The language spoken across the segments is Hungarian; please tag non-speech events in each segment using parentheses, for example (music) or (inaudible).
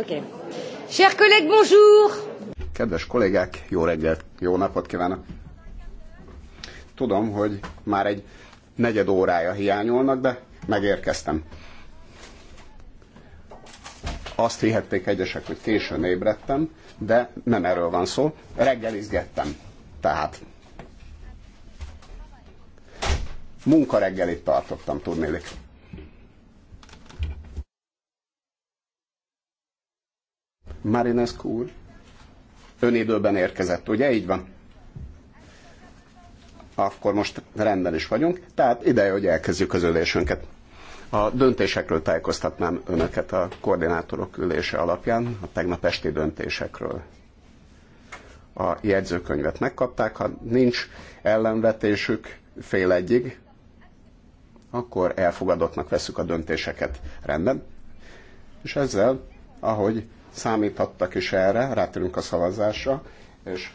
Okay. bonjour! Kedves kollégák, jó reggelt, jó napot kívánok! Tudom, hogy már egy negyed órája hiányolnak, de megérkeztem. Azt hihették egyesek, hogy későn ébredtem, de nem erről van szó. Reggelizgettem. Tehát reggelit tartottam, tudnélik. Marinescu úr, ön időben érkezett, ugye? Így van. Akkor most rendben is vagyunk, tehát ideje, hogy elkezdjük az ülésünket. A döntésekről tájékoztatnám önöket a koordinátorok ülése alapján, a tegnap esti döntésekről. A jegyzőkönyvet megkapták, ha nincs ellenvetésük fél egyig, akkor elfogadottnak veszük a döntéseket. Rendben? És ezzel, ahogy számíthattak is erre, rátérünk a szavazásra, és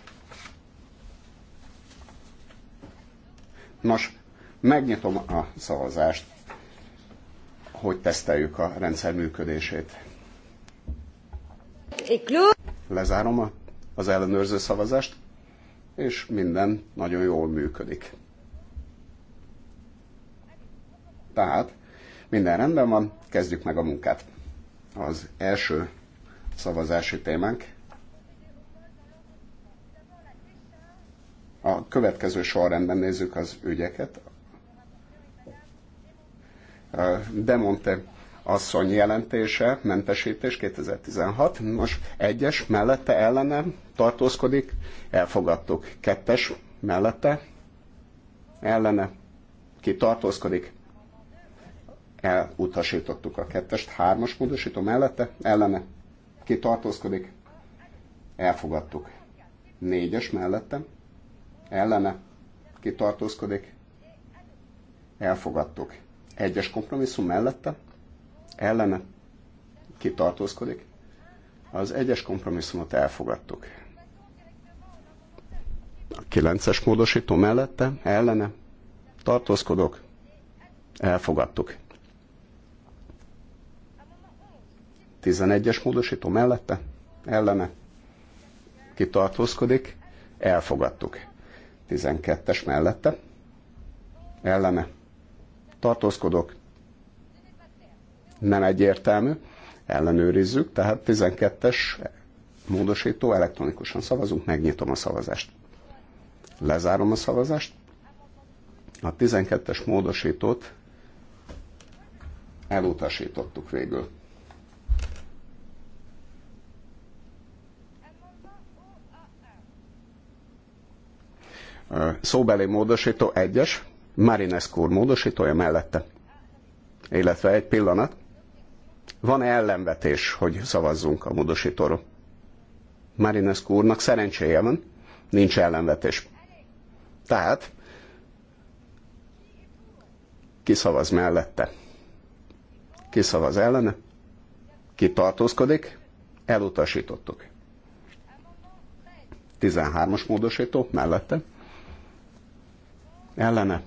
Nos, megnyitom a szavazást, hogy teszteljük a rendszer működését. Lezárom az ellenőrző szavazást, és minden nagyon jól működik. Tehát minden rendben van, kezdjük meg a munkát. Az első szavazási témánk. A következő sorrendben nézzük az ügyeket. De mondta asszony jelentése, mentesítés 2016. Most egyes mellette ellene tartózkodik, elfogadtuk. Kettes mellette ellene ki tartózkodik, elutasítottuk a kettest. Hármas módosító mellette ellene ki tartózkodik? Elfogadtuk. Négyes mellettem. Ellene. Ki tartózkodik? Elfogadtuk. Egyes kompromisszum mellette. Ellene. Ki tartózkodik? Az egyes kompromisszumot elfogadtuk. A kilences módosító mellette. Ellene. Tartózkodok. Elfogadtuk 11-es módosító mellette, ellene, kitartózkodik, elfogadtuk. 12-es mellette, ellene, tartózkodok, nem egyértelmű, ellenőrizzük, tehát 12-es módosító, elektronikusan szavazunk, megnyitom a szavazást. Lezárom a szavazást. A 12-es módosítót elutasítottuk végül. szóbeli módosító egyes, Marinescu úr módosítója mellette. Illetve egy pillanat. Van-e ellenvetés, hogy szavazzunk a módosítóról? Marinescu úrnak szerencséje van, nincs ellenvetés. Tehát szavaz mellette, szavaz ellene, ki tartózkodik, elutasítottuk. 13-as módosító mellette, ellene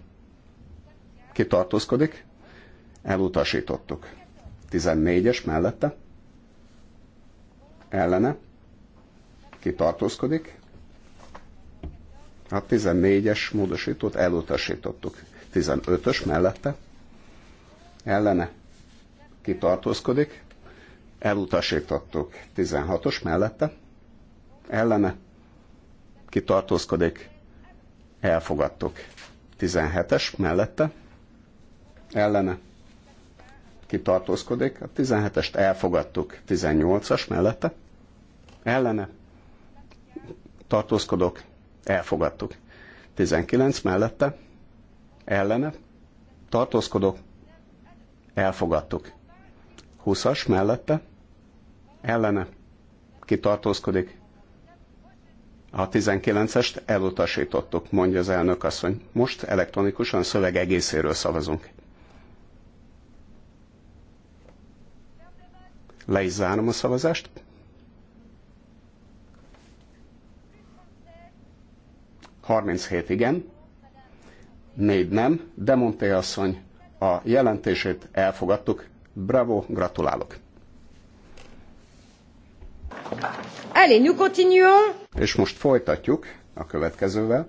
kitartózkodik, elutasítottuk. 14-es mellette ellene kitartózkodik, a 14-es módosítót elutasítottuk. 15-ös mellette ellene kitartózkodik, elutasítottuk. 16-os mellette ellene kitartózkodik, elfogadtuk. 17-es mellette, ellene kitartózkodik, a 17-est elfogadtuk 18-as mellette, ellene tartózkodok, elfogadtuk. 19 mellette, ellene tartózkodok, elfogadtuk. 20-as mellette, ellene kitartózkodik, a 19-est elutasítottuk, mondja az elnök asszony. Most elektronikusan a szöveg egészéről szavazunk. Le is zárom a szavazást. Harminchét igen, négy nem, de Monté asszony a jelentését elfogadtuk. Bravo, gratulálok! Allez, nous continuons. És most folytatjuk a következővel.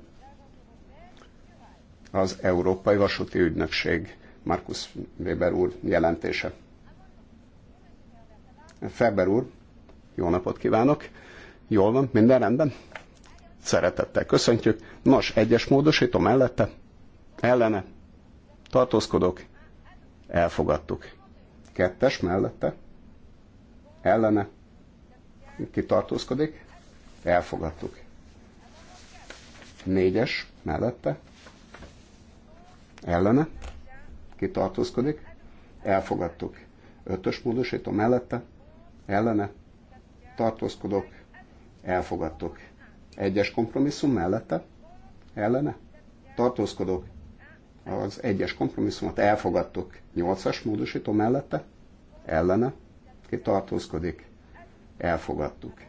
Az Európai Vasúti Ügynökség Markus Weber úr jelentése. Feber úr, jó napot kívánok! Jól van, minden rendben? Szeretettel köszöntjük. Nos, egyes módosítom mellette, ellene, tartózkodok, elfogadtuk. Kettes mellette, ellene, kitartózkodik, elfogadtuk. Négyes mellette, ellene, kitartózkodik, elfogadtuk. Ötös módosító mellette, ellene, tartózkodok, elfogadtuk. Egyes kompromisszum mellette, ellene, tartózkodok, az egyes kompromisszumot elfogadtuk. Nyolcas módosító mellette, ellene, Kitartózkodik. Elfogadtuk.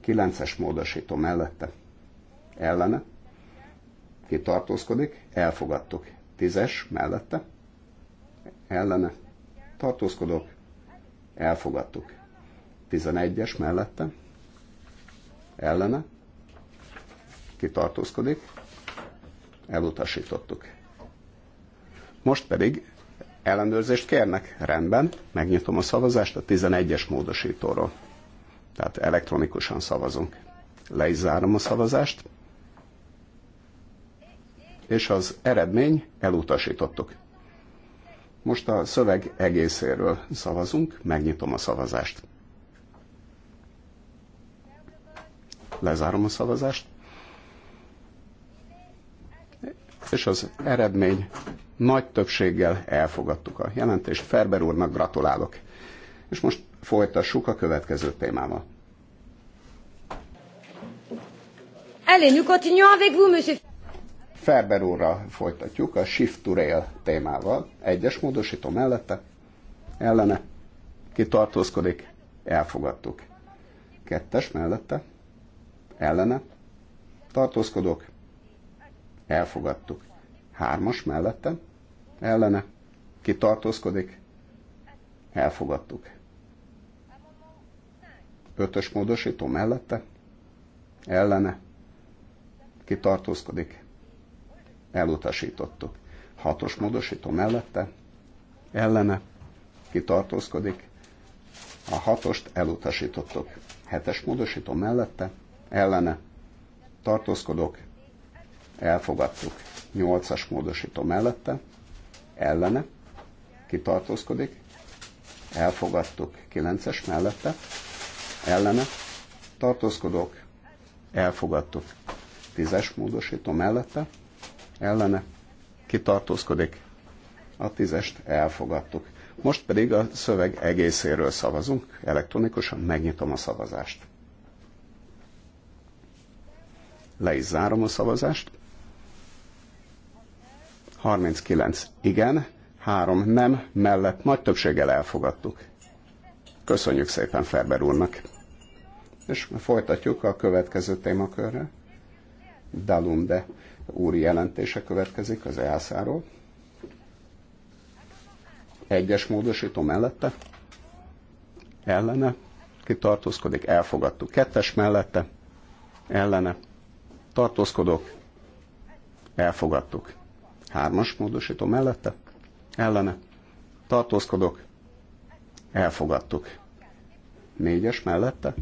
Kilences módosító mellette. Ellene. Ki tartózkodik? Elfogadtuk. Tízes mellette. Ellene. Tartózkodok. Elfogadtuk. Tizenegyes mellette. Ellene. Ki tartózkodik? Elutasítottuk. Most pedig ellenőrzést kérnek. Rendben, megnyitom a szavazást a 11-es módosítóról. Tehát elektronikusan szavazunk. Le is zárom a szavazást. És az eredmény elutasítottuk. Most a szöveg egészéről szavazunk, megnyitom a szavazást. Lezárom a szavazást. És az eredmény nagy többséggel elfogadtuk a jelentést. Ferber úrnak gratulálok. És most folytassuk a következő témával. Allez, nous continuons avec vous, monsieur. Ferber úrral folytatjuk a Shift to Rail témával. Egyes módosító mellette, ellene, ki tartózkodik, elfogadtuk. Kettes mellette, ellene, tartózkodok, elfogadtuk. Hármas mellette, ellene, ki tartózkodik, elfogadtuk. Ötös módosító mellette, ellene, ki tartózkodik, elutasítottuk. Hatos módosító mellette, ellene, ki tartózkodik, a hatost elutasítottuk. Hetes módosító mellette, ellene, tartózkodok, elfogadtuk. Nyolcas módosító mellette, ellene, ki tartózkodik, elfogadtuk. Kilences mellette, ellene tartózkodok, elfogadtuk. Tízes módosító mellette, ellene kitartózkodik, a tízest elfogadtuk. Most pedig a szöveg egészéről szavazunk, elektronikusan megnyitom a szavazást. Le is zárom a szavazást. 39 igen, 3 nem, mellett nagy többséggel elfogadtuk. Köszönjük szépen Ferber úrnak. És folytatjuk a következő témakörre. Dalunde úri jelentése következik az EASZ-ról. Egyes módosító mellette, ellene, ki tartózkodik, elfogadtuk. Kettes mellette, ellene, tartózkodok, elfogadtuk. Hármas módosító mellette, ellene, tartózkodok, Elfogadtuk. Négyes mellette?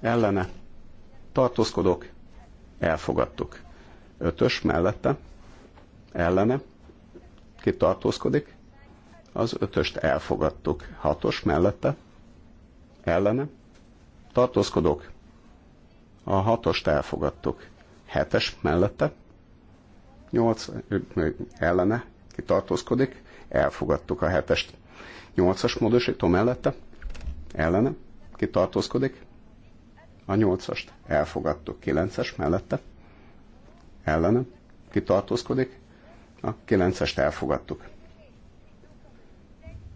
Ellene. Tartózkodok. Elfogadtuk. Ötös mellette? Ellene. Ki tartózkodik? Az ötöst elfogadtuk. Hatos mellette? Ellene. Tartózkodok. A hatost elfogadtuk. Hetes mellette? Nyolc ellene. Ki tartózkodik? Elfogadtuk a hetest 8-as módosító mellette, ellene, ki tartózkodik, a 8-ast elfogadtuk, 9-es mellette, ellene, ki tartózkodik, a 9-est elfogadtuk.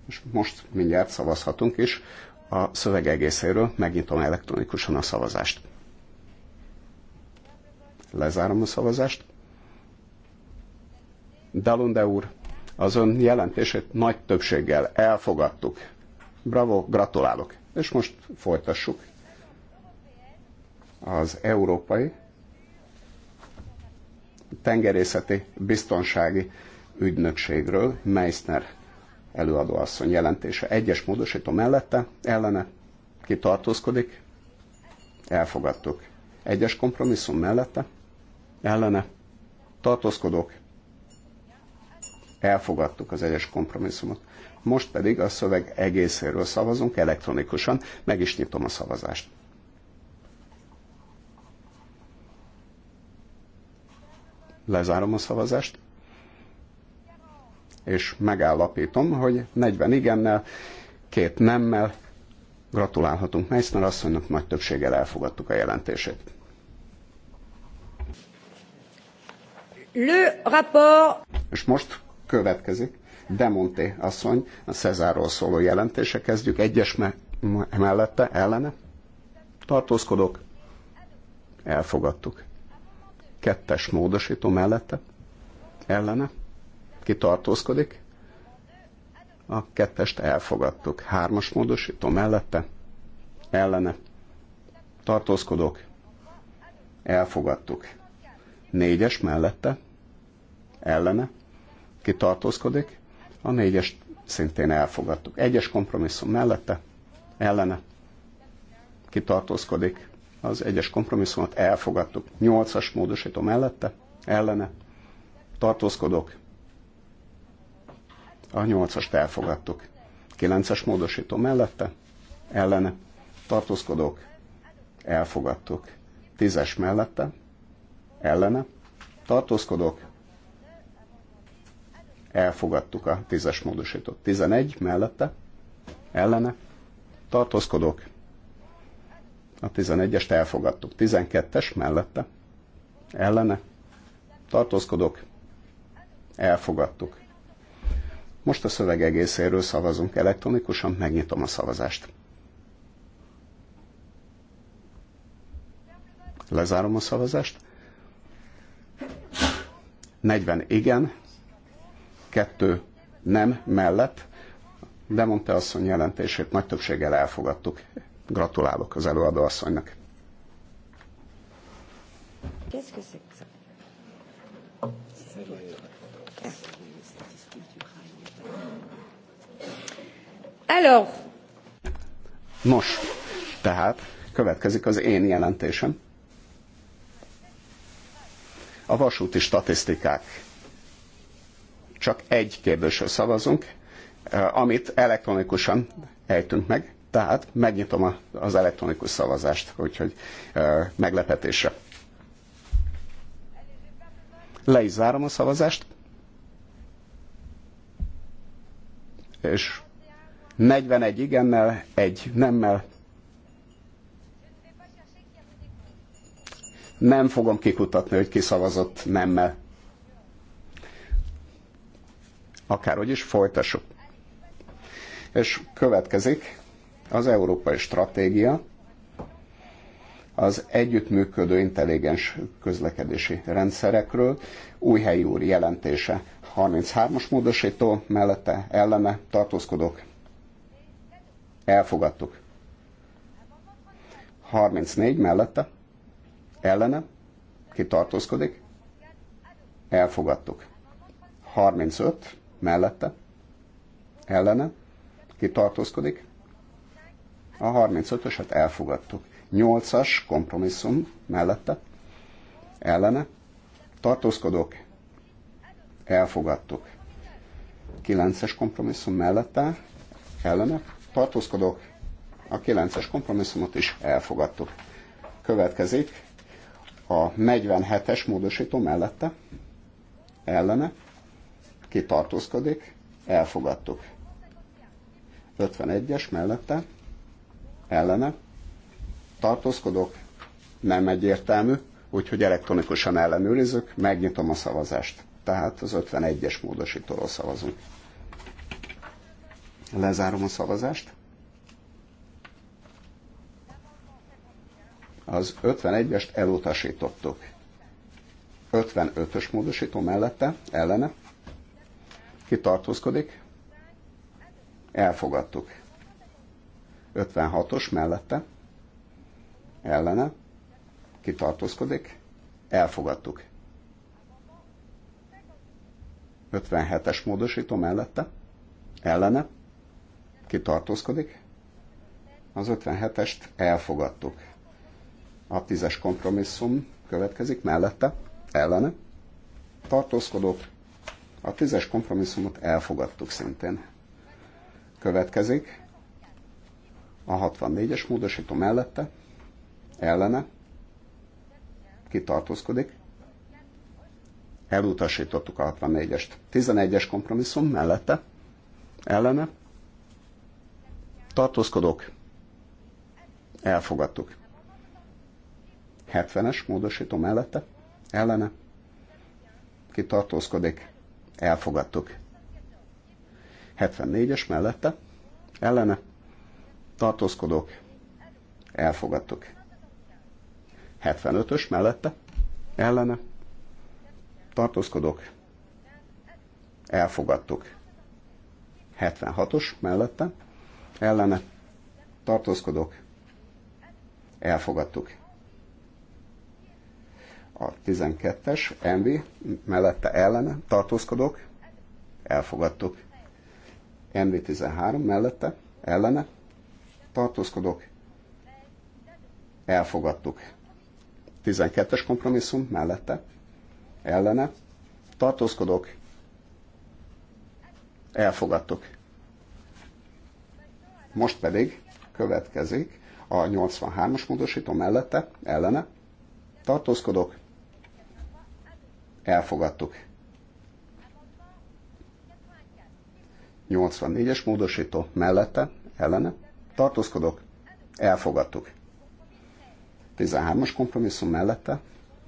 És most mindjárt szavazhatunk is a szöveg egészéről, megnyitom elektronikusan a szavazást. Lezárom a szavazást. Dalunde úr, az ön jelentését nagy többséggel elfogadtuk. Bravo, gratulálok. És most folytassuk. Az európai tengerészeti biztonsági ügynökségről Meissner előadóasszony jelentése. Egyes módosító mellette, ellene kitartózkodik, elfogadtuk. Egyes kompromisszum mellette, ellene tartózkodók, elfogadtuk az egyes kompromisszumot. Most pedig a szöveg egészéről szavazunk elektronikusan, meg is nyitom a szavazást. Lezárom a szavazást, és megállapítom, hogy 40 igennel, két nemmel gratulálhatunk Meissner asszonynak, nagy többséggel elfogadtuk a jelentését. Le rapport... És most Következik Demonté asszony, a Cezáról szóló jelentése kezdjük, egyes me- mellette, ellene. Tartózkodok, elfogadtuk. Kettes módosító mellette, ellene, ki tartózkodik, a kettest elfogadtuk. Hármas módosító mellette, ellene, tartózkodok, elfogadtuk. Négyes mellette, ellene, ki tartózkodik, a négyes szintén elfogadtuk. Egyes kompromisszum mellette, ellene, ki tartózkodik, az egyes kompromisszumot elfogadtuk. Nyolcas módosító mellette, ellene, tartózkodok, a nyolcast elfogadtuk. Kilences módosító mellette, ellene, tartózkodok, elfogadtuk. Tízes mellette, ellene, tartózkodok, Elfogadtuk a tízes es módosítót. 11 mellette, ellene, tartózkodók. A 11-est elfogadtuk. 12-es mellette, ellene, tartózkodók. Elfogadtuk. Most a szöveg egészéről szavazunk elektronikusan, megnyitom a szavazást. Lezárom a szavazást. 40 igen, kettő nem mellett de mondta asszony jelentését nagy többséggel elfogadtuk. Gratulálok az előadó asszonynak. Nos, tehát következik az én jelentésem. A vasúti statisztikák csak egy kérdésről szavazunk, eh, amit elektronikusan ejtünk meg, tehát megnyitom az elektronikus szavazást, úgyhogy eh, meglepetésre. Le is zárom a szavazást, és 41 igennel, egy nemmel. Nem fogom kikutatni, hogy ki szavazott nemmel akárhogy is folytassuk. És következik az európai stratégia, az együttműködő intelligens közlekedési rendszerekről. új helyi úr jelentése 33-as módosító mellette ellene tartózkodok. Elfogadtuk. 34 mellette ellene ki tartózkodik. Elfogadtuk. 35 mellette, ellene, ki tartózkodik. A 35-öset elfogadtuk. 8-as kompromisszum mellette, ellene, tartózkodok, elfogadtuk. 9-es kompromisszum mellette, ellene, tartózkodok, a 9-es kompromisszumot is elfogadtuk. Következik a 47-es módosító mellette, ellene, ki tartózkodik, elfogadtuk. 51-es mellette, ellene, tartózkodok, nem egyértelmű, úgyhogy elektronikusan ellenőrizzük, megnyitom a szavazást. Tehát az 51-es módosítóról szavazunk. Lezárom a szavazást. Az 51-est elutasítottuk. 55-ös módosító mellette, ellene, ki tartózkodik? Elfogadtuk. 56-os mellette. Ellene. Ki tartózkodik? Elfogadtuk. 57-es módosító mellette. Ellene. Ki tartózkodik? Az 57-est elfogadtuk. A 10-es kompromisszum következik mellette. Ellene. Tartózkodók a tízes kompromisszumot elfogadtuk szintén. Következik a 64-es módosító mellette, ellene, kitartózkodik, elutasítottuk a 64-est. 11-es kompromisszum mellette, ellene, tartózkodok, elfogadtuk. 70-es módosító mellette, ellene, kitartózkodik, elfogadtuk. 74-es mellette, ellene, tartózkodók, elfogadtuk. 75-ös mellette, ellene, tartózkodók, elfogadtuk. 76-os mellette, ellene, tartózkodók, elfogadtuk a 12-es, NV, mellette ellene, tartózkodok, elfogadtuk. NV 13, mellette, ellene, tartózkodok, elfogadtuk. 12-es kompromisszum, mellette, ellene, tartózkodok, elfogadtuk. Most pedig következik a 83-as módosító mellette, ellene, tartózkodok, Elfogadtuk. 84-es módosító mellette, ellene, tartózkodok, elfogadtuk. 13-as kompromisszum mellette,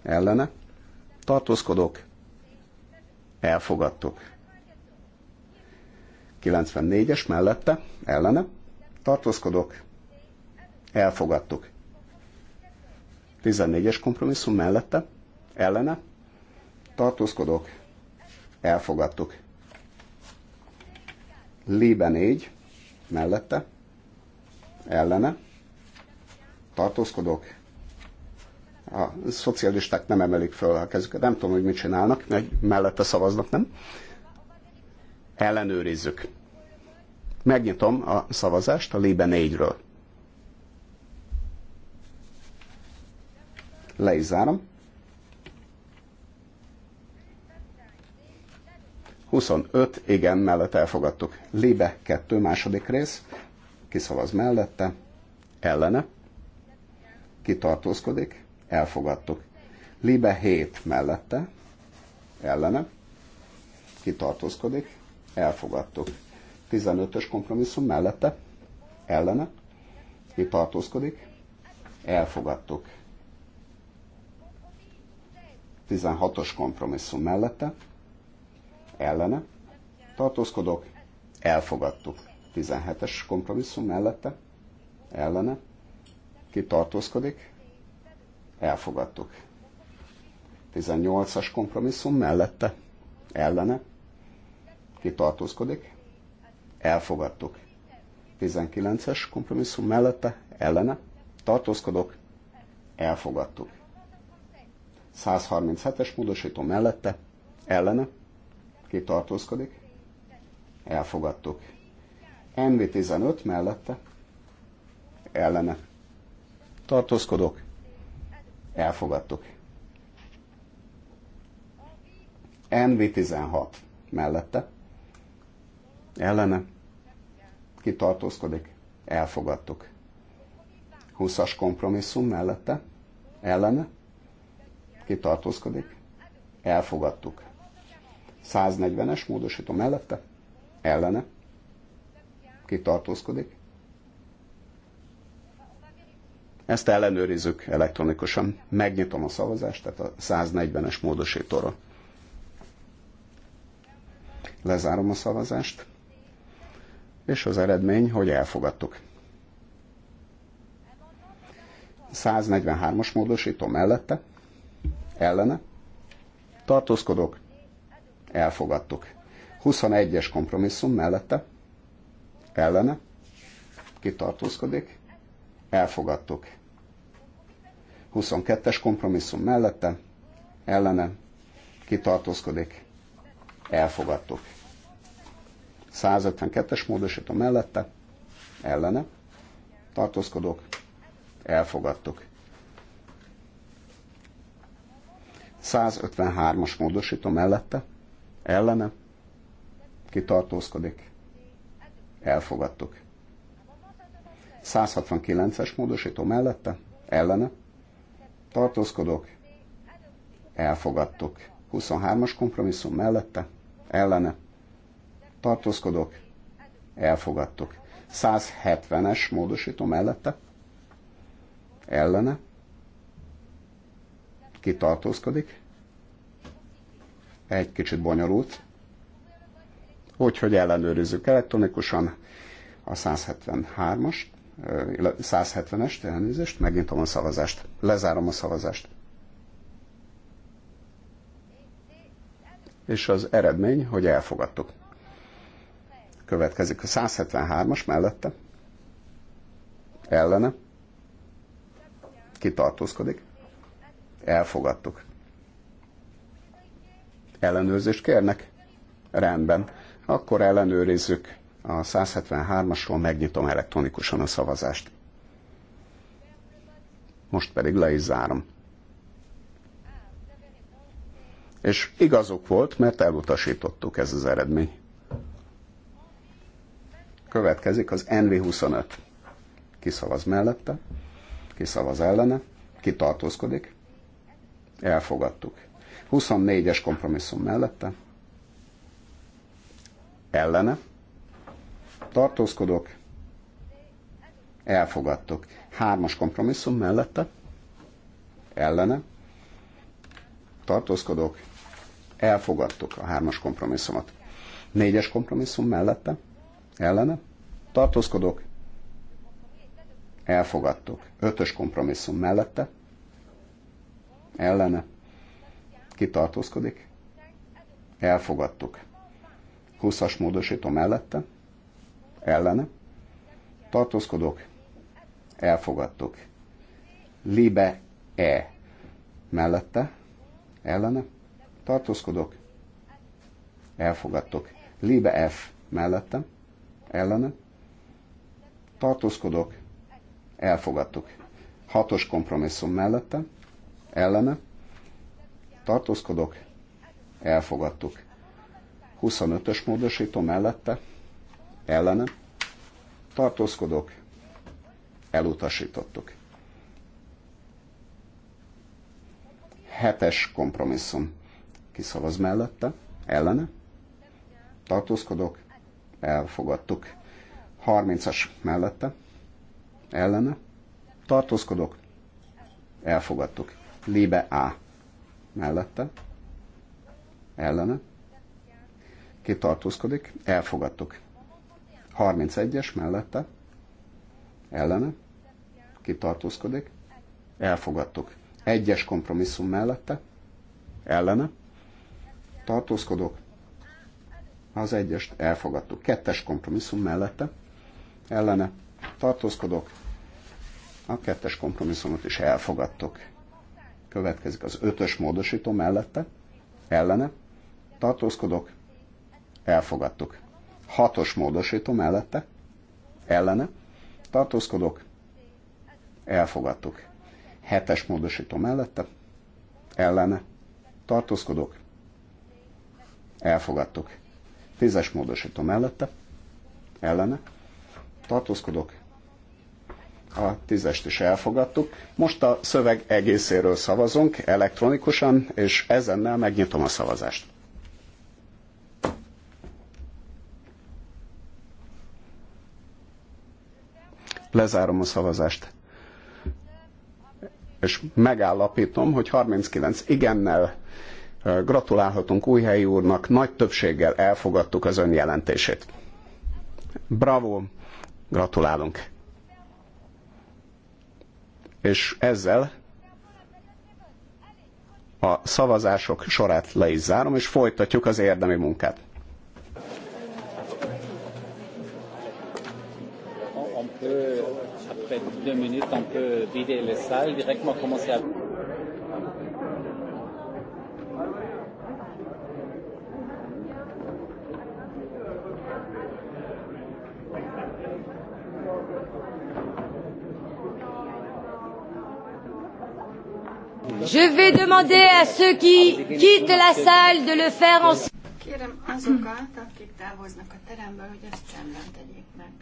ellene, tartózkodok, elfogadtuk. 94-es mellette, ellene, tartózkodok, elfogadtuk. 14-es kompromisszum mellette, ellene, tartózkodok, elfogadtuk. Libe négy, mellette, ellene, tartózkodok. a szocialisták nem emelik föl a kezüket, nem tudom, hogy mit csinálnak, meg mellette szavaznak, nem? Ellenőrizzük. Megnyitom a szavazást a Libe négyről. Le is zárom. 25 igen mellett elfogadtuk. Libe 2 második rész, kiszavaz mellette, ellene, kitartózkodik, elfogadtuk. Libe 7 mellette, ellene, kitartózkodik, elfogadtuk. 15-ös kompromisszum mellette, ellene, kitartózkodik, elfogadtuk. 16-os kompromisszum mellette, ellene tartózkodok, elfogadtuk. 17-es kompromisszum mellette, ellene, ki tartózkodik, elfogadtuk. 18-as kompromisszum mellette, ellene, ki tartózkodik, elfogadtuk. 19-es kompromisszum mellette, ellene, tartózkodok, elfogadtuk. 137-es módosító mellette, ellene, ki tartózkodik, elfogadtuk. NV15 mellette, ellene, tartózkodok, elfogadtuk. NV16 mellette, ellene, ki tartózkodik, elfogadtuk. 20-as kompromisszum mellette, ellene, ki tartózkodik, elfogadtuk. 140-es módosító mellette, ellene, ki tartózkodik. Ezt ellenőrizzük elektronikusan. Megnyitom a szavazást, tehát a 140-es módosítóra. Lezárom a szavazást, és az eredmény, hogy elfogadtuk. 143-as módosító mellette, ellene, tartózkodok, elfogadtuk. 21-es kompromisszum mellette, ellene, kitartózkodik, elfogadtuk. 22-es kompromisszum mellette, ellene, kitartózkodik, elfogadtuk. 152-es módosító mellette, ellene, tartózkodók, elfogadtuk. 153-as módosító mellette, ellene, kitartózkodik, elfogadtuk. 169-es módosító mellette, ellene, tartózkodok, elfogadtuk. 23-as kompromisszum mellette, ellene, tartózkodok, elfogadtuk. 170-es módosító mellette, ellene, kitartózkodik, egy kicsit bonyolult, úgyhogy ellenőrizzük elektronikusan a 173-as, 170-est, elnézést, megnyitom a szavazást, lezárom a szavazást. És az eredmény, hogy elfogadtuk. Következik a 173-as mellette, ellene, kitartózkodik, elfogadtuk ellenőrzést kérnek? Rendben. Akkor ellenőrizzük a 173-asról, megnyitom elektronikusan a szavazást. Most pedig le is zárom. És igazok volt, mert elutasítottuk ez az eredmény. Következik az NV25. Kiszavaz mellette, kiszavaz ellene, kitartózkodik. Elfogadtuk. 24-es kompromisszum mellette, ellene, tartózkodok, elfogadtok. Hármas kompromisszum mellette, ellene, tartózkodok, elfogadtuk a hármas kompromisszumot. Négyes kompromisszum mellette, ellene, tartózkodok, elfogadtuk. Ötös kompromisszum mellette, ellene, kitartózkodik, elfogadtuk. 20-as módosító mellette, ellene, Tartózkodok, elfogadtuk. Libe E mellette, ellene, Tartózkodok, elfogadtuk. Libe F mellette, ellene, Tartózkodok, elfogadtuk. Hatos kompromisszum mellette, ellene, tartózkodok, elfogadtuk. 25-ös módosító mellette, ellene, tartózkodok, elutasítottuk. Hetes kompromisszum. Kiszavaz mellette, ellene, tartózkodok, elfogadtuk. 30-as mellette, ellene, tartózkodok, elfogadtuk. Libe A mellette, ellene, ki tartózkodik, elfogadtuk. 31-es mellette, ellene, ki tartózkodik, elfogadtuk. Egyes kompromisszum mellette, ellene, tartózkodok, az egyest elfogadtuk. Kettes kompromisszum mellette, ellene, tartózkodok, a kettes kompromisszumot is elfogadtuk. Következik az ötös módosító mellette, ellene, tartózkodok, elfogadtuk. Hatos módosító mellette, ellene, tartózkodok, elfogadtuk. Hetes módosító mellette, ellene, tartózkodok, elfogadtuk. Tízes módosító mellette, ellene, tartózkodok, a tízest is elfogadtuk. Most a szöveg egészéről szavazunk elektronikusan, és ezennel megnyitom a szavazást. Lezárom a szavazást. És megállapítom, hogy 39 igennel gratulálhatunk Újhelyi úrnak, nagy többséggel elfogadtuk az ön jelentését. Bravo, gratulálunk! és ezzel a szavazások sorát le is zárom, és folytatjuk az érdemi munkát. On peut, après deux minutes, on peut vider les salles, directement commencer à... Je vais demander à ceux qui quittent la salle de le faire en Kérem azokat, akik távoznak a teremből, hogy ezt csendben tegyék meg.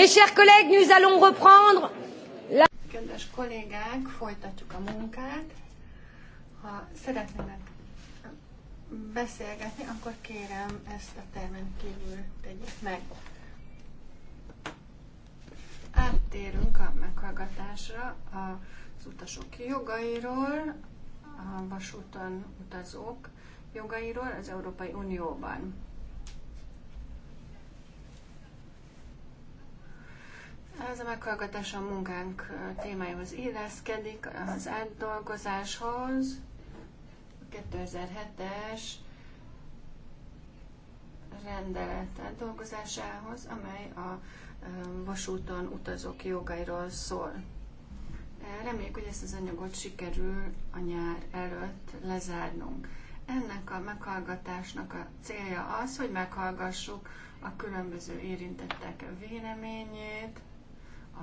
Mes chers collègues, nous allons reprendre la... Kedves kollégák, folytatjuk a munkát. Ha szeretnének beszélgetni, akkor kérem ezt a termen kívül tegyék meg. Áttérünk a meghallgatásra az utasok jogairól, a vasúton utazók jogairól az Európai Unióban. Ez a meghallgatás a munkánk témájához illeszkedik, az átdolgozáshoz, 2007-es rendelet átdolgozásához, amely a vasúton utazók jogairól szól. Reméljük, hogy ezt az anyagot sikerül a nyár előtt lezárnunk. Ennek a meghallgatásnak a célja az, hogy meghallgassuk a különböző érintettek véleményét,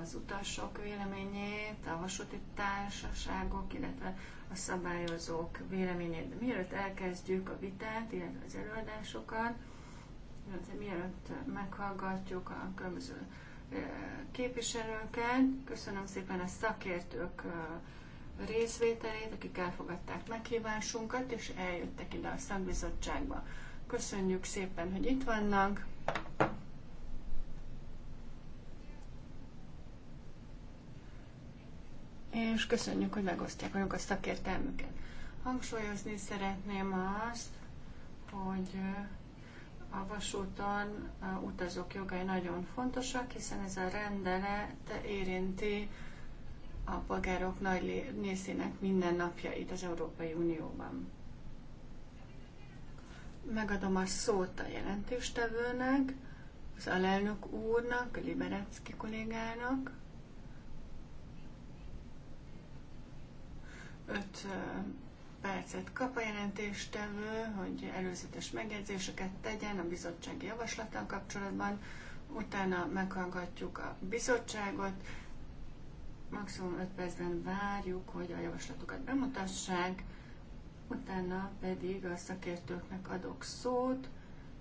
az utasok véleményét, a vasúti társaságok, illetve a szabályozók véleményét. De mielőtt elkezdjük a vitát, illetve az előadásokat, illetve mielőtt meghallgatjuk a különböző képviselőket, köszönöm szépen a szakértők részvételét, akik elfogadták meghívásunkat, és eljöttek ide a szakbizottságba. Köszönjük szépen, hogy itt vannak. és köszönjük, hogy megosztják velünk a szakértelmüket. Hangsúlyozni szeretném azt, hogy a vasúton a utazók jogai nagyon fontosak, hiszen ez a rendelet érinti a polgárok nagy részének mindennapjait az Európai Unióban. Megadom a szót a jelentéstevőnek, az alelnök úrnak, Liberecki kollégának. 5 percet kap a jelentéstevő, hogy előzetes megjegyzéseket tegyen a bizottsági javaslattal kapcsolatban, utána meghallgatjuk a bizottságot, maximum 5 percben várjuk, hogy a javaslatokat bemutassák, utána pedig a szakértőknek adok szót,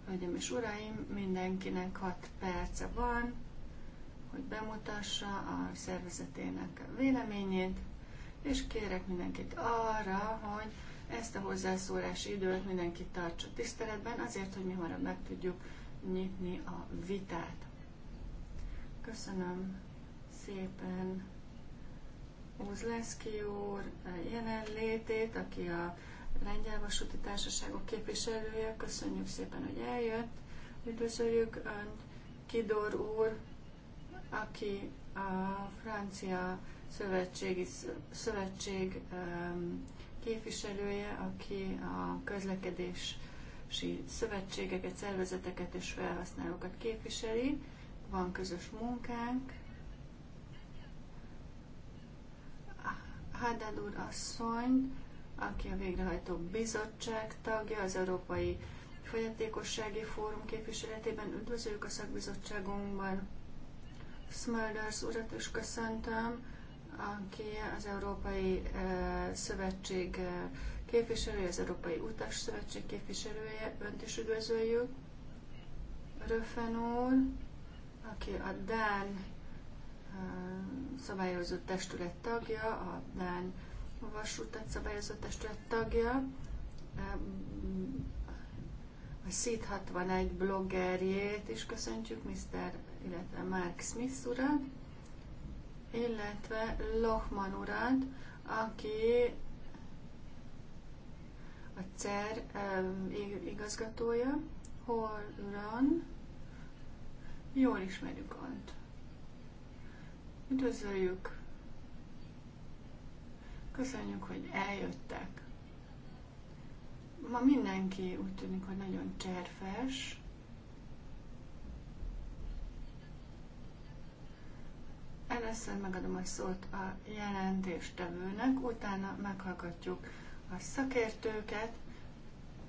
Hölgyeim és Uraim, mindenkinek 6 perce van, hogy bemutassa a szervezetének véleményét, és kérek mindenkit arra, hogy ezt a hozzászólási időt mindenki tartsa tiszteletben, azért, hogy mi hamarabb meg tudjuk nyitni a vitát. Köszönöm szépen Uzleszki úr jelenlétét, aki a Lengyel Vasúti Társaságok képviselője. Köszönjük szépen, hogy eljött. Üdvözöljük Önt, Kidor úr, aki a francia szövetségi, szövetség képviselője, aki a közlekedési szövetségeket, szervezeteket és felhasználókat képviseli. Van közös munkánk. Haddad úr asszony, aki a végrehajtó bizottság tagja, az Európai Fogyatékossági Fórum képviseletében üdvözöljük a szakbizottságunkban. Smulders urat is köszöntöm aki az Európai Szövetség képviselője, az Európai Utas Szövetség képviselője, önt is üdvözöljük. Röfen úr, aki a Dán szabályozó testület tagja, a Dán vasútat szabályozó testület tagja, a Szit 61 bloggerjét is köszöntjük, Mr. illetve Mark Smith urat, illetve Lohman urat, aki a CER igazgatója, Horran, jól ismerjük önt. Üdvözöljük! Köszönjük, hogy eljöttek. Ma mindenki úgy tűnik, hogy nagyon cserfes, Először megadom a szót a jelentéstevőnek, utána meghallgatjuk a szakértőket,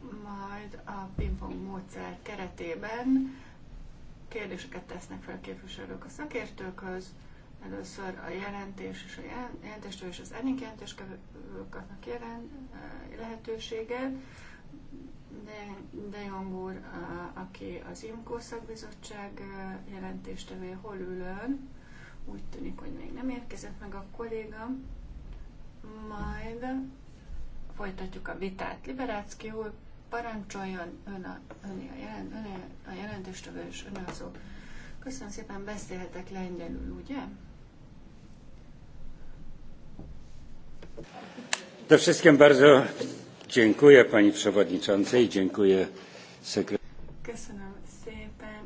majd a pingpong módszer keretében kérdéseket tesznek fel a képviselők a szakértőkhöz. Először a jelentés és a jel jelentéstő és az ennyi jelentéskevők kapnak jelen eh, lehetőséget. De, de Jong úr, eh, aki az IMCO szakbizottság eh, jelentéstevője, hol ülön? Úgy tűnik, hogy még nem érkezett meg a kolléga. Majd folytatjuk a vitát. Liberácki úr, parancsoljon ön a, ön a, jelen, ön a jelentéstövő és ön a szó. Köszönöm szépen, beszélhetek lengyelül, ugye? De wszystkim bardzo dziękuję Pani Przewodniczącej, dziękuję Sekretarzowi. Köszönöm szépen,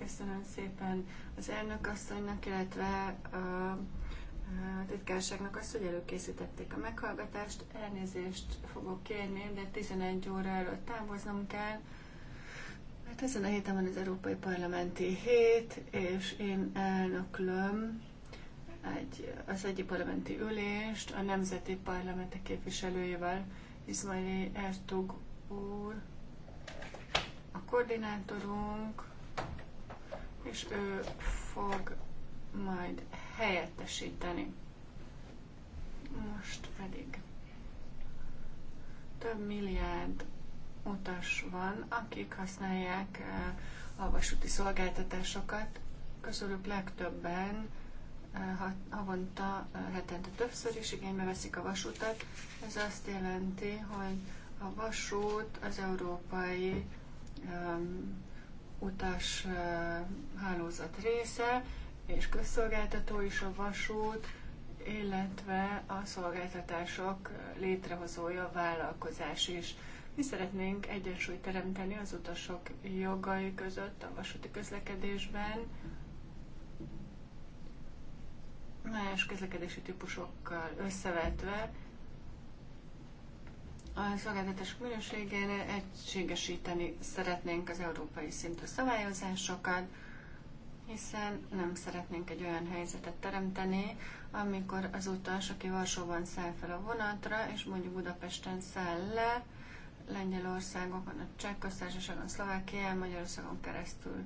köszönöm szépen az asszonynak illetve a titkárságnak azt, hogy előkészítették a meghallgatást. Elnézést fogok kérni, de 11 óra előtt távoznom kell. Hát ezen a héten van az Európai Parlamenti Hét, és én elnöklöm egy, az egyik parlamenti ülést a Nemzeti Parlamentek képviselőjével, Izmaili Ertug úr, a koordinátorunk, és ő fog majd helyettesíteni. Most pedig több milliárd utas van, akik használják a vasúti szolgáltatásokat, közülük legtöbben havonta, hetente többször is igénybe veszik a vasutat. Ez azt jelenti, hogy a vasút az európai um, utas hálózat része, és közszolgáltató is a vasút, illetve a szolgáltatások létrehozója a vállalkozás is. Mi szeretnénk egyensúlyt teremteni az utasok jogai között a vasúti közlekedésben, más közlekedési típusokkal összevetve, a szolgáltatások minőségére egységesíteni szeretnénk az európai szintű szabályozásokat, hiszen nem szeretnénk egy olyan helyzetet teremteni, amikor az utas, aki Varsóban száll fel a vonatra, és mondjuk Budapesten száll le, Lengyelországon, a Cseh köztársaságon, Szlovákián, Magyarországon keresztül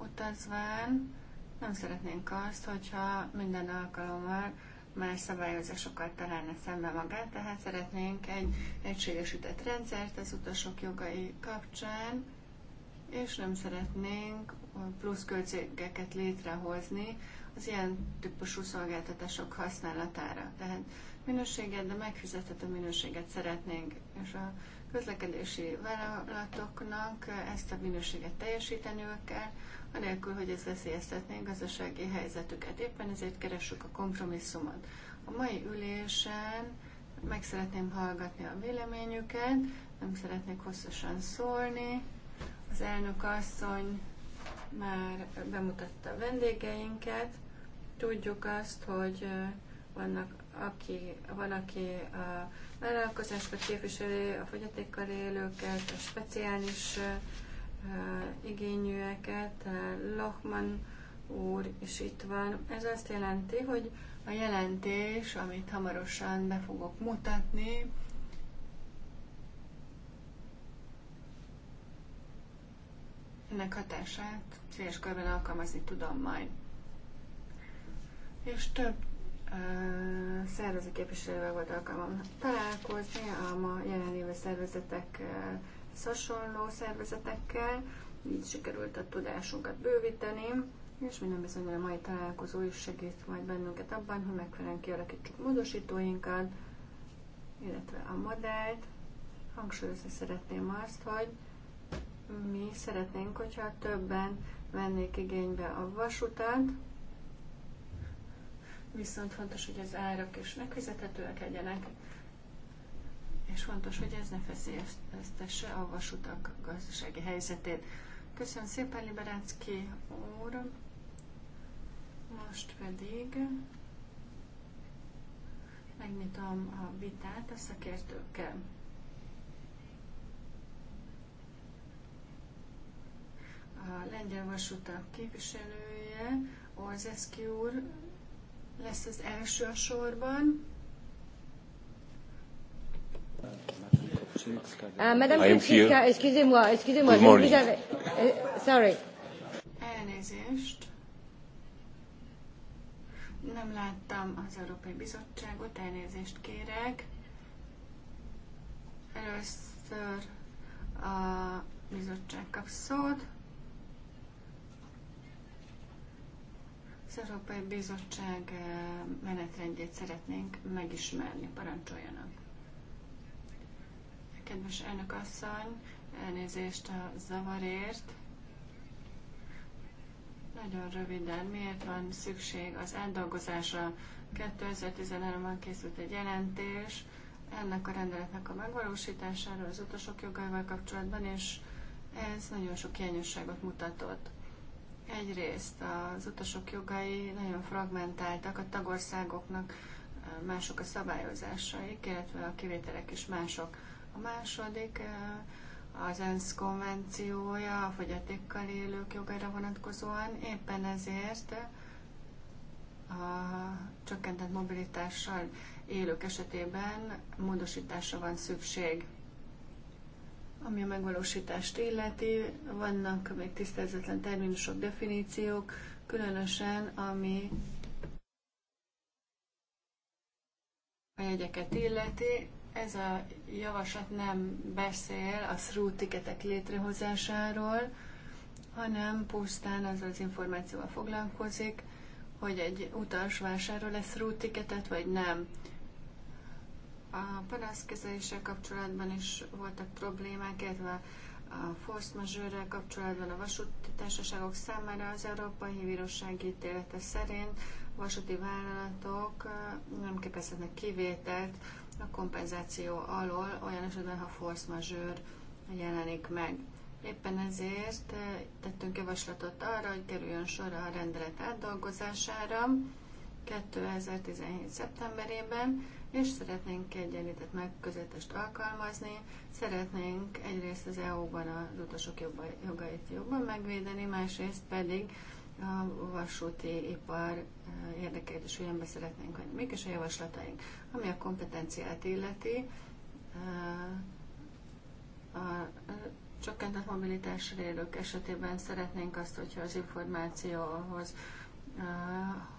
utazván, nem szeretnénk azt, hogyha minden alkalommal más szabályozásokat találna szembe magát, tehát szeretnénk egy egységesített rendszert az utasok jogai kapcsán, és nem szeretnénk plusz költségeket létrehozni az ilyen típusú szolgáltatások használatára. Tehát minőséget, de megfizethető minőséget szeretnénk, és a közlekedési vállalatoknak ezt a minőséget teljesíteniük kell, anélkül, hogy ez veszélyeztetné gazdasági helyzetüket. Éppen ezért keressük a kompromisszumot. A mai ülésen meg szeretném hallgatni a véleményüket, nem szeretnék hosszasan szólni. Az elnök asszony már bemutatta a vendégeinket. Tudjuk azt, hogy vannak aki, van, aki a vállalkozásokat képviseli, a fogyatékkal élőket, a speciális uh, igényűeket, Lachman úr is itt van. Ez azt jelenti, hogy a jelentés, amit hamarosan be fogok mutatni, ennek hatását széles körben alkalmazni tudom majd. És több uh, szervező képviselővel volt alkalmam találkozni a ma jelenlévő szervezetek uh, hasonló szervezetekkel, így sikerült a tudásunkat bővíteni, és minden bizony a mai találkozó is segít majd bennünket abban, hogy megfelelően kialakítsuk módosítóinkat, illetve a modellt. Hangsúlyozni szeretném azt, hogy mi szeretnénk, hogyha többen vennék igénybe a vasutat, viszont fontos, hogy az árak is megfizethetőek legyenek, és fontos, hogy ez ne feszélyeztesse a vasutak gazdasági helyzetét. Köszönöm szépen, Liberácki úr! Most pedig megnyitom a vitát a szakértőkkel. A lengyel vasutak képviselője, Orzeszki úr lesz az első a sorban. Uh, Madame Petrovska, excusez-moi, excusez-moi, je vous avais... Uh, sorry. Elnézést. Nem láttam az Európai Bizottságot, elnézést kérek. Először a bizottság kap szót. Az Európai Bizottság eh, menetrendjét szeretnénk megismerni, parancsoljanak. Kedves elnök asszony, elnézést a zavarért. Nagyon röviden, miért van szükség az eldolgozásra? 2013-ban készült egy jelentés ennek a rendeletnek a megvalósításáról az utasok jogával kapcsolatban, és ez nagyon sok hiányosságot mutatott. Egyrészt az utasok jogai nagyon fragmentáltak, a tagországoknak mások a szabályozásaik, illetve a kivételek is mások. A második az ENSZ konvenciója a fogyatékkal élők jogára vonatkozóan. Éppen ezért a csökkentett mobilitással élők esetében módosításra van szükség. Ami a megvalósítást illeti, vannak még tisztázatlan terminusok, definíciók, különösen ami a jegyeket illeti, ez a javaslat nem beszél a through ticketek létrehozásáról, hanem pusztán az az információval foglalkozik, hogy egy utas vásárol lesz through ticketet, vagy nem. A panaszkezeléssel kapcsolatban is voltak problémák, illetve a force majeure kapcsolatban a vasúti társaságok számára az Európai Bíróság ítélete szerint vasúti vállalatok nem képezhetnek kivételt a kompenzáció alól, olyan esetben, ha force majeure jelenik meg. Éppen ezért eh, tettünk javaslatot arra, hogy kerüljön sor a rendelet átdolgozására 2017. szeptemberében, és szeretnénk kiegyenlített megközelítést alkalmazni, szeretnénk egyrészt az EU-ban az utasok jogait jobban megvédeni, másrészt pedig a vasúti ipar érdekeit is ugyanbe szeretnénk hogy Mik is a javaslataink? Ami a kompetenciát illeti, a csökkentett mobilitásra élők esetében szeretnénk azt, hogyha az információhoz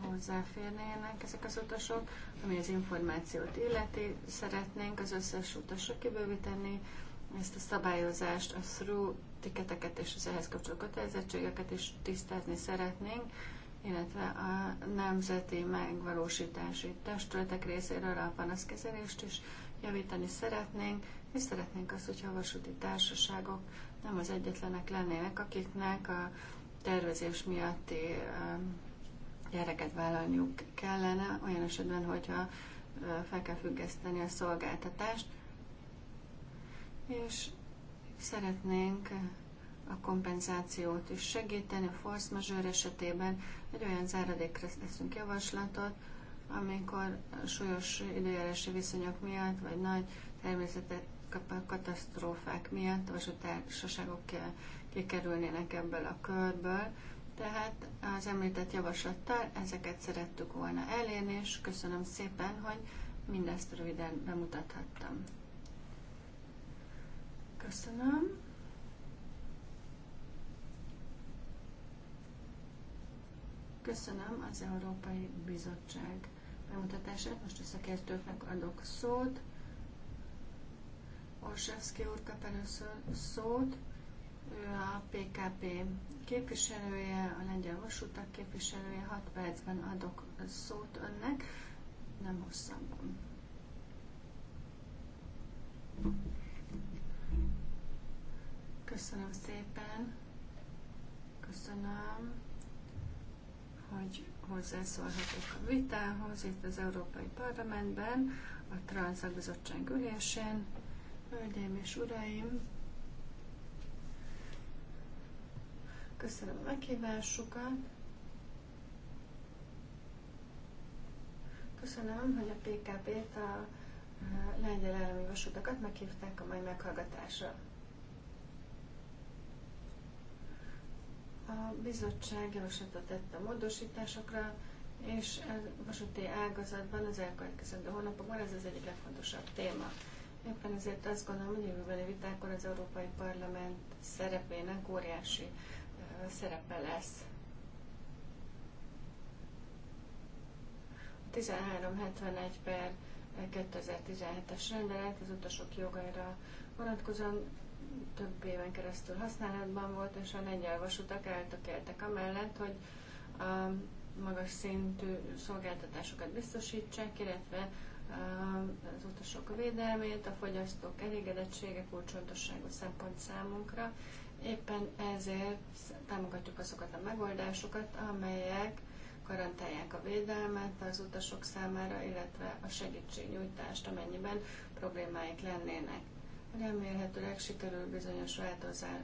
hozzáférnének ezek az utasok, ami az információt illeti, szeretnénk az összes utasra kibővíteni, ezt a szabályozást, a through tiketeket és az ehhez kapcsolódó kötelezettségeket is tisztázni szeretnénk, illetve a nemzeti megvalósítási testületek részéről a panaszkezelést is javítani szeretnénk, és szeretnénk azt, hogyha a vasúti társaságok nem az egyetlenek lennének, akiknek a tervezés miatti um, gyereket vállalniuk kellene, olyan esetben, hogyha uh, fel kell függeszteni a szolgáltatást, és szeretnénk a kompenzációt is segíteni. A force majeure esetében egy olyan záradékra teszünk javaslatot, amikor súlyos időjárási viszonyok miatt, vagy nagy természetes katasztrófák miatt a vasútársaságok kikerülnének ebből a körből. Tehát az említett javaslattal ezeket szerettük volna elérni, és köszönöm szépen, hogy mindezt röviden bemutathattam. Köszönöm. Köszönöm az Európai Bizottság bemutatását. Most a szakértőknek adok szót. Orsevszki úr kap először szót. Ő a PKP képviselője, a lengyel vasútak képviselője. 6 percben adok szót önnek, nem hosszabban. Köszönöm szépen. Köszönöm, hogy hozzászólhatok a vitához itt az Európai Parlamentben, a Transzak Bizottság ülésén. Hölgyeim és Uraim, köszönöm a meghívásukat. Köszönöm, hogy a PKP-t, a lengyel állami vasutakat meghívták a mai meghallgatásra. A bizottság javaslatot tette a módosításokra, és a vasúti ágazatban az elkövetkezendő hónapokban ez az egyik legfontosabb téma. Éppen ezért azt gondolom, hogy jövőbeli vitákon az Európai Parlament szerepének óriási szerepe lesz. 1371 per 2017-es rendelet az utasok jogaira vonatkozóan több éven keresztül használatban volt, és a lengyel vasutak eltökéltek amellett, hogy a magas szintű szolgáltatásokat biztosítsák, illetve az utasok védelmét, a fogyasztók elégedettsége kulcsfontosságú szempont számunkra. Éppen ezért támogatjuk azokat a megoldásokat, amelyek garantálják a védelmet az utasok számára, illetve a segítségnyújtást, amennyiben problémáik lennének. Remélhetőleg sikerül bizonyos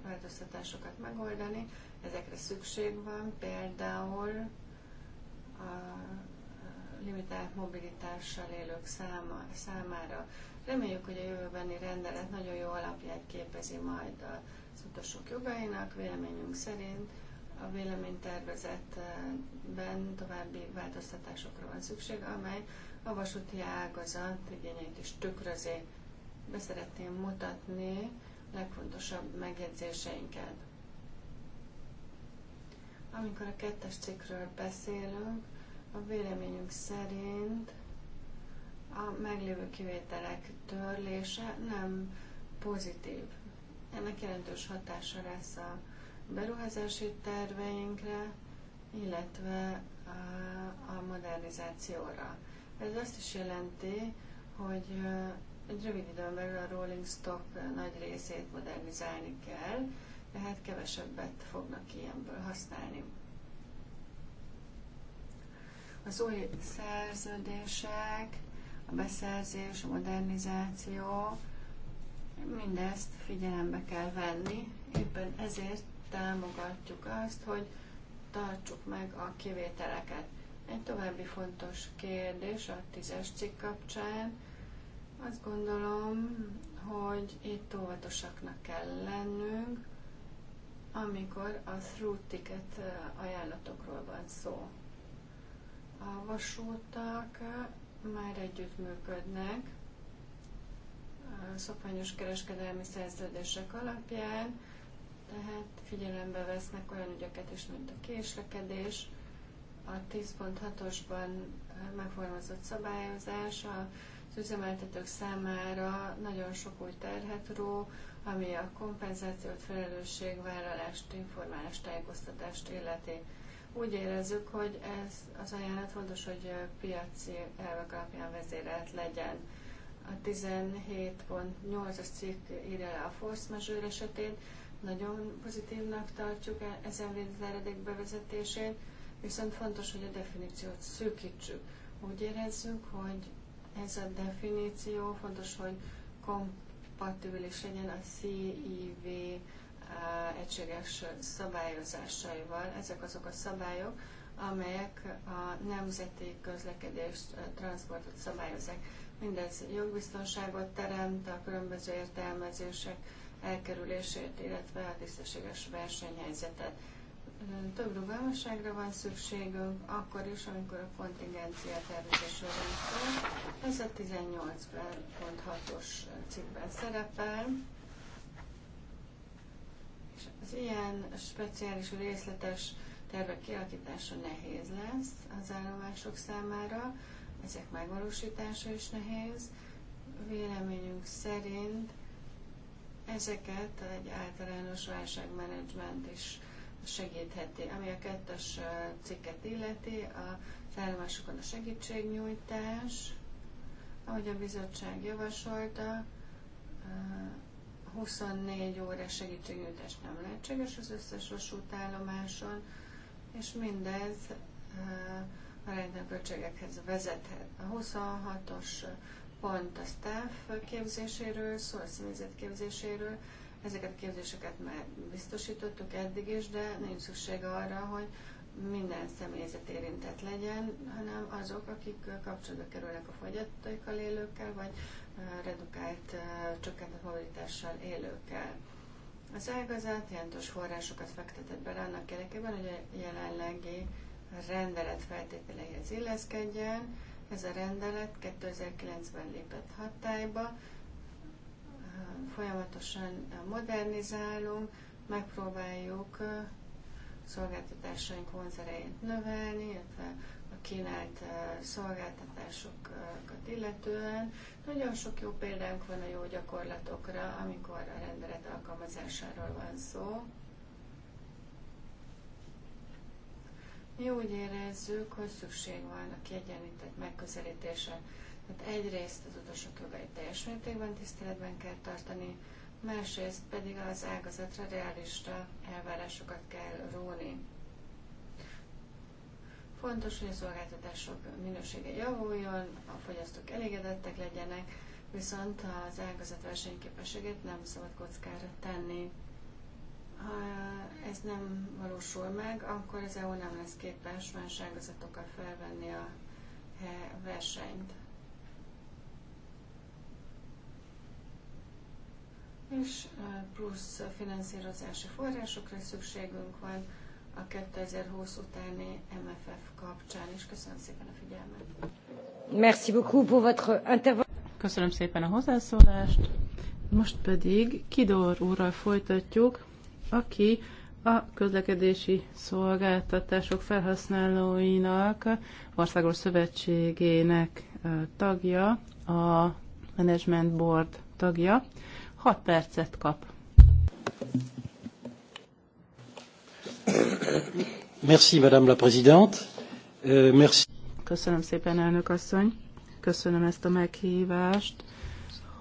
változtatásokat megoldani, ezekre szükség van, például a limitált mobilitással élők száma, számára. Reméljük, hogy a jövőbeni rendelet nagyon jó alapját képezi majd az utasok jogainak, véleményünk szerint a véleménytervezetben további változtatásokra van szükség, amely a vasúti ágazat igényeit is tükrözi beszeretném mutatni a legfontosabb megjegyzéseinket. Amikor a kettes cikkről beszélünk, a véleményünk szerint a meglévő kivételek törlése nem pozitív. Ennek jelentős hatása lesz a beruházási terveinkre, illetve a, a modernizációra. Ez azt is jelenti, hogy egy rövid időn belül a rolling stock nagy részét modernizálni kell, tehát kevesebbet fognak ilyenből használni. Az új szerződések, a beszerzés, a modernizáció, mindezt figyelembe kell venni. Éppen ezért támogatjuk azt, hogy tartsuk meg a kivételeket. Egy további fontos kérdés a tízes cikk kapcsán, azt gondolom, hogy itt óvatosaknak kell lennünk, amikor a through ticket ajánlatokról van szó. A vasútak már együttműködnek szokványos kereskedelmi szerződések alapján, tehát figyelembe vesznek olyan ügyeket is, mint a késlekedés, a 10.6-osban megformazott szabályozás, a az üzemeltetők számára nagyon sok új terhet ró, ami a kompenzációt, felelősségvállalást, informálást, tájékoztatást illeti. Úgy érezzük, hogy ez az ajánlat fontos, hogy piaci elvek alapján vezérelt legyen. A 17.8-as cikk írja le a force majeure esetén, nagyon pozitívnak tartjuk e- ezen védeledék bevezetését, viszont fontos, hogy a definíciót szűkítsük. Úgy érezzük, hogy ez a definíció fontos, hogy kompatibilis legyen a CIV uh, egységes szabályozásaival. Ezek azok a szabályok, amelyek a nemzeti közlekedést, uh, transportot szabályozzák. Mindez jogbiztonságot teremt, a különböző értelmezések elkerülését, illetve a tisztességes versenyhelyzetet több rugalmasságra van szükségünk, akkor is, amikor a kontingencia tervezésről van szó. Ez a 18.6-os cikkben szerepel. És az ilyen speciális részletes tervek kialakítása nehéz lesz az állomások számára, ezek megvalósítása is nehéz. Véleményünk szerint ezeket egy általános válságmenedzsment is segítheti. Ami a kettes cikket illeti, a felvásokon a segítségnyújtás, ahogy a bizottság javasolta, 24 órás segítségnyújtás nem lehetséges az összes vasútállomáson, és mindez aránytalan költségekhez vezethet. A 26-os pont a staff képzéséről szó a képzéséről, Ezeket a képzéseket már biztosítottuk eddig is, de nincs szükség arra, hogy minden személyzet érintett legyen, hanem azok, akik kapcsolatba kerülnek a fogyatékkal élőkkel, vagy redukált, csökkentett mobilitással élőkkel. Az ágazat jelentős forrásokat fektetett bele annak érdekében, hogy a jelenlegi rendelet feltételeihez illeszkedjen. Ez a rendelet 2009-ben lépett hatályba, folyamatosan modernizálunk, megpróbáljuk szolgáltatásaink vonzerejét növelni, illetve a kínált szolgáltatásokat illetően. Nagyon sok jó példánk van a jó gyakorlatokra, amikor a rendelet alkalmazásáról van szó. Mi úgy érezzük, hogy szükség van a kiegyenlített megközelítésre. Hát egyrészt az utasok jogait teljes mértékben tiszteletben kell tartani, másrészt pedig az ágazatra realista elvárásokat kell róni. Fontos, hogy a szolgáltatások minősége javuljon, a fogyasztók elégedettek legyenek, viszont az ágazat versenyképességét nem szabad kockára tenni. Ha ez nem valósul meg, akkor az EU nem lesz képes más ágazatokkal felvenni a versenyt. és plusz finanszírozási forrásokra szükségünk van a 2020 utáni MFF kapcsán is. Köszönöm szépen a figyelmet. Merci beaucoup pour votre intervention. Köszönöm szépen a hozzászólást. Most pedig Kidor úrral folytatjuk, aki a közlekedési szolgáltatások felhasználóinak országos szövetségének tagja, a Management Board tagja. 6 percet kap. Merci, Madame la Présidente. Euh, merci. Köszönöm szépen, elnök asszony. Köszönöm ezt a meghívást,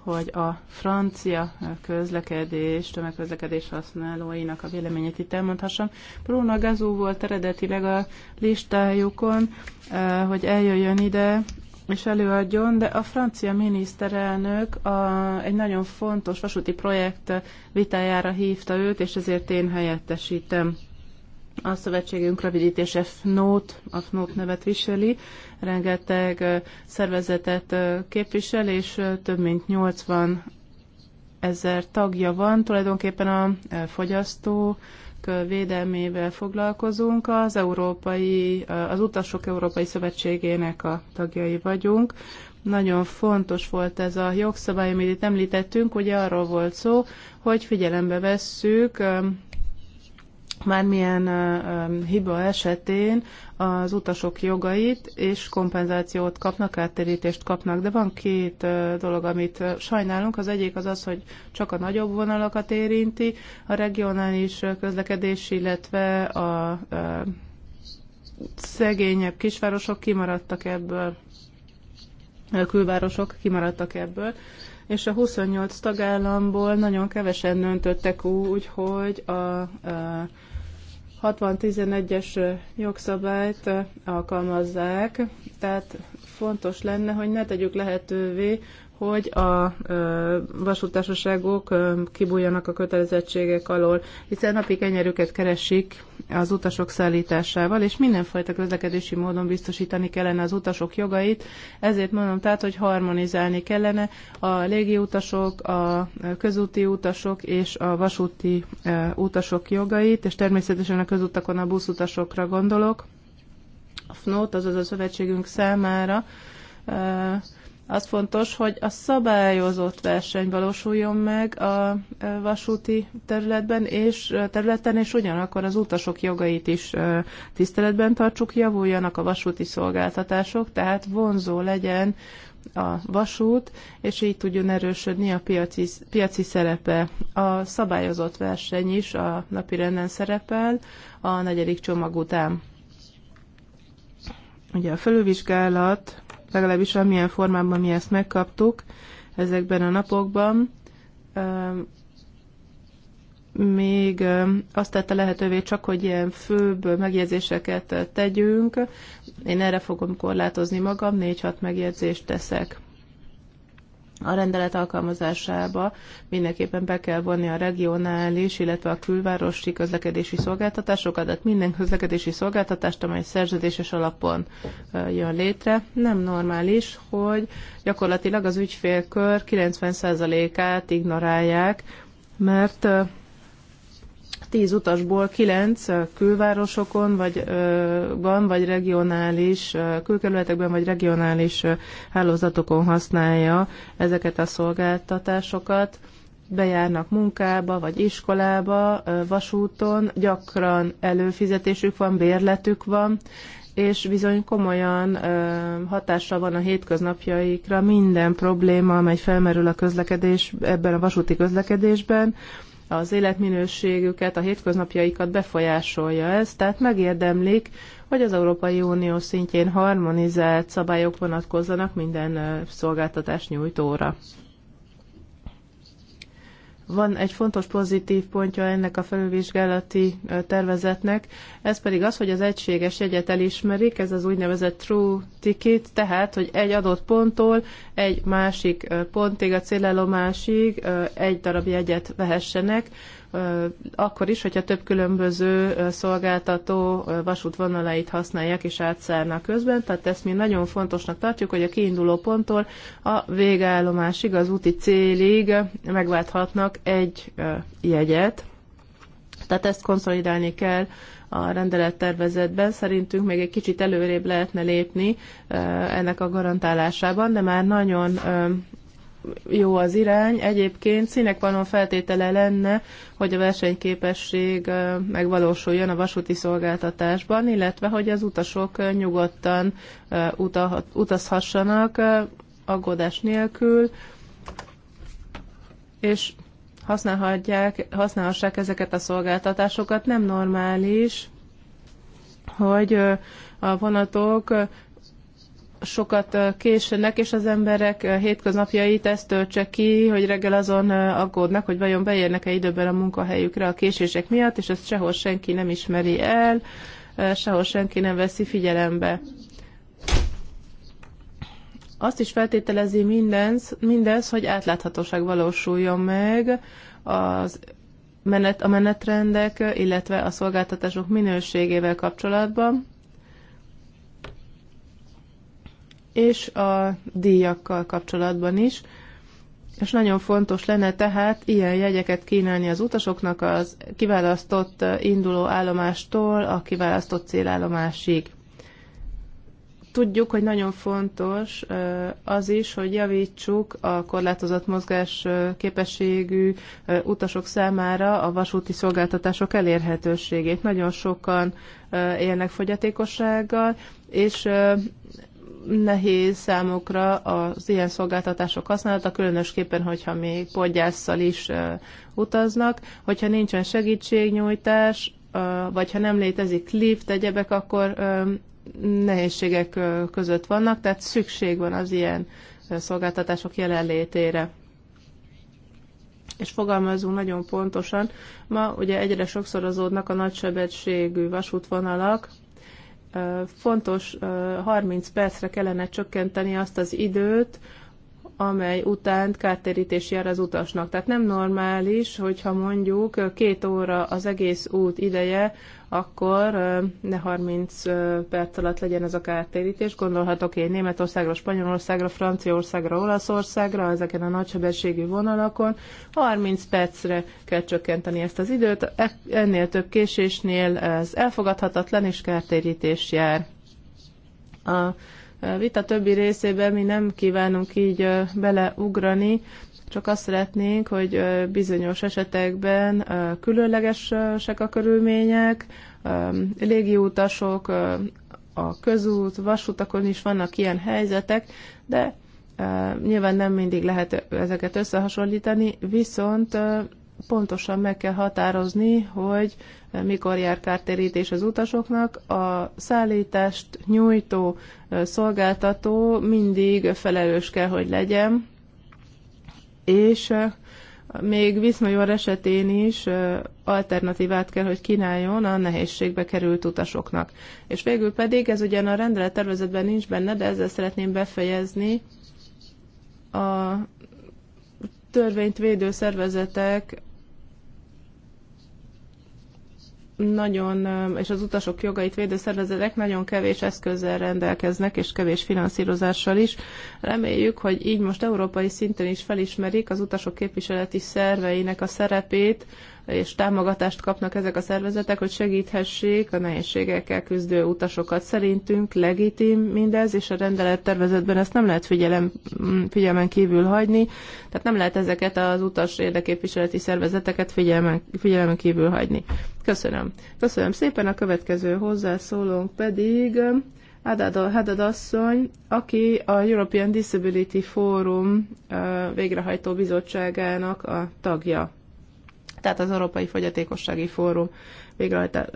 hogy a francia közlekedés, tömegközlekedés használóinak a véleményét itt elmondhassam. Bruno Gazú volt eredetileg a listájukon, eh, hogy eljöjjön ide, és előadjon, de a francia miniszterelnök a, egy nagyon fontos vasúti projekt vitájára hívta őt, és ezért én helyettesítem. A szövetségünk rövidítése FNOT, a FNOT nevet viseli, rengeteg szervezetet képvisel, és több mint 80 ezer tagja van, tulajdonképpen a fogyasztó, utasok védelmével foglalkozunk, az, Európai, az Utasok Európai Szövetségének a tagjai vagyunk. Nagyon fontos volt ez a jogszabály, amit itt említettünk, ugye arról volt szó, hogy figyelembe vesszük bármilyen hiba esetén az utasok jogait és kompenzációt kapnak, áttérítést kapnak, de van két dolog, amit sajnálunk. Az egyik az az, hogy csak a nagyobb vonalakat érinti, a regionális közlekedés, illetve a szegényebb kisvárosok kimaradtak ebből, a külvárosok kimaradtak ebből és a 28 tagállamból nagyon kevesen döntöttek úgy, hogy a, a 6011 es jogszabályt eh, alkalmazzák, tehát fontos lenne, hogy ne tegyük lehetővé hogy a vasútársaságok kibújjanak a kötelezettségek alól, hiszen napi kenyerüket keresik az utasok szállításával, és mindenfajta közlekedési módon biztosítani kellene az utasok jogait, ezért mondom tehát, hogy harmonizálni kellene a utasok, a közúti utasok és a vasúti utasok jogait, és természetesen a közutakon a buszutasokra gondolok. A FNOT, azaz a szövetségünk számára az fontos, hogy a szabályozott verseny valósuljon meg a e, vasúti területben és e, területen, és ugyanakkor az utasok jogait is e, tiszteletben tartsuk, javuljanak a vasúti szolgáltatások, tehát vonzó legyen a vasút, és így tudjon erősödni a piaci, piaci szerepe. A szabályozott verseny is a napi renden szerepel a negyedik csomag után. Ugye a felülvizsgálat legalábbis amilyen formában mi ezt megkaptuk ezekben a napokban, még azt tette lehetővé csak, hogy ilyen főbb megjegyzéseket tegyünk. Én erre fogom korlátozni magam, négy-hat megjegyzést teszek a rendelet alkalmazásába mindenképpen be kell vonni a regionális, illetve a külvárosi közlekedési szolgáltatásokat, tehát minden közlekedési szolgáltatást, amely szerződéses alapon jön létre. Nem normális, hogy gyakorlatilag az ügyfélkör 90%-át ignorálják, mert tíz utasból kilenc külvárosokon, vagy, van, vagy regionális, külkerületekben, vagy regionális hálózatokon használja ezeket a szolgáltatásokat. Bejárnak munkába, vagy iskolába, vasúton, gyakran előfizetésük van, bérletük van, és bizony komolyan hatással van a hétköznapjaikra minden probléma, amely felmerül a közlekedés, ebben a vasúti közlekedésben az életminőségüket, a hétköznapjaikat befolyásolja ez, tehát megérdemlik, hogy az Európai Unió szintjén harmonizált szabályok vonatkozzanak minden szolgáltatás nyújtóra. Van egy fontos pozitív pontja ennek a felülvizsgálati tervezetnek, ez pedig az, hogy az egységes jegyet elismerik, ez az úgynevezett true ticket, tehát, hogy egy adott ponttól egy másik pontig, a célállomásig egy darab jegyet vehessenek, akkor is, hogyha több különböző szolgáltató vasútvonalait használják és átszárnak közben, tehát ezt mi nagyon fontosnak tartjuk, hogy a kiinduló ponttól a végállomásig, az úti célig megválthatnak egy jegyet, tehát ezt konszolidálni kell a rendelettervezetben. Szerintünk még egy kicsit előrébb lehetne lépni ennek a garantálásában, de már nagyon jó az irány. Egyébként színek van feltétele lenne, hogy a versenyképesség megvalósuljon a vasúti szolgáltatásban, illetve hogy az utasok nyugodtan utazhassanak aggódás nélkül, és használhatják, használhassák ezeket a szolgáltatásokat. Nem normális, hogy a vonatok sokat késnek, és az emberek hétköznapjait ezt töltse ki, hogy reggel azon aggódnak, hogy vajon beérnek-e időben a munkahelyükre a késések miatt, és ezt sehol senki nem ismeri el, sehol senki nem veszi figyelembe. Azt is feltételezi mindez, mindez hogy átláthatóság valósuljon meg az menet, a menetrendek, illetve a szolgáltatások minőségével kapcsolatban, és a díjakkal kapcsolatban is. És nagyon fontos lenne tehát ilyen jegyeket kínálni az utasoknak az kiválasztott eh, induló állomástól a kiválasztott célállomásig. Tudjuk, hogy nagyon fontos eh, az is, hogy javítsuk a korlátozott mozgás eh, képességű utasok számára a vasúti szolgáltatások elérhetőségét. Nagyon sokan élnek fogyatékossággal, és nehéz számokra az ilyen szolgáltatások használata, különösképpen, hogyha még podgyásszal is utaznak, hogyha nincsen segítségnyújtás, vagy ha nem létezik lift, egyebek, akkor nehézségek között vannak, tehát szükség van az ilyen szolgáltatások jelenlétére. És fogalmazunk nagyon pontosan, ma ugye egyre sokszorozódnak a nagysebességű vasútvonalak, fontos 30 percre kellene csökkenteni azt az időt, amely után kártérítés jár az utasnak. Tehát nem normális, hogyha mondjuk két óra az egész út ideje, akkor ne 30 perc alatt legyen ez a kártérítés. Gondolhatok én Németországra, Spanyolországra, Franciaországra, Olaszországra, ezeken a nagysebességű vonalakon. 30 percre kell csökkenteni ezt az időt. E-, ennél több késésnél ez elfogadhatatlan és kártérítés jár. A vita többi részében mi nem kívánunk így beleugrani, csak azt szeretnénk, hogy bizonyos esetekben különlegesek a körülmények, légiutasok, a közút, vasutakon is vannak ilyen helyzetek, de nyilván nem mindig lehet ezeket összehasonlítani, viszont pontosan meg kell határozni, hogy eh, mikor jár kártérítés az utasoknak. A szállítást nyújtó eh, szolgáltató mindig felelős kell, hogy legyen, és eh, még viszmajor esetén is alternatívát kell, hogy kínáljon a nehézségbe került utasoknak. És végül pedig, ez ugyan a rendelet tervezetben nincs benne, de ezzel szeretném befejezni, a törvényt védő szervezetek nagyon, és az utasok jogait védő szervezetek nagyon kevés eszközzel rendelkeznek, és kevés finanszírozással is. Reméljük, hogy így most európai szinten is felismerik az utasok képviseleti szerveinek a szerepét, és támogatást kapnak ezek a szervezetek, hogy segíthessék a nehézségekkel küzdő utasokat. Szerintünk legitim mindez, és a rendelettervezetben ezt nem lehet figyelem, figyelmen kívül hagyni, tehát nem lehet ezeket az utas érdeképviseleti szervezeteket figyelmen, figyelmen kívül hagyni. Köszönöm. Köszönöm szépen. A következő hozzászólónk pedig um, Hadad asszony, aki a European Disability Forum uh, végrehajtó bizottságának a tagja tehát az Európai Fogyatékossági Fórum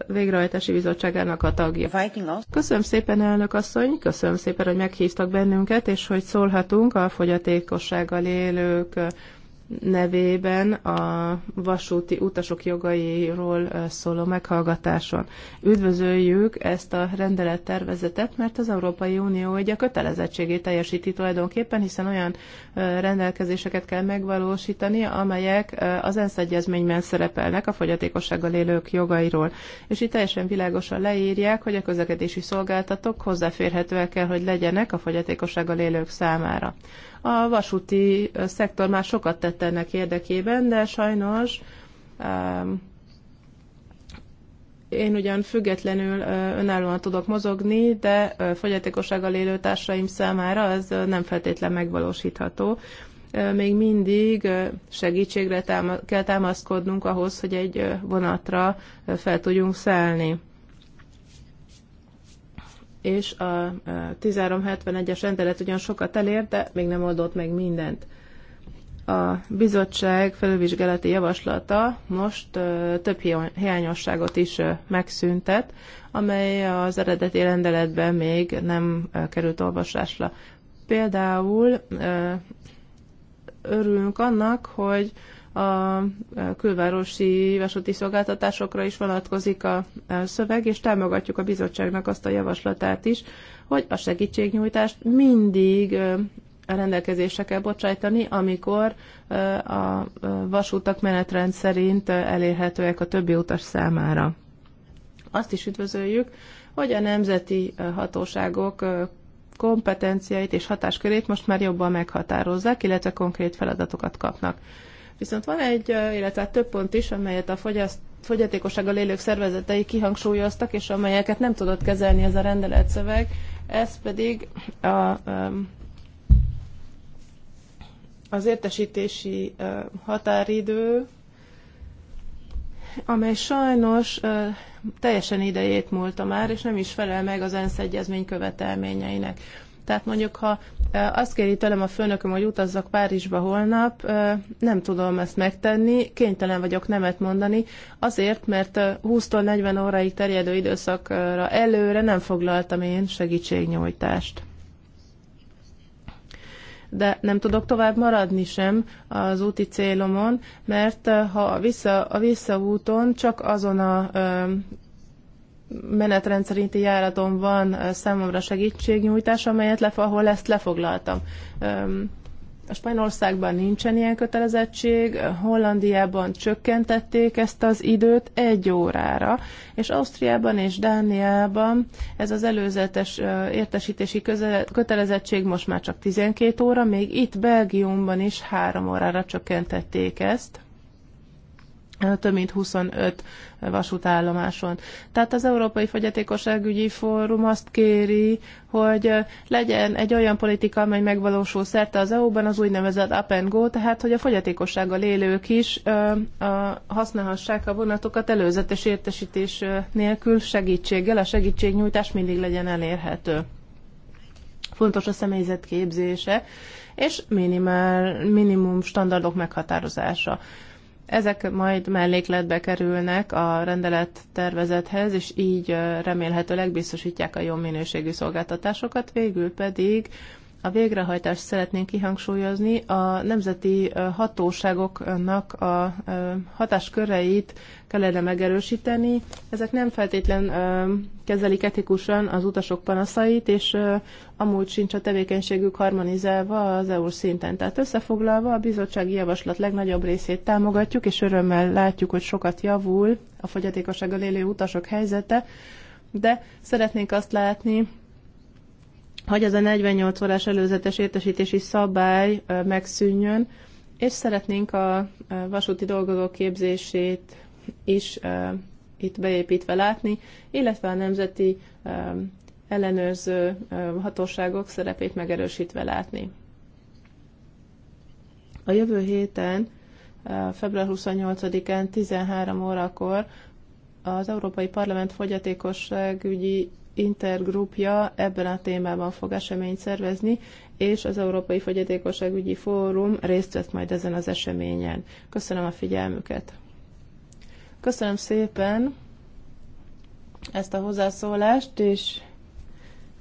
végrehajtási bizottságának a tagja. Köszönöm szépen, elnök asszony, köszönöm szépen, hogy meghívtak bennünket, és hogy szólhatunk a fogyatékossággal élők nevében a vasúti utasok jogairól szóló meghallgatáson. Üdvözöljük ezt a rendelettervezetet, mert az Európai Unió egy a kötelezettségét teljesíti tulajdonképpen, hiszen olyan rendelkezéseket kell megvalósítani, amelyek az ENSZ egyezményben szerepelnek a fogyatékossággal élők jogairól. És itt teljesen világosan leírják, hogy a közlekedési szolgáltatók hozzáférhetőek kell, hogy legyenek a fogyatékossággal élők számára. A vasúti szektor már sokat tett ennek érdekében, de sajnos én ugyan függetlenül önállóan tudok mozogni, de fogyatékossággal élő társaim számára ez nem feltétlen megvalósítható. Még mindig segítségre kell támaszkodnunk ahhoz, hogy egy vonatra fel tudjunk szállni és a 1371-es rendelet ugyan sokat elér, de még nem oldott meg mindent. A bizottság felülvizsgálati javaslata most több hiányosságot is megszüntet, amely az eredeti rendeletben még nem került olvasásra. Például örülünk annak, hogy a külvárosi vasúti szolgáltatásokra is vonatkozik a szöveg, és támogatjuk a bizottságnak azt a javaslatát is, hogy a segítségnyújtást mindig rendelkezésre kell bocsájtani, amikor a vasútak menetrend szerint elérhetőek a többi utas számára. Azt is üdvözöljük, hogy a nemzeti hatóságok kompetenciáit és hatáskörét most már jobban meghatározzák, illetve konkrét feladatokat kapnak. Viszont van egy, illetve több pont is, amelyet a fogyaszt, fogyatékossággal élők szervezetei kihangsúlyoztak, és amelyeket nem tudott kezelni ez a rendeletszöveg. Ez pedig a, az értesítési határidő, amely sajnos teljesen idejét múlta már, és nem is felel meg az ENSZ egyezmény követelményeinek. Tehát mondjuk, ha azt kéri tőlem a főnököm, hogy utazzak Párizsba holnap, nem tudom ezt megtenni, kénytelen vagyok nemet mondani, azért, mert 20-tól 40 óráig terjedő időszakra előre nem foglaltam én segítségnyújtást de nem tudok tovább maradni sem az úti célomon, mert ha vissza, a visszaúton csak azon a menetrendszerinti járaton van számomra segítségnyújtás, amelyet lef- ahol ezt lefoglaltam. A Spanyolországban nincsen ilyen kötelezettség, Hollandiában csökkentették ezt az időt egy órára, és Ausztriában és Dániában ez az előzetes értesítési kötelezettség most már csak 12 óra, még itt Belgiumban is 3 órára csökkentették ezt több mint 25 vasútállomáson. Tehát az Európai Fogyatékosságügyi Fórum azt kéri, hogy legyen egy olyan politika, amely megvalósul szerte az EU-ban, az úgynevezett up and go, tehát hogy a fogyatékossággal élők is ö, a, használhassák a vonatokat előzetes értesítés nélkül segítséggel, a segítségnyújtás mindig legyen elérhető. Fontos a személyzet képzése és minimál, minimum standardok meghatározása. Ezek majd mellékletbe kerülnek a rendelet tervezethez, és így remélhetőleg biztosítják a jó minőségű szolgáltatásokat, végül pedig a végrehajtást szeretnénk kihangsúlyozni, a nemzeti hatóságoknak a hatásköreit kellene megerősíteni. Ezek nem feltétlen kezelik etikusan az utasok panaszait, és amúgy sincs a tevékenységük harmonizálva az EU szinten. Tehát összefoglalva a bizottsági javaslat legnagyobb részét támogatjuk, és örömmel látjuk, hogy sokat javul a fogyatékossággal élő utasok helyzete, de szeretnénk azt látni, hogy ez a 48 órás előzetes értesítési szabály megszűnjön, és szeretnénk a vasúti dolgozók képzését is itt beépítve látni, illetve a nemzeti ellenőrző hatóságok szerepét megerősítve látni. A jövő héten, február 28-án 13 órakor az Európai Parlament fogyatékosságügyi intergrupja ebben a témában fog eseményt szervezni, és az Európai Fogyatékosságügyi Fórum részt vett majd ezen az eseményen. Köszönöm a figyelmüket! Köszönöm szépen ezt a hozzászólást és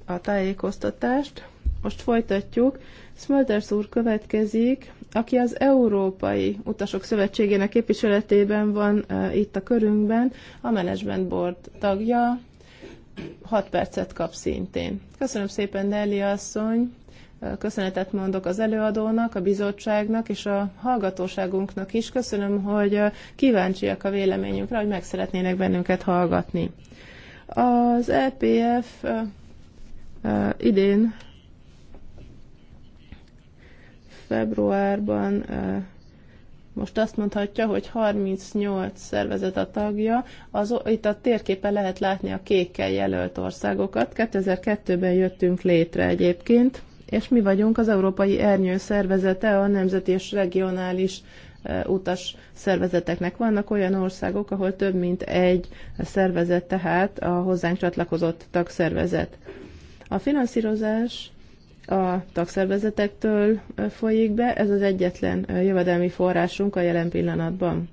a tájékoztatást. Most folytatjuk. Smölders úr következik, aki az Európai Utasok Szövetségének képviseletében van e, itt a körünkben, a Management Board tagja, 6 percet kap szintén. Köszönöm szépen, Nelly asszony! Köszönetet mondok az előadónak, a bizottságnak és a hallgatóságunknak is. Köszönöm, hogy kíváncsiak a véleményünkre, hogy meg szeretnének bennünket hallgatni. Az EPF idén februárban most azt mondhatja, hogy 38 szervezet a tagja, az, itt a térképen lehet látni a kékkel jelölt országokat. 2002-ben jöttünk létre egyébként, és mi vagyunk az Európai Ernyő Szervezete, a Nemzeti és Regionális e, utas szervezeteknek. Vannak olyan országok, ahol több mint egy szervezet, tehát a hozzánk csatlakozott tagszervezet. A finanszírozás a tagszervezetektől folyik be, ez az egyetlen jövedelmi forrásunk a jelen pillanatban.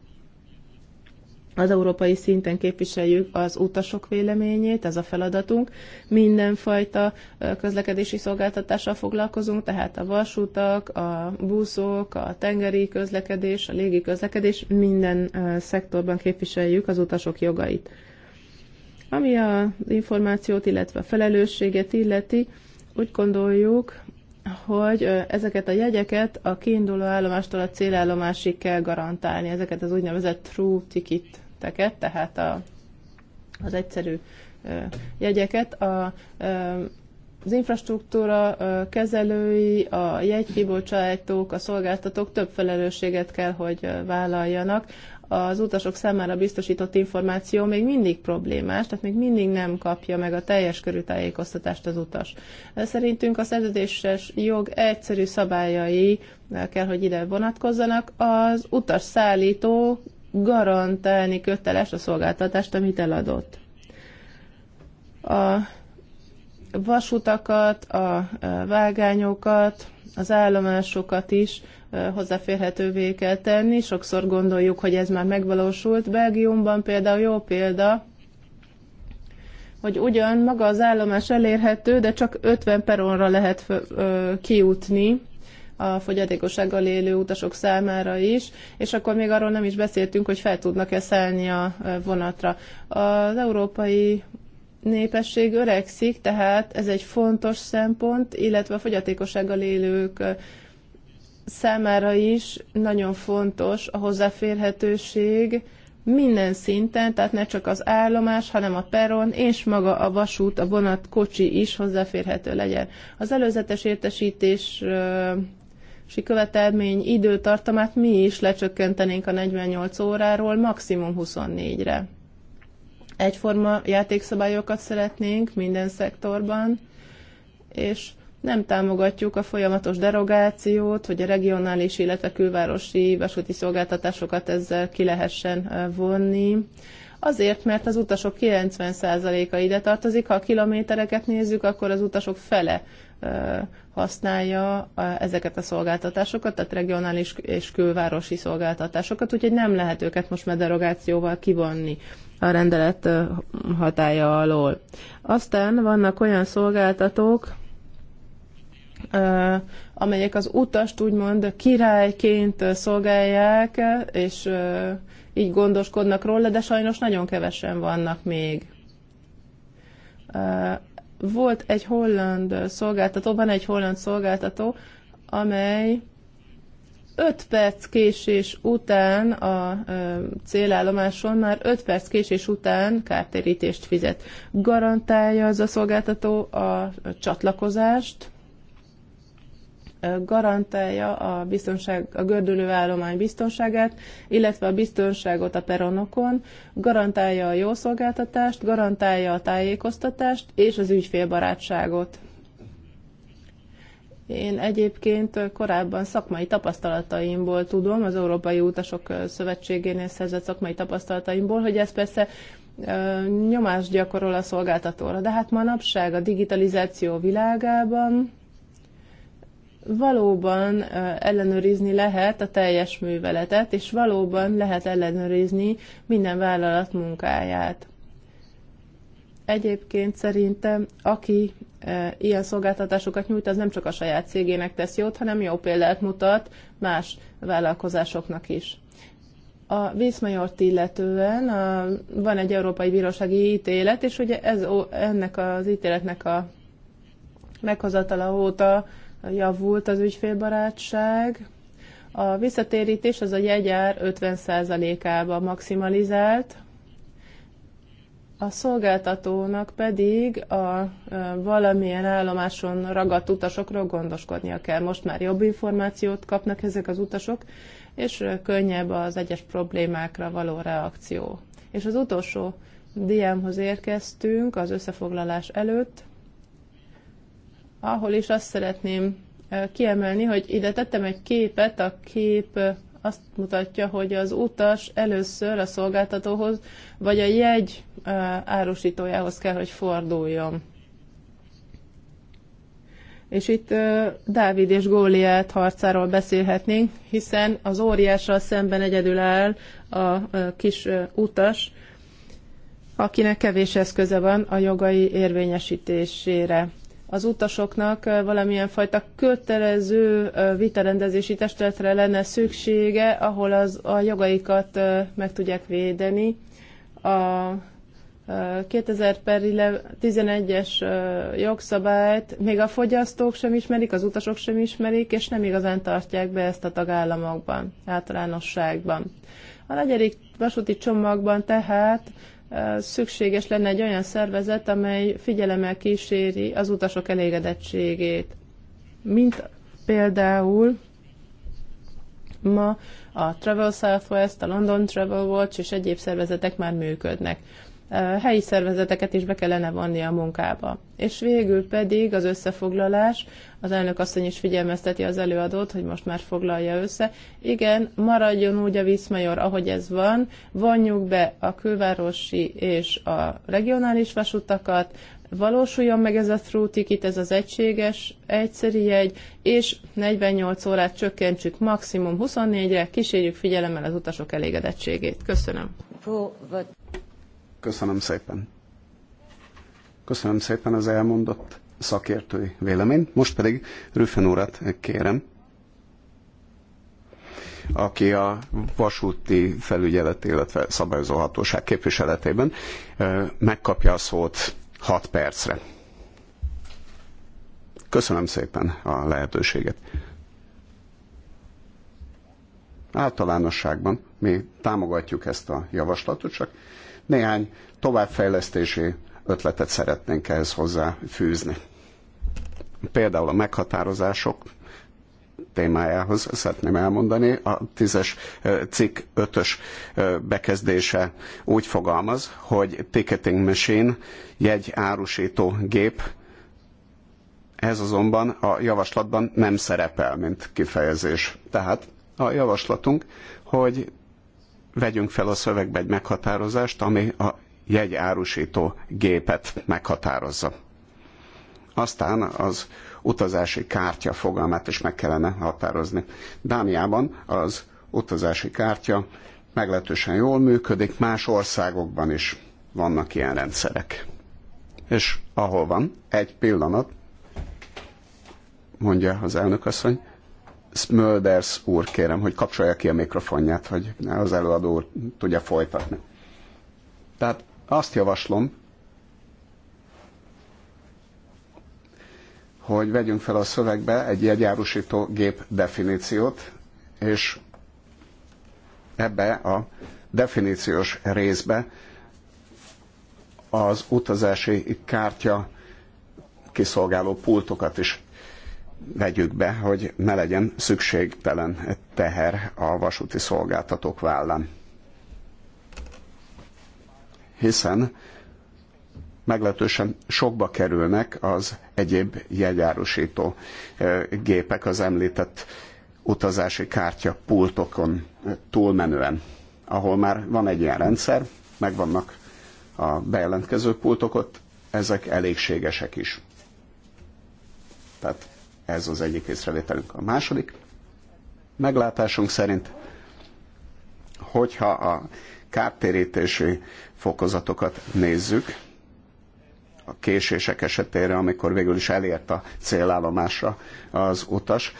Az európai szinten képviseljük az utasok véleményét, ez a feladatunk. Mindenfajta közlekedési szolgáltatással foglalkozunk, tehát a vasutak, a buszok, a tengeri közlekedés, a légi közlekedés, minden szektorban képviseljük az utasok jogait. Ami az információt, illetve a felelősséget illeti, úgy gondoljuk, hogy ezeket a jegyeket a kiinduló állomástól a célállomásig kell garantálni, ezeket az úgynevezett true ticketeket, tehát a, az egyszerű jegyeket. A, az infrastruktúra kezelői, a jegykibocsájtók, a szolgáltatók több felelősséget kell, hogy vállaljanak az utasok számára biztosított információ még mindig problémás, tehát még mindig nem kapja meg a teljes körű tájékoztatást az utas. Szerintünk a szerződéses jog egyszerű szabályai eh, kell, hogy ide vonatkozzanak. Az utas szállító garantálni köteles a szolgáltatást, amit eladott. A vasutakat, a eh, vágányokat, az állomásokat is hozzáférhetővé kell tenni. Sokszor gondoljuk, hogy ez már megvalósult. Belgiumban például jó példa, hogy ugyan maga az állomás elérhető, de csak 50 peronra lehet kijutni a fogyatékossággal élő utasok számára is, és akkor még arról nem is beszéltünk, hogy fel tudnak-e szállni a vonatra. Az Európai népesség öregszik, tehát ez egy fontos szempont, illetve a fogyatékossággal élők számára is nagyon fontos a hozzáférhetőség minden szinten, tehát ne csak az állomás, hanem a peron és maga a vasút, a vonat, kocsi is hozzáférhető legyen. Az előzetes értesítés és követelmény időtartamát mi is lecsökkentenénk a 48 óráról maximum 24-re egyforma játékszabályokat szeretnénk minden szektorban, és nem támogatjuk a folyamatos derogációt, hogy a regionális, illetve külvárosi vasúti szolgáltatásokat ezzel ki lehessen vonni. Azért, mert az utasok 90%-a ide tartozik, ha a kilométereket nézzük, akkor az utasok fele használja ezeket a szolgáltatásokat, tehát regionális és külvárosi szolgáltatásokat, úgyhogy nem lehet őket most már derogációval kivonni a rendelet hatája alól. Aztán vannak olyan szolgáltatók, amelyek az utast úgymond királyként szolgálják, és így gondoskodnak róla, de sajnos nagyon kevesen vannak még. Volt egy holland szolgáltató, van egy holland szolgáltató, amely 5 perc késés után a célállomáson már 5 perc késés után kártérítést fizet. Garantálja az a szolgáltató a csatlakozást, garantálja a, biztonság, a gördülő állomány biztonságát, illetve a biztonságot a peronokon, garantálja a jó szolgáltatást, garantálja a tájékoztatást és az ügyfélbarátságot. Én egyébként korábban szakmai tapasztalataimból tudom, az Európai Utasok Szövetségénél szerzett szakmai tapasztalataimból, hogy ez persze nyomást gyakorol a szolgáltatóra. De hát manapság a digitalizáció világában valóban ellenőrizni lehet a teljes műveletet, és valóban lehet ellenőrizni minden vállalat munkáját. Egyébként szerintem, aki ilyen szolgáltatásokat nyújt, az nem csak a saját cégének tesz jót, hanem jó példát mutat más vállalkozásoknak is. A Vészmajort illetően a, van egy európai bírósági ítélet, és ugye ez, ennek az ítéletnek a meghozatala óta javult az ügyfélbarátság. A visszatérítés az a jegyár 50%-ába maximalizált, a szolgáltatónak pedig a valamilyen állomáson ragadt utasokról gondoskodnia kell. Most már jobb információt kapnak ezek az utasok, és könnyebb az egyes problémákra való reakció. És az utolsó diámhoz érkeztünk az összefoglalás előtt, ahol is azt szeretném kiemelni, hogy ide tettem egy képet, a kép azt mutatja, hogy az utas először a szolgáltatóhoz vagy a jegy árusítójához kell, hogy forduljon. És itt Dávid és Góliát harcáról beszélhetnénk, hiszen az óriással szemben egyedül áll a kis utas, akinek kevés eszköze van a jogai érvényesítésére az utasoknak valamilyen fajta kötelező vitarendezési testületre lenne szüksége, ahol az, a jogaikat meg tudják védeni. A 2011-es jogszabályt még a fogyasztók sem ismerik, az utasok sem ismerik, és nem igazán tartják be ezt a tagállamokban, általánosságban. A negyedik vasúti csomagban tehát szükséges lenne egy olyan szervezet, amely figyelemmel kíséri az utasok elégedettségét. Mint például ma a Travel Southwest, a London Travel Watch és egyéb szervezetek már működnek helyi szervezeteket is be kellene vonni a munkába. És végül pedig az összefoglalás, az elnök asszony is figyelmezteti az előadót, hogy most már foglalja össze. Igen, maradjon úgy a Viszmajor, ahogy ez van, vonjuk be a külvárosi és a regionális vasutakat, valósuljon meg ez a itt ez az egységes, egyszerű jegy, és 48 órát csökkentsük maximum 24-re, kísérjük figyelemmel az utasok elégedettségét. Köszönöm. Köszönöm szépen. Köszönöm szépen az elmondott szakértői véleményt. Most pedig Rüfen urat kérem, aki a vasúti felügyelet, illetve szabályozó hatóság képviseletében megkapja a szót 6 percre. Köszönöm szépen a lehetőséget. Általánosságban mi támogatjuk ezt a javaslatot, csak néhány továbbfejlesztési ötletet szeretnénk ehhez hozzáfűzni. Például a meghatározások témájához szeretném elmondani. A tízes cikk ötös bekezdése úgy fogalmaz, hogy ticketing machine, jegy árusító gép, ez azonban a javaslatban nem szerepel, mint kifejezés. Tehát a javaslatunk, hogy vegyünk fel a szövegbe egy meghatározást, ami a jegyárusító gépet meghatározza. Aztán az utazási kártya fogalmát is meg kellene határozni. Dániában az utazási kártya meglehetősen jól működik, más országokban is vannak ilyen rendszerek. És ahol van, egy pillanat, mondja az elnök asszony, Smulders úr, kérem, hogy kapcsolja ki a mikrofonját, hogy az előadó úr tudja folytatni. Tehát azt javaslom, hogy vegyünk fel a szövegbe egy jegyárusító gép definíciót, és ebbe a definíciós részbe az utazási kártya kiszolgáló pultokat is vegyük be, hogy ne legyen szükségtelen teher a vasúti szolgáltatók vállán. Hiszen meglehetősen sokba kerülnek az egyéb jegyárusító gépek az említett utazási kártya pultokon túlmenően, ahol már van egy ilyen rendszer, megvannak a bejelentkező pultok, ott ezek elégségesek is. Tehát ez az egyik észrevételünk. A második meglátásunk szerint, hogyha a kártérítési fokozatokat nézzük, a késések esetére, amikor végül is elért a célállomásra az utas,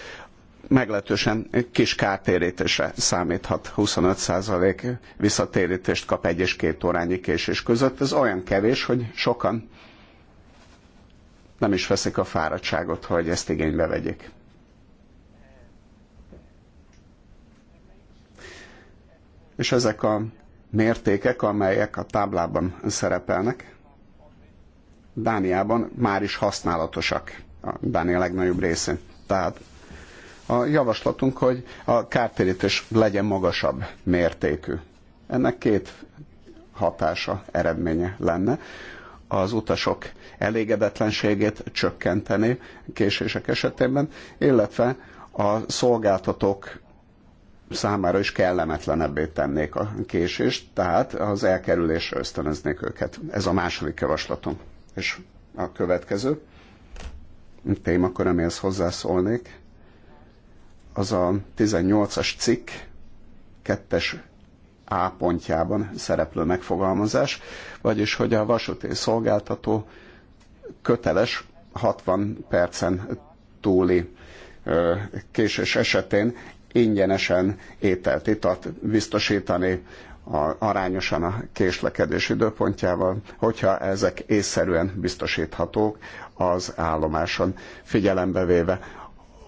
meglehetősen kis kártérítésre számíthat. 25% visszatérítést kap egy és két órányi késés között. Ez olyan kevés, hogy sokan nem is veszik a fáradtságot, hogy ezt igénybe vegyék. És ezek a mértékek, amelyek a táblában szerepelnek, Dániában már is használatosak, a Dánia legnagyobb részén. Tehát a javaslatunk, hogy a kártérítés legyen magasabb mértékű. Ennek két hatása, eredménye lenne az utasok elégedetlenségét csökkenteni késések esetében, illetve a szolgáltatók számára is kellemetlenebbé tennék a késést, tehát az elkerülésre ösztönöznék őket. Ez a második javaslatom. És a következő témakör, amihez hozzászólnék, az a 18-as cikk, kettes a pontjában szereplő megfogalmazás, vagyis hogy a vasúti szolgáltató köteles 60 percen túli késés esetén ingyenesen ételt, itat biztosítani a, arányosan a késlekedés időpontjával, hogyha ezek észszerűen biztosíthatók az állomáson, figyelembe véve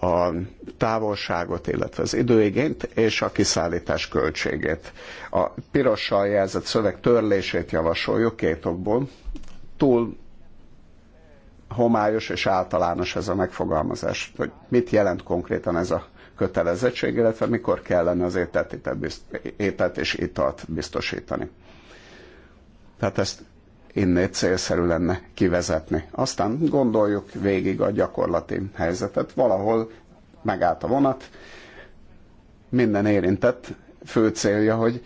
a távolságot, illetve az időigényt és a kiszállítás költségét. A pirossal jelzett szöveg törlését javasoljuk két okból. Túl homályos és általános ez a megfogalmazás, hogy mit jelent konkrétan ez a kötelezettség, illetve mikor kellene az ételt, ételt és italt biztosítani. Tehát ezt innét célszerű lenne kivezetni. Aztán gondoljuk végig a gyakorlati helyzetet. Valahol megállt a vonat, minden érintett fő célja, hogy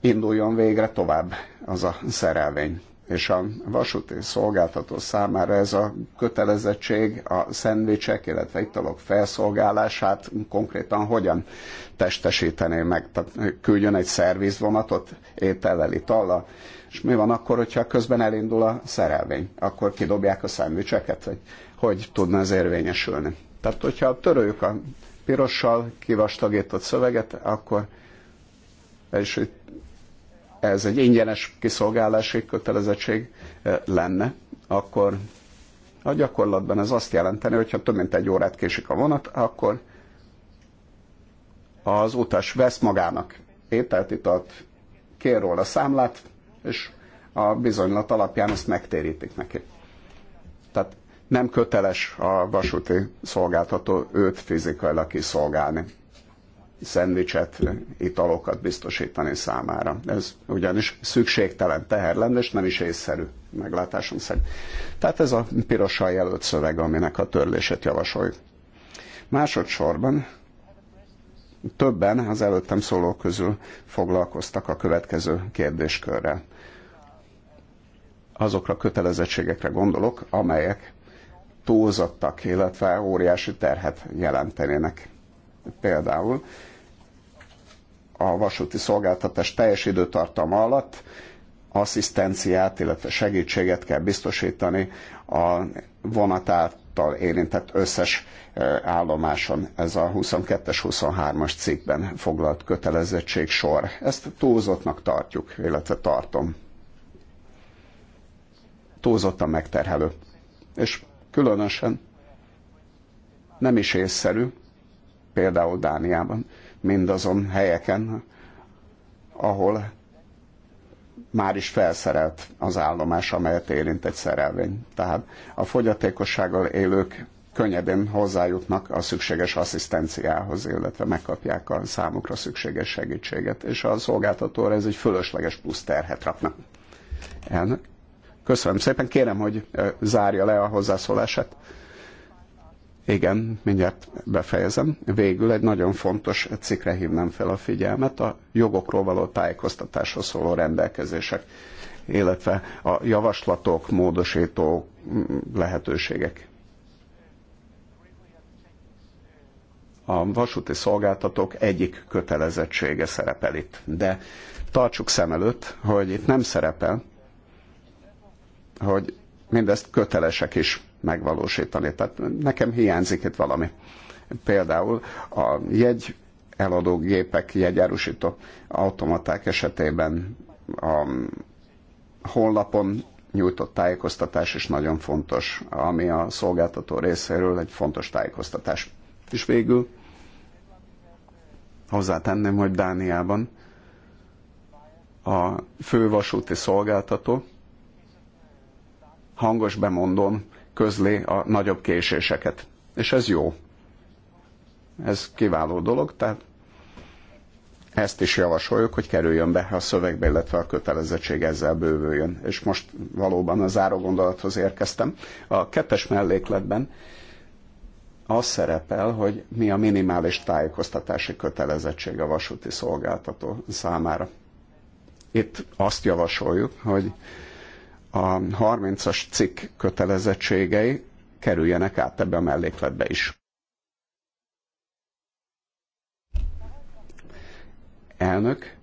induljon végre tovább az a szerelvény. És a vasúti szolgáltató számára ez a kötelezettség a szendvicsek, illetve italok felszolgálását konkrétan hogyan testesítené meg? Tehát küldjön egy szervizvonatot étellel, itallal, és mi van akkor, hogyha közben elindul a szerelvény? Akkor kidobják a szendvicseket, hogy hogy tudna ez érvényesülni. Tehát, hogyha töröljük a pirossal kivastagított szöveget, akkor és ez egy ingyenes kiszolgálási kötelezettség eh, lenne, akkor a gyakorlatban ez azt jelenteni, hogyha több mint egy órát késik a vonat, akkor az utas vesz magának ételt, italt, kér róla számlát, és a bizonylat alapján ezt megtérítik neki. Tehát nem köteles a vasúti szolgáltató őt fizikailag kiszolgálni, szendvicset, italokat biztosítani számára. Ez ugyanis szükségtelen teher lenne, és nem is észszerű meglátásom szerint. Tehát ez a pirossal jelölt szöveg, aminek a törlését javasoljuk. Másodszorban többen az előttem szólók közül foglalkoztak a következő kérdéskörrel azokra a kötelezettségekre gondolok, amelyek túlzottak, illetve óriási terhet jelentenének. Például a vasúti szolgáltatás teljes időtartama alatt asszisztenciát, illetve segítséget kell biztosítani a vonatáltal érintett összes e, állomáson. Ez a 22-es, 23-as cikkben foglalt kötelezettség sor. Ezt túlzottnak tartjuk, illetve tartom túlzottan megterhelő. És különösen nem is észszerű, például Dániában, mindazon helyeken, ahol már is felszerelt az állomás, amelyet érint egy szerelvény. Tehát a fogyatékossággal élők könnyedén hozzájutnak a szükséges asszisztenciához, illetve megkapják a számukra szükséges segítséget, és a szolgáltatóra ez egy fölösleges plusz terhet rakna. Elnök? Köszönöm szépen, kérem, hogy zárja le a hozzászólását. Igen, mindjárt befejezem. Végül egy nagyon fontos cikkre hívnám fel a figyelmet, a jogokról való tájékoztatásra szóló rendelkezések, illetve a javaslatok, módosító mm, lehetőségek. A vasúti szolgáltatók egyik kötelezettsége szerepel itt, de tartsuk szem előtt, hogy itt nem szerepel hogy mindezt kötelesek is megvalósítani. Tehát nekem hiányzik itt valami. Például a jegy eladó gépek, jegyárusító automaták esetében a honlapon nyújtott tájékoztatás is nagyon fontos, ami a szolgáltató részéről egy fontos tájékoztatás. És végül hozzátenném, hogy Dániában a fővasúti szolgáltató hangos bemondón közli a nagyobb késéseket. És ez jó. Ez kiváló dolog, tehát ezt is javasoljuk, hogy kerüljön be a szövegbe, illetve a kötelezettség ezzel bővüljön. És most valóban a záró gondolathoz érkeztem. A kettes mellékletben az szerepel, hogy mi a minimális tájékoztatási kötelezettség a vasúti szolgáltató számára. Itt azt javasoljuk, hogy a 30-as cikk kötelezettségei kerüljenek át ebbe a mellékletbe is. Elnök,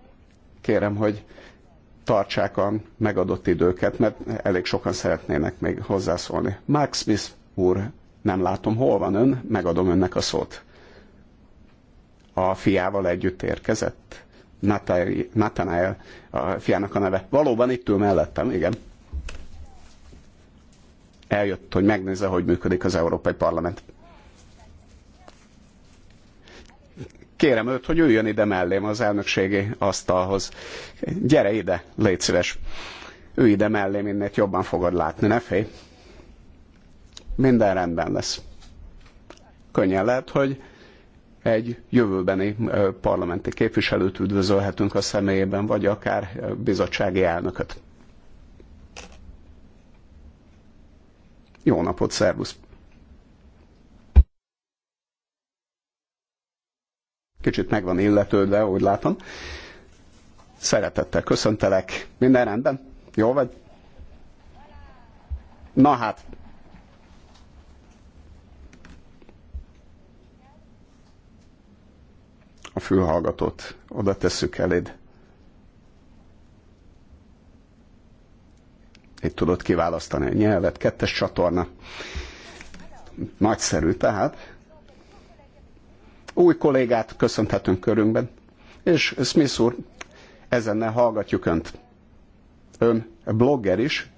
kérem, hogy tartsák a megadott időket, mert elég sokan szeretnének még hozzászólni. Mark Smith úr, nem látom, hol van ön, megadom önnek a szót. A fiával együtt érkezett. Nathaniel, a fiának a neve. Valóban itt ül mellettem, igen eljött, hogy megnézze, hogy működik az Európai Parlament. Kérem őt, hogy üljön ide mellém az elnökségi asztalhoz. Gyere ide, légy szíves. Ülj ide mellém, innét jobban fogod látni, ne félj. Minden rendben lesz. Könnyen lehet, hogy egy jövőbeni parlamenti képviselőt üdvözölhetünk a személyében, vagy akár bizottsági elnököt. Jó napot, szervusz! Kicsit meg van illetődve, úgy látom. Szeretettel köszöntelek. Minden rendben? Jó vagy? Na hát, a fülhallgatót oda tesszük eléd. itt tudod kiválasztani a nyelvet, kettes csatorna. Nagyszerű tehát. Új kollégát köszönhetünk körünkben, és Smith úr, ezennel hallgatjuk Önt. Ön blogger is,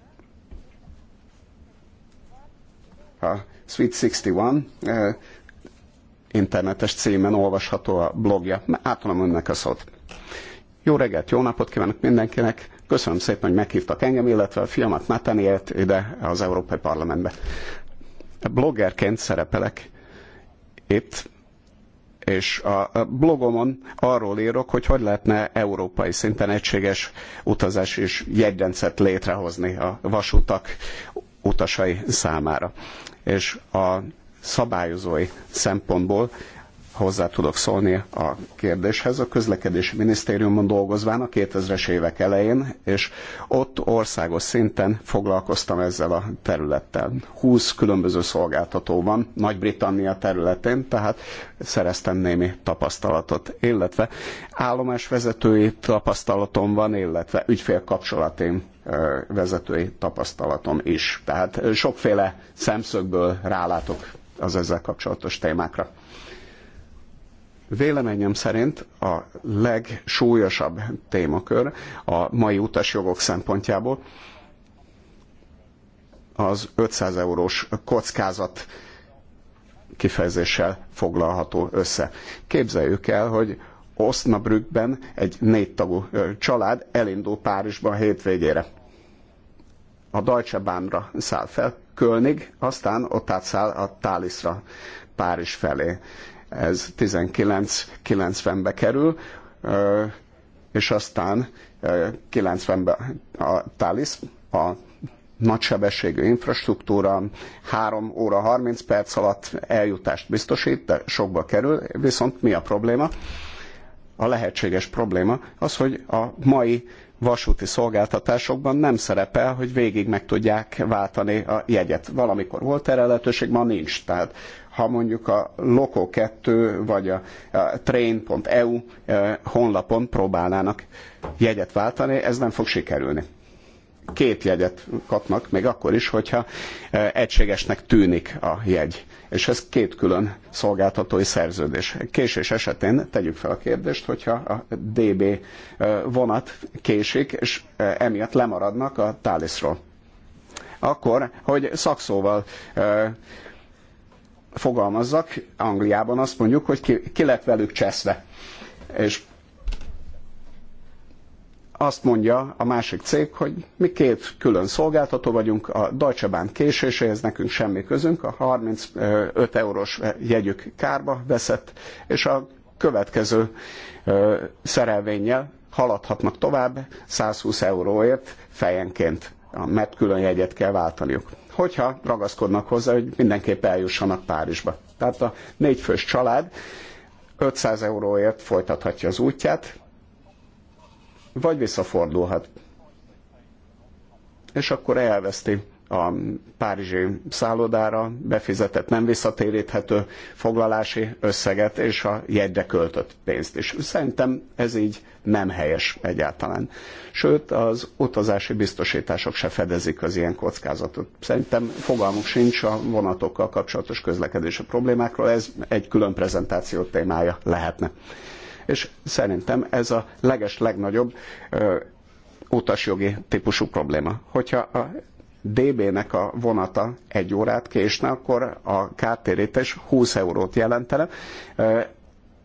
a Sweet 61 eh, internetes címen olvasható a blogja. Átadom önnek a szót. Jó reggelt, jó napot kívánok mindenkinek! Köszönöm szépen, hogy meghívtak engem, illetve a fiamat Nathanielt ide az Európai Parlamentbe. Bloggerként szerepelek itt, és a blogomon arról írok, hogy hogy lehetne európai szinten egységes utazás és jegyrendszert létrehozni a vasutak utasai számára. És a szabályozói szempontból hozzá tudok szólni a kérdéshez. A közlekedési minisztériumon dolgozván a 2000-es évek elején, és ott országos szinten foglalkoztam ezzel a területtel. 20 különböző szolgáltató van Nagy-Britannia területén, tehát szereztem némi tapasztalatot, illetve állomásvezetői tapasztalatom van, illetve ügyfélkapcsolatim vezetői tapasztalatom is. Tehát sokféle szemszögből rálátok az ezzel kapcsolatos témákra. Véleményem szerint a legsúlyosabb témakör a mai utasjogok szempontjából az 500 eurós kockázat kifejezéssel foglalható össze. Képzeljük el, hogy Osnabrückben egy négytagú család elindul Párizsba a hétvégére. A Deutsche Bahnra száll fel, Kölnig, aztán ott átszáll a Táliszra Párizs felé ez 19.90-be kerül, és aztán 90-ben a TALIS, a nagysebességű infrastruktúra 3 óra 30 perc alatt eljutást biztosít, de sokba kerül, viszont mi a probléma? A lehetséges probléma az, hogy a mai vasúti szolgáltatásokban nem szerepel, hogy végig meg tudják váltani a jegyet. Valamikor volt erre lehetőség, ma nincs. Tehát ha mondjuk a Loco2 vagy a, train.eu eh, honlapon próbálnának jegyet váltani, ez nem fog sikerülni. Két jegyet kapnak, még akkor is, hogyha eh, egységesnek tűnik a jegy. És ez két külön szolgáltatói szerződés. Késés esetén tegyük fel a kérdést, hogyha a DB eh, vonat késik, és emiatt lemaradnak a Talisról. Akkor, hogy szakszóval fogalmazzak, Angliában azt mondjuk, hogy ki, ki lett velük cseszve. És azt mondja a másik cég, hogy mi két külön szolgáltató vagyunk, a Deutsche Bahn késéséhez nekünk semmi közünk, a 35 eurós jegyük kárba veszett, és a következő szerelvénnyel haladhatnak tovább 120 euróért fejenként mert külön jegyet kell váltaniuk. Hogyha ragaszkodnak hozzá, hogy mindenképp eljussanak Párizsba. Tehát a négyfős család 500 euróért folytathatja az útját, vagy visszafordulhat. És akkor elveszti a párizsi szállodára befizetett, nem visszatéríthető foglalási összeget és a jegyre költött pénzt is. Szerintem ez így nem helyes egyáltalán. Sőt, az utazási biztosítások se fedezik az ilyen kockázatot. Szerintem fogalmuk sincs a vonatokkal kapcsolatos közlekedési problémákról, ez egy külön prezentáció témája lehetne. És szerintem ez a leges legnagyobb utasjogi típusú probléma. Hogyha a DB-nek a vonata egy órát késne, akkor a kártérítés 20 eurót jelentene.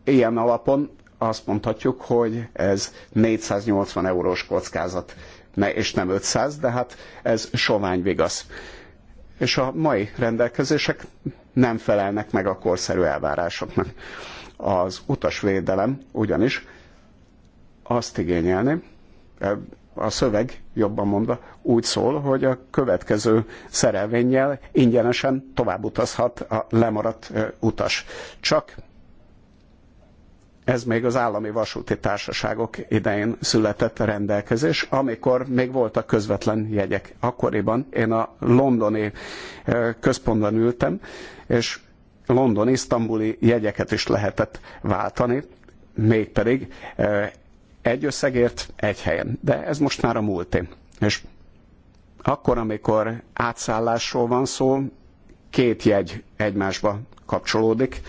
Ilyen alapon azt mondhatjuk, hogy ez 480 eurós kockázat, ne, és nem 500, de hát ez sovány vigasz. És a mai rendelkezések nem felelnek meg a korszerű elvárásoknak. Az utasvédelem ugyanis azt igényelni, a szöveg, jobban mondva, úgy szól, hogy a következő szerelvénnyel ingyenesen tovább utazhat a lemaradt utas. Csak ez még az állami vasúti társaságok idején született rendelkezés, amikor még voltak közvetlen jegyek. Akkoriban én a londoni központban ültem, és london-isztambuli jegyeket is lehetett váltani, mégpedig egy összegért egy helyen. De ez most már a múlté. És akkor, amikor átszállásról van szó, két jegy egymásba kapcsolódik,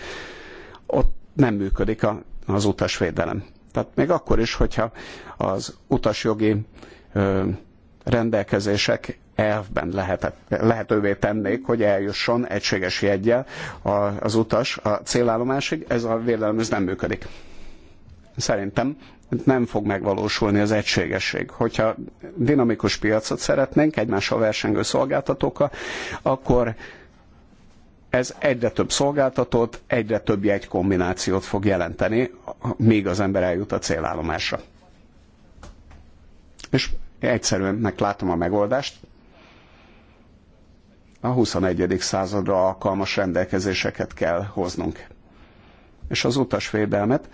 ott nem működik a, az utasvédelem. Tehát még akkor is, hogyha az utasjogi ö, rendelkezések elvben lehetett, lehetővé tennék, hogy eljusson egységes jegyel az utas a célállomásig, ez a védelem ez nem működik. Szerintem nem fog megvalósulni az egységesség. Hogyha dinamikus piacot szeretnénk egymással versengő szolgáltatókkal, akkor ez egyre több szolgáltatót, egyre több egy kombinációt fog jelenteni, míg az ember eljut a célállomásra. És egyszerűen látom a megoldást, a 21. századra alkalmas rendelkezéseket kell hoznunk. És az utasvédelmet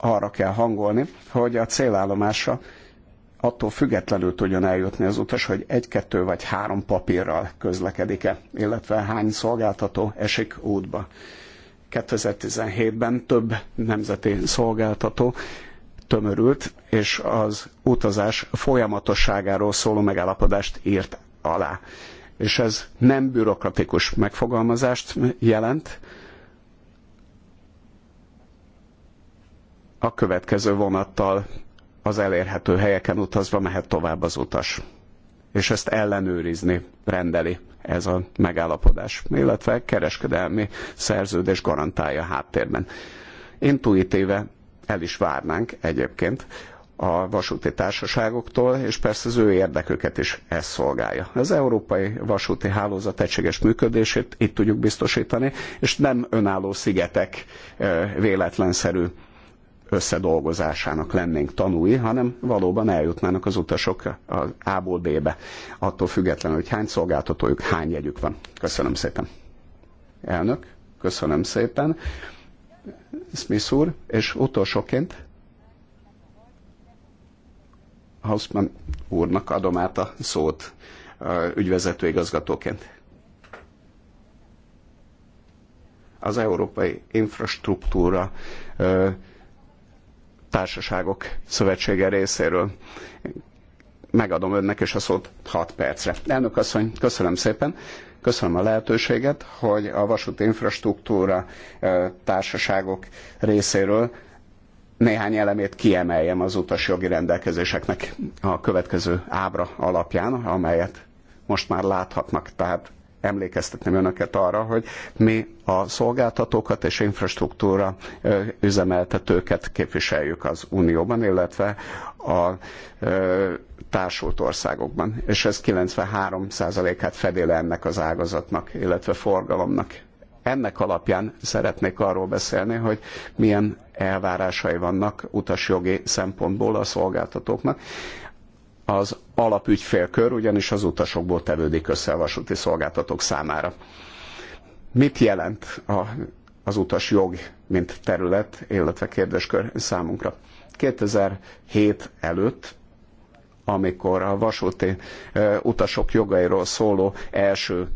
arra kell hangolni, hogy a célállomásra attól függetlenül tudjon eljutni az utas, hogy egy, kettő vagy három papírral közlekedik-e, illetve hány szolgáltató esik útba. 2017-ben több nemzeti szolgáltató tömörült, és az utazás folyamatosságáról szóló megállapodást írt alá. És ez nem bürokratikus megfogalmazást jelent, a következő vonattal az elérhető helyeken utazva mehet tovább az utas. És ezt ellenőrizni rendeli ez a megállapodás, illetve kereskedelmi szerződés garantálja háttérben. Intuitíve el is várnánk egyébként a vasúti társaságoktól, és persze az ő érdeküket is ez szolgálja. Az európai vasúti hálózat egységes működését itt tudjuk biztosítani, és nem önálló szigetek véletlenszerű összedolgozásának lennénk tanúi, hanem valóban eljutnának az utasok az A-ból B-be, attól függetlenül, hogy hány szolgáltatójuk, hány jegyük van. Köszönöm szépen. Elnök, köszönöm szépen. Smith úr, és utolsóként Hausmann úrnak adom át a szót ügyvezető igazgatóként. Az Európai Infrastruktúra Társaságok Szövetsége részéről. Megadom önnek is a szót 6 percre. Elnök asszony, köszönöm szépen. Köszönöm a lehetőséget, hogy a vasúti infrastruktúra társaságok részéről néhány elemét kiemeljem az utasjogi rendelkezéseknek a következő ábra alapján, amelyet most már láthatnak. Tehát emlékeztetném önöket arra, hogy mi a szolgáltatókat és infrastruktúra üzemeltetőket képviseljük az Unióban, illetve a társult országokban. És ez 93%-át fedi le ennek az ágazatnak, illetve forgalomnak. Ennek alapján szeretnék arról beszélni, hogy milyen elvárásai vannak utasjogi szempontból a szolgáltatóknak az alapügyfélkör ugyanis az utasokból tevődik össze a vasúti szolgáltatók számára. Mit jelent a, az utas jog, mint terület, illetve kérdéskör számunkra? 2007 előtt amikor a vasúti utasok jogairól szóló első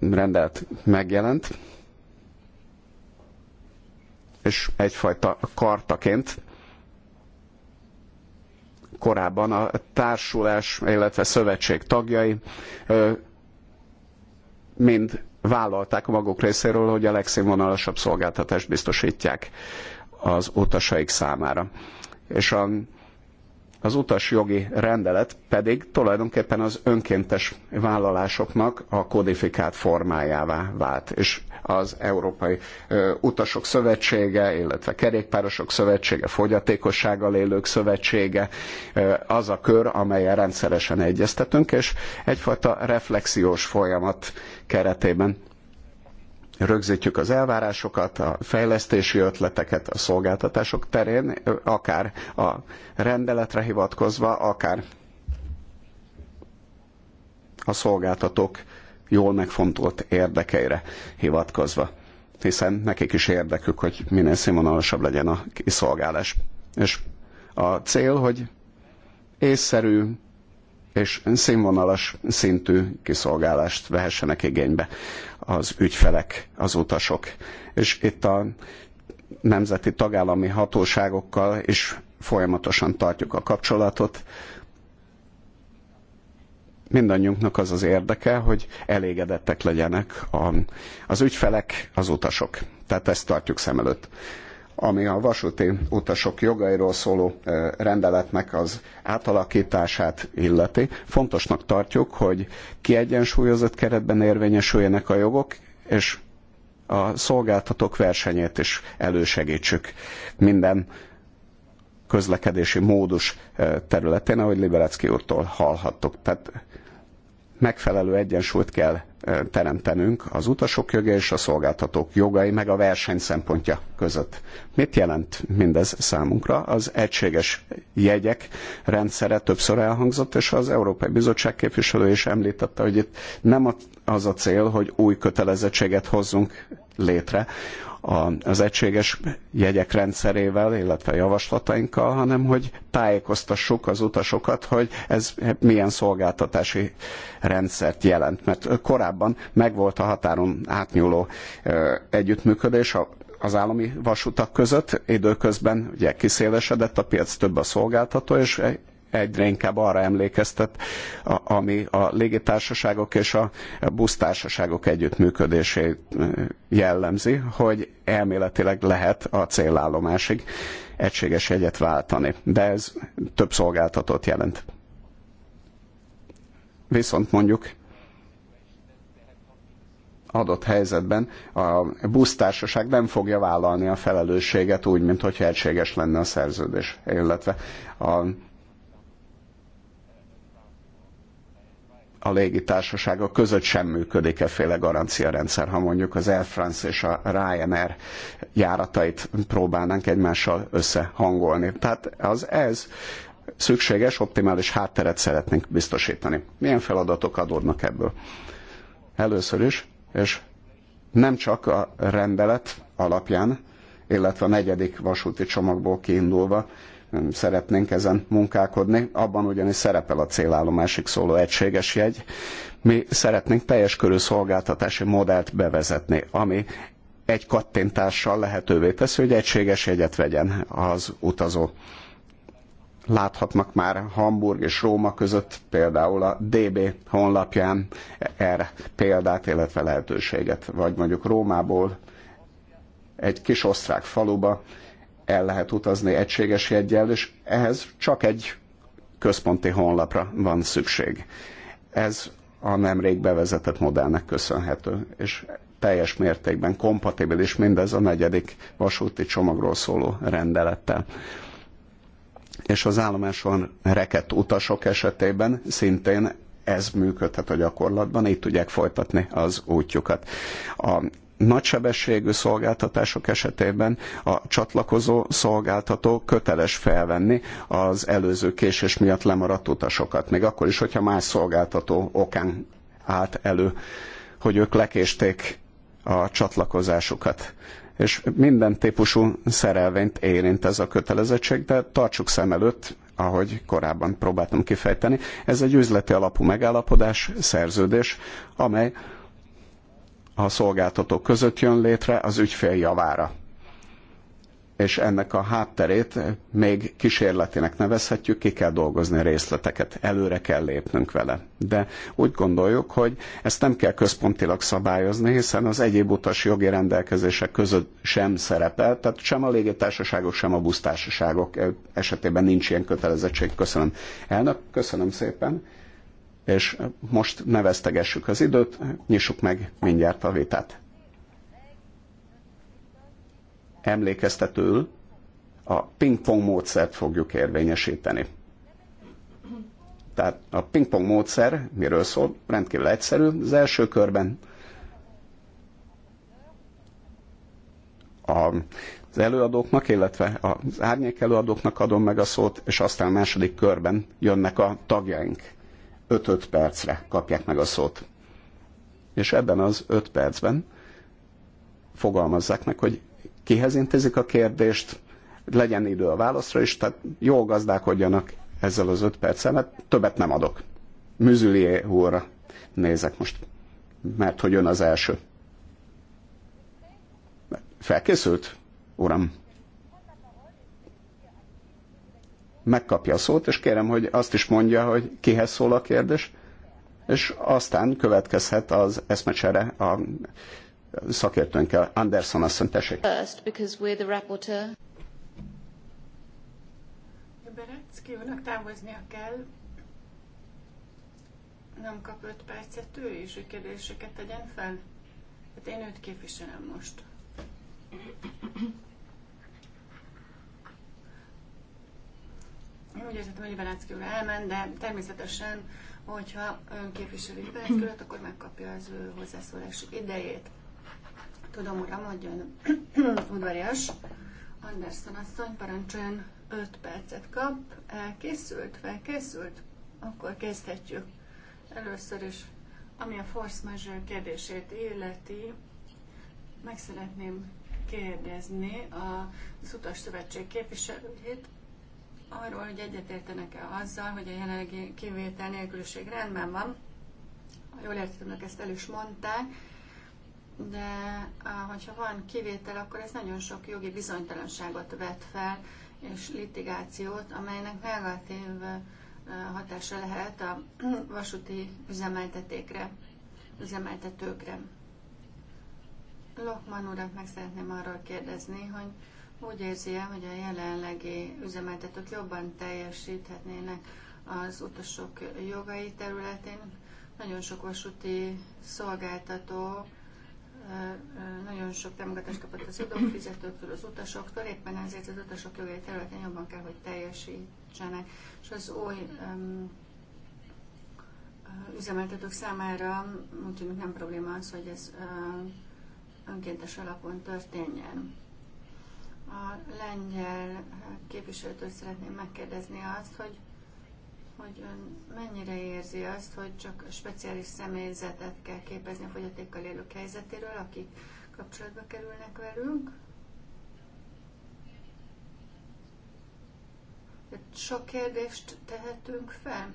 rendelet megjelent, és egyfajta kartaként korábban a társulás, illetve szövetség tagjai mind vállalták maguk részéről, hogy a legszínvonalasabb szolgáltatást biztosítják az utasaik számára. És a az utasjogi rendelet pedig tulajdonképpen az önkéntes vállalásoknak a kodifikált formájává vált, és az Európai Utasok Szövetsége, illetve Kerékpárosok Szövetsége, Fogyatékossággal Élők Szövetsége az a kör, amelyen rendszeresen egyeztetünk, és egyfajta reflexiós folyamat keretében rögzítjük az elvárásokat, a fejlesztési ötleteket a szolgáltatások terén, akár a rendeletre hivatkozva, akár a szolgáltatók jól megfontolt érdekeire hivatkozva, hiszen nekik is érdekük, hogy minél színvonalasabb legyen a kiszolgálás. És a cél, hogy észszerű, és színvonalas szintű kiszolgálást vehessenek igénybe az ügyfelek, az utasok. És itt a nemzeti tagállami hatóságokkal is folyamatosan tartjuk a kapcsolatot. Mindannyiunknak az az érdeke, hogy elégedettek legyenek a, az ügyfelek, az utasok. Tehát ezt tartjuk szem előtt ami a vasúti utasok jogairól szóló rendeletnek az átalakítását illeti. Fontosnak tartjuk, hogy kiegyensúlyozott keretben érvényesüljenek a jogok, és a szolgáltatók versenyét is elősegítsük minden közlekedési módus területén, ahogy Liberecki úrtól hallhattuk. Tehát megfelelő egyensúlyt kell teremtenünk az utasok joga és a szolgáltatók jogai, meg a verseny szempontja között. Mit jelent mindez számunkra? Az egységes jegyek rendszere többször elhangzott, és az Európai Bizottság képviselő is említette, hogy itt nem az a cél, hogy új kötelezettséget hozzunk létre, az egységes jegyek rendszerével, illetve javaslatainkkal, hanem hogy tájékoztassuk az utasokat, hogy ez milyen szolgáltatási rendszert jelent. Mert korábban megvolt a határon átnyúló együttműködés, a az állami vasutak között. Időközben ugye kiszélesedett a piac, több a szolgáltató, és egyre inkább arra emlékeztet, ami a légitársaságok és a busztársaságok együttműködését jellemzi, hogy elméletileg lehet a célállomásig egységes egyet váltani. De ez több szolgáltatót jelent. Viszont mondjuk adott helyzetben a busztársaság nem fogja vállalni a felelősséget úgy, mint hogyha egységes lenne a szerződés, illetve a a légitársaságok között sem működik efféle garanciarendszer, ha mondjuk az Air France és a Ryanair járatait próbálnánk egymással összehangolni. Tehát az ez szükséges, optimális hátteret szeretnénk biztosítani. Milyen feladatok adódnak ebből? Először is, és nem csak a rendelet alapján, illetve a negyedik vasúti csomagból kiindulva Hm, szeretnénk ezen munkálkodni, abban ugyanis szerepel a célállomásig szóló egységes jegy. Mi szeretnénk teljes körű szolgáltatási modellt bevezetni, ami egy kattintással lehetővé teszi, hogy egységes jegyet vegyen az utazó. Láthatnak már Hamburg és Róma között például a DB honlapján erre példát, illetve lehetőséget, vagy mondjuk Rómából egy kis osztrák faluba el lehet utazni egységes jegyel, és ehhez csak egy központi honlapra van szükség. Ez a nemrég bevezetett modellnek köszönhető, és teljes mértékben kompatibilis mindez a negyedik vasúti csomagról szóló rendelettel. És az állomáson rekett utasok esetében szintén ez működhet a gyakorlatban, így tudják folytatni az útjukat. A nagysebességű szolgáltatások esetében a csatlakozó szolgáltató köteles felvenni az előző késés miatt lemaradt utasokat, még akkor is, hogyha más szolgáltató okán állt elő, hogy ők lekésték a csatlakozásukat. És minden típusú szerelvényt érint ez a kötelezettség, de tartsuk szem előtt, ahogy korábban próbáltam kifejteni, ez egy üzleti alapú megállapodás, szerződés, amely a szolgáltatók között jön létre az ügyfél javára. És ennek a hátterét még kísérletének nevezhetjük, ki kell dolgozni részleteket, előre kell lépnünk vele. De úgy gondoljuk, hogy ezt nem kell központilag szabályozni, hiszen az egyéb utas jogi rendelkezések között sem szerepel, tehát sem a légitársaságok, sem a busztársaságok esetében nincs ilyen kötelezettség. Köszönöm. Elnök, köszönöm szépen és most ne vesztegessük az időt, nyissuk meg mindjárt a vitát. Emlékeztetőül a pingpong módszert fogjuk érvényesíteni. Tehát a pingpong módszer, miről szól, rendkívül egyszerű. Az első körben a az előadóknak, illetve az árnyék előadóknak adom meg a szót, és aztán a második körben jönnek a tagjaink. 5-5 percre kapják meg a szót. És ebben az 5 percben fogalmazzák meg, hogy kihez intézik a kérdést, legyen idő a válaszra is, tehát jól gazdálkodjanak ezzel az 5 perccel, mert többet nem adok. Müzülié úrra nézek most, mert hogy ön az első. Felkészült, uram? megkapja a szót, és kérem, hogy azt is mondja, hogy kihez szól a kérdés, és aztán következhet az eszmecsere a szakértőnkkel. Anderson asszony, tessék. Berecki úrnak távoznia kell, nem kap öt percet ő is, hogy kérdéseket tegyen fel? Hát én őt képviselem most. Én úgy érzem, hogy Belecki úr elment, de természetesen, hogyha ön képviseli Belecki akkor megkapja az ő hozzászólási idejét. Tudom, uram, hogy ön (clears throat) udvarias. Anderson asszony parancsoljon 5 percet kap. Elkészült? Felkészült? Akkor kezdhetjük. Először is, ami a force majeure kérdését illeti, meg szeretném kérdezni az Utas Szövetség képviselőjét, arról, hogy egyetértenek-e azzal, hogy a jelenlegi kivétel nélküliség rendben van. A jól értettem, ezt el is mondták, de hogyha van kivétel, akkor ez nagyon sok jogi bizonytalanságot vet fel, és litigációt, amelynek negatív hatása lehet a (clears throat) vasúti üzemeltetékre, üzemeltetőkre. Lokman urat meg szeretném arról kérdezni, hogy úgy érzi -e, hogy a jelenlegi üzemeltetők jobban teljesíthetnének az utasok jogai területén. Nagyon sok vasúti szolgáltató nagyon sok támogatást kapott az adófizetőktől, az utasoktól, éppen ezért az utasok jogai területén jobban kell, hogy teljesítsenek. És az új um, üzemeltetők számára úgy tűnik nem probléma az, hogy ez um, önkéntes alapon történjen. A lengyel képviselőtől szeretném megkérdezni azt, hogy, hogy ön mennyire érzi azt, hogy csak speciális személyzetet kell képezni a fogyatékkal élők helyzetéről, akik kapcsolatba kerülnek velünk? Sok kérdést tehetünk fel?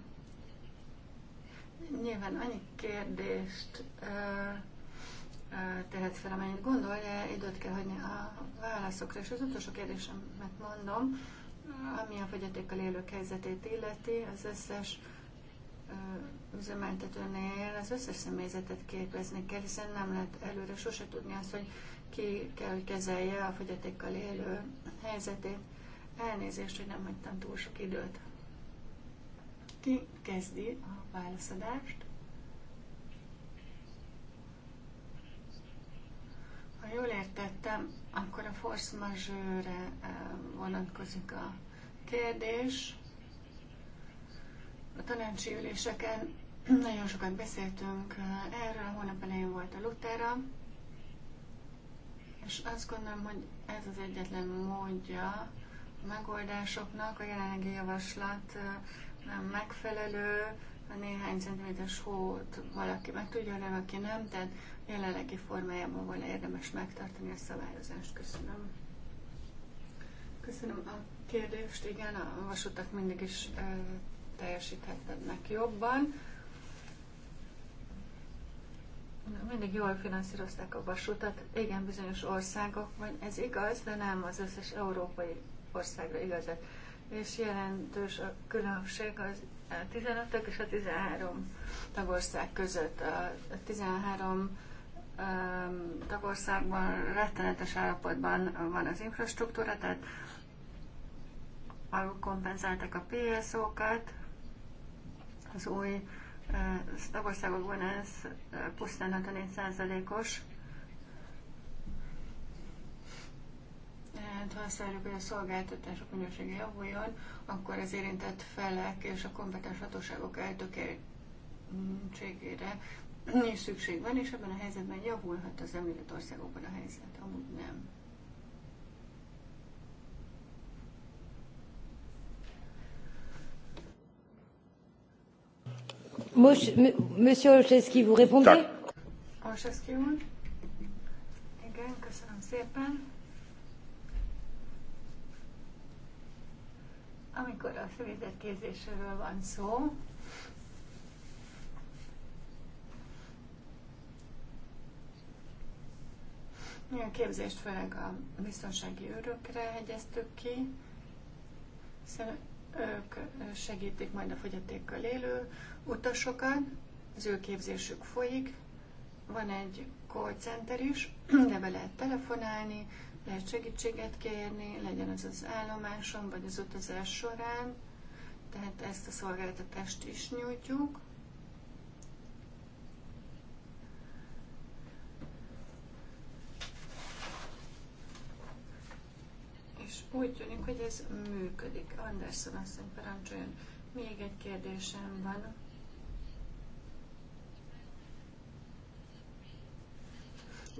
Nyilván annyi kérdést uh, tehet fel, amennyit gondol, de időt kell hagyni a válaszokra. És az utolsó kérdésemet mondom, ami a fogyatékkal élők helyzetét illeti, az összes üzemeltetőnél az összes személyzetet képezni kell, hiszen nem lehet előre sose tudni azt, hogy ki kell, hogy kezelje a fogyatékkal élő helyzetét. Elnézést, hogy nem hagytam túl sok időt. Ki kezdi a válaszadást? Ha jól értettem, akkor a force majeure eh, vonatkozik a kérdés. A tanácsi üléseken nagyon sokat beszéltünk eh, erről, hónap elején volt a Luthera, és azt gondolom, hogy ez az egyetlen módja a megoldásoknak, a jelenlegi javaslat eh, nem megfelelő, a néhány centiméteres hót valaki meg tudja, de aki nem, tehát jelenlegi formájában volna érdemes megtartani a szabályozást. Köszönöm. Köszönöm a kérdést. Igen, a vasutak mindig is ö, teljesíthetnek jobban. Mindig jól finanszírozták a vasutat. Igen, bizonyos országok, országokban ez igaz, de nem az összes európai országra igaz. És jelentős a különbség az 15 és a 13 tagország között. A 13 tagországban rettenetes állapotban van az infrastruktúra, tehát alul kompenzáltak a PSO-kat, az új tagországokban ez pusztán 54%-os. Tehát ha azt várjuk, hogy a szolgáltatások minősége javuljon, akkor az érintett felek és a kompetens hatóságok eltökéltségére Nincs szükség van, és ebben a helyzetben javulhat az említett országokban a helyzet, amúgy nem. Monsieur Olszewski, vous répondez? Olszewski úr. Igen, köszönöm szépen. Amikor a fölített képzésről van szó, Mi a képzést főleg a biztonsági őrökre hegyeztük ki, hiszen ők segítik majd a fogyatékkal élő utasokat, az ő képzésük folyik, van egy call center is, (clears throat) de be lehet telefonálni, lehet segítséget kérni, legyen az az állomáson, vagy az utazás során, tehát ezt a szolgáltatást is nyújtjuk. és úgy tűnik, hogy ez működik. Anderson asszony parancsoljon. Még egy kérdésem van.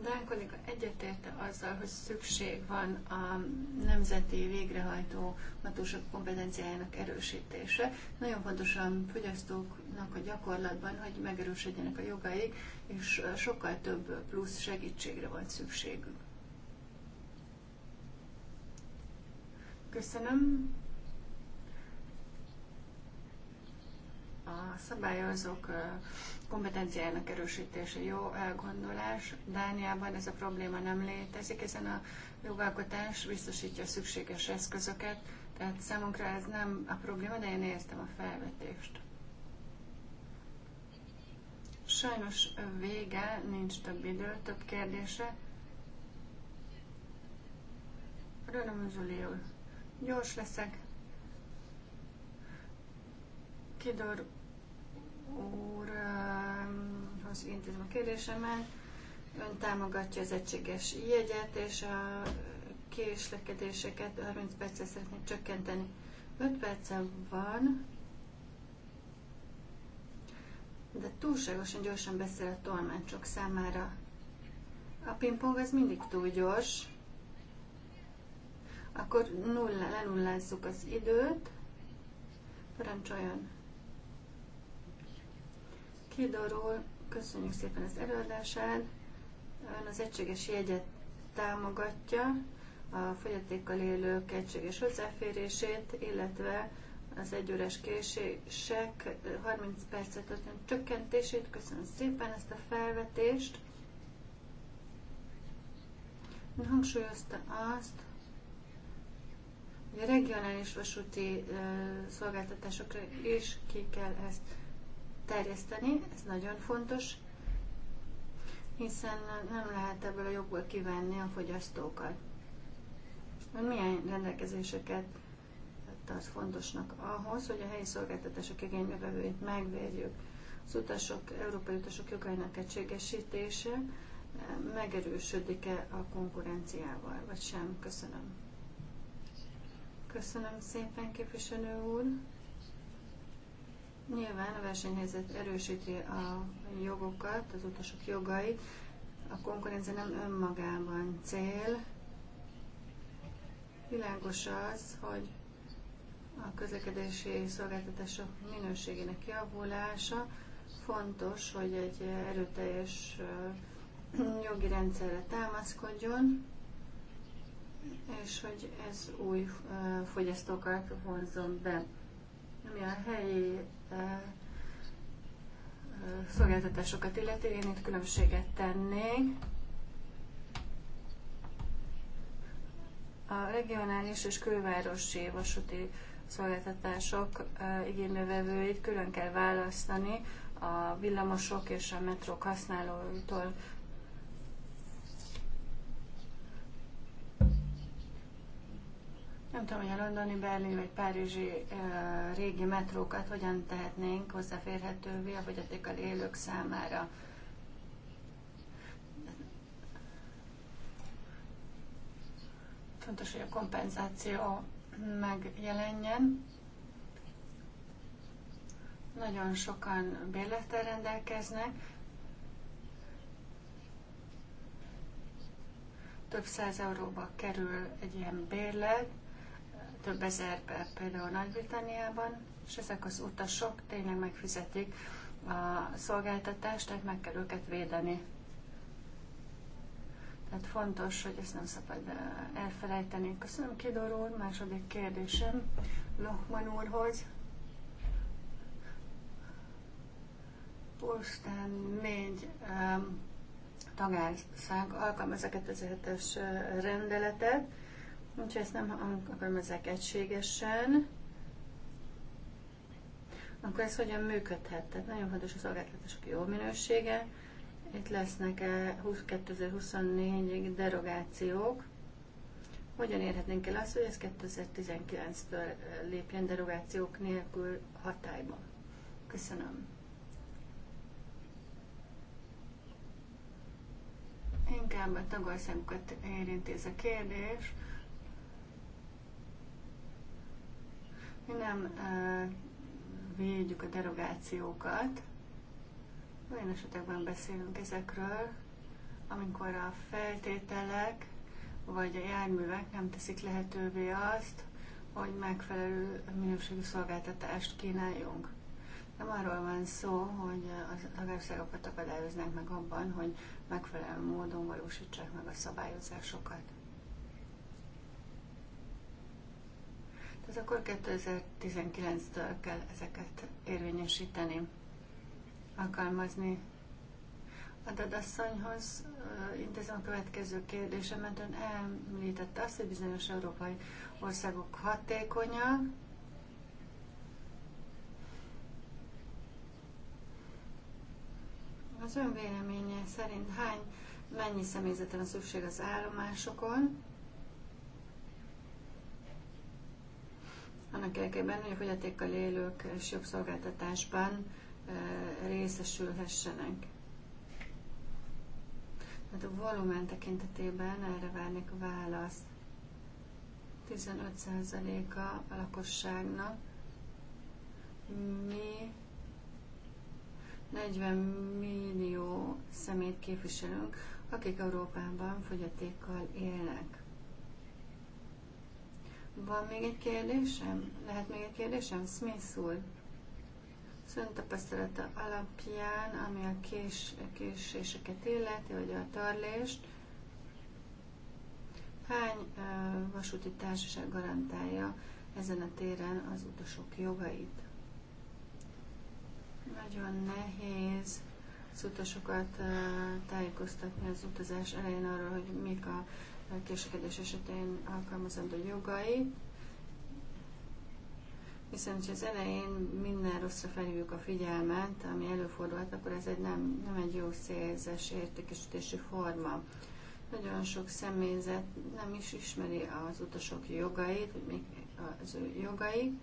Dán kolléga egyetérte azzal, hogy szükség van a nemzeti végrehajtó hatóság kompetenciájának erősítése. Nagyon fontosan fogyasztóknak a gyakorlatban, hogy megerősödjenek a jogaik, és sokkal több plusz segítségre van szükségük. Köszönöm. A szabályozók kompetenciájának erősítése jó elgondolás. Dániában ez a probléma nem létezik, ezen a jogalkotás biztosítja a szükséges eszközöket, tehát számunkra ez nem a probléma, de én értem a felvetést. Sajnos vége, nincs több idő, több kérdése. Rönöm Zuliul. Gyors leszek. Kidor um, az intézem a kérdésemet. Ön támogatja az egységes jegyet, és a késlekedéseket 30 percre szeretné csökkenteni. 5 perce van, de túlságosan gyorsan beszél a tolmácsok számára. A pingpong az mindig túl gyors. Akkor nulla, lenullázzuk az időt. Parancsoljon! Kidorul, köszönjük szépen az előadását. Ön az egységes jegyet támogatja, a fogyatékkal élők egységes hozzáférését, illetve az egyórás késések 30 percet történő csökkentését. Köszönöm szépen ezt a felvetést. Hangsúlyozta azt, a regionális vasúti szolgáltatásokra is ki kell ezt terjeszteni, ez nagyon fontos, hiszen nem lehet ebből a jogból kivenni a fogyasztókat. Milyen rendelkezéseket tart fontosnak ahhoz, hogy a helyi szolgáltatások igénybevevőjét megvédjük. Az utasok, európai utasok jogainak egységesítése megerősödik-e a konkurenciával, vagy sem? Köszönöm. Köszönöm szépen, képviselő úr. Nyilván a versenyhelyzet erősíti a jogokat, az utasok jogait. A konkurencia nem önmagában cél. Világos az, hogy a közlekedési szolgáltatások minőségének javulása fontos, hogy egy erőteljes jogi rendszerre támaszkodjon és hogy ez új fogyasztókat vonzon be. Ami a helyi szolgáltatásokat illeti, én itt különbséget tennék. A regionális és külvárosi vasúti szolgáltatások igénybevevőit külön kell választani a villamosok és a metrók használóitól. Nem tudom, hogy a londoni, berlin vagy párizsi régi metrókat hogyan tehetnénk hozzáférhetővé a fogyatékkal élők számára. Fontos, hogy a kompenzáció megjelenjen. Nagyon sokan bérlettel rendelkeznek, több száz euróba kerül egy ilyen bérlet, több ezer például Nagy-Britanniában, és ezek az utasok tényleg megfizetik a szolgáltatást, tehát meg kell őket védeni. Tehát fontos, hogy ezt nem szabad elfelejteni. Köszönöm, Kidor úr. Második kérdésem Lohman úrhoz. Pusztán négy um, tagország alkalmaz a 2007-es rendeletet, Úgyhogy ezt nem ezek egységesen, akkor ez hogyan működhet? Tehát nagyon fontos a szolgáltatások jó minősége. Itt lesznek -e 2024-ig derogációk. Hogyan érhetnénk el azt, hogy ez 2019-től lépjen derogációk nélkül hatályba? Köszönöm. Inkább a tagországokat érinti ez a kérdés. Mi nem védjük a derogációkat. Olyan esetekben beszélünk ezekről, amikor a feltételek vagy a járművek nem teszik lehetővé azt, hogy megfelelő minőségű szolgáltatást kínáljunk. Nem arról van szó, hogy a tagországokat akadályoznánk meg abban, hogy megfelelő módon valósítsák meg a szabályozásokat. Ez akkor 2019-től kell ezeket érvényesíteni, alkalmazni. A dadasszonyhoz intézem a következő kérdésemet. Ön említette azt, hogy bizonyos európai országok hatékonyak, Az ön véleménye szerint hány, mennyi személyzetre van szükség az állomásokon? annak érdekében, hogy a fogyatékkal élők és jogszolgáltatásban részesülhessenek. Tehát a volumen tekintetében erre várnék a választ. 15%-a a lakosságnak mi 40 millió szemét képviselünk, akik Európában fogyatékkal élnek. Van még egy kérdésem? Lehet még egy kérdésem? Smith úr. Szöntapasztalata alapján, ami a kés, késéseket illeti, vagy a törlést, hány uh, vasúti társaság garantálja ezen a téren az utasok jogait? Nagyon nehéz az utasokat uh, tájékoztatni az utazás elején arról, hogy mik a késekedés esetén alkalmazandó jogai, hiszen ha az elején minden rosszra felhívjuk a figyelmet, ami előfordulhat, akkor ez egy nem, nem egy jó szélzes értékesítési forma. Nagyon sok személyzet nem is ismeri az utasok jogait, hogy még az ő jogai.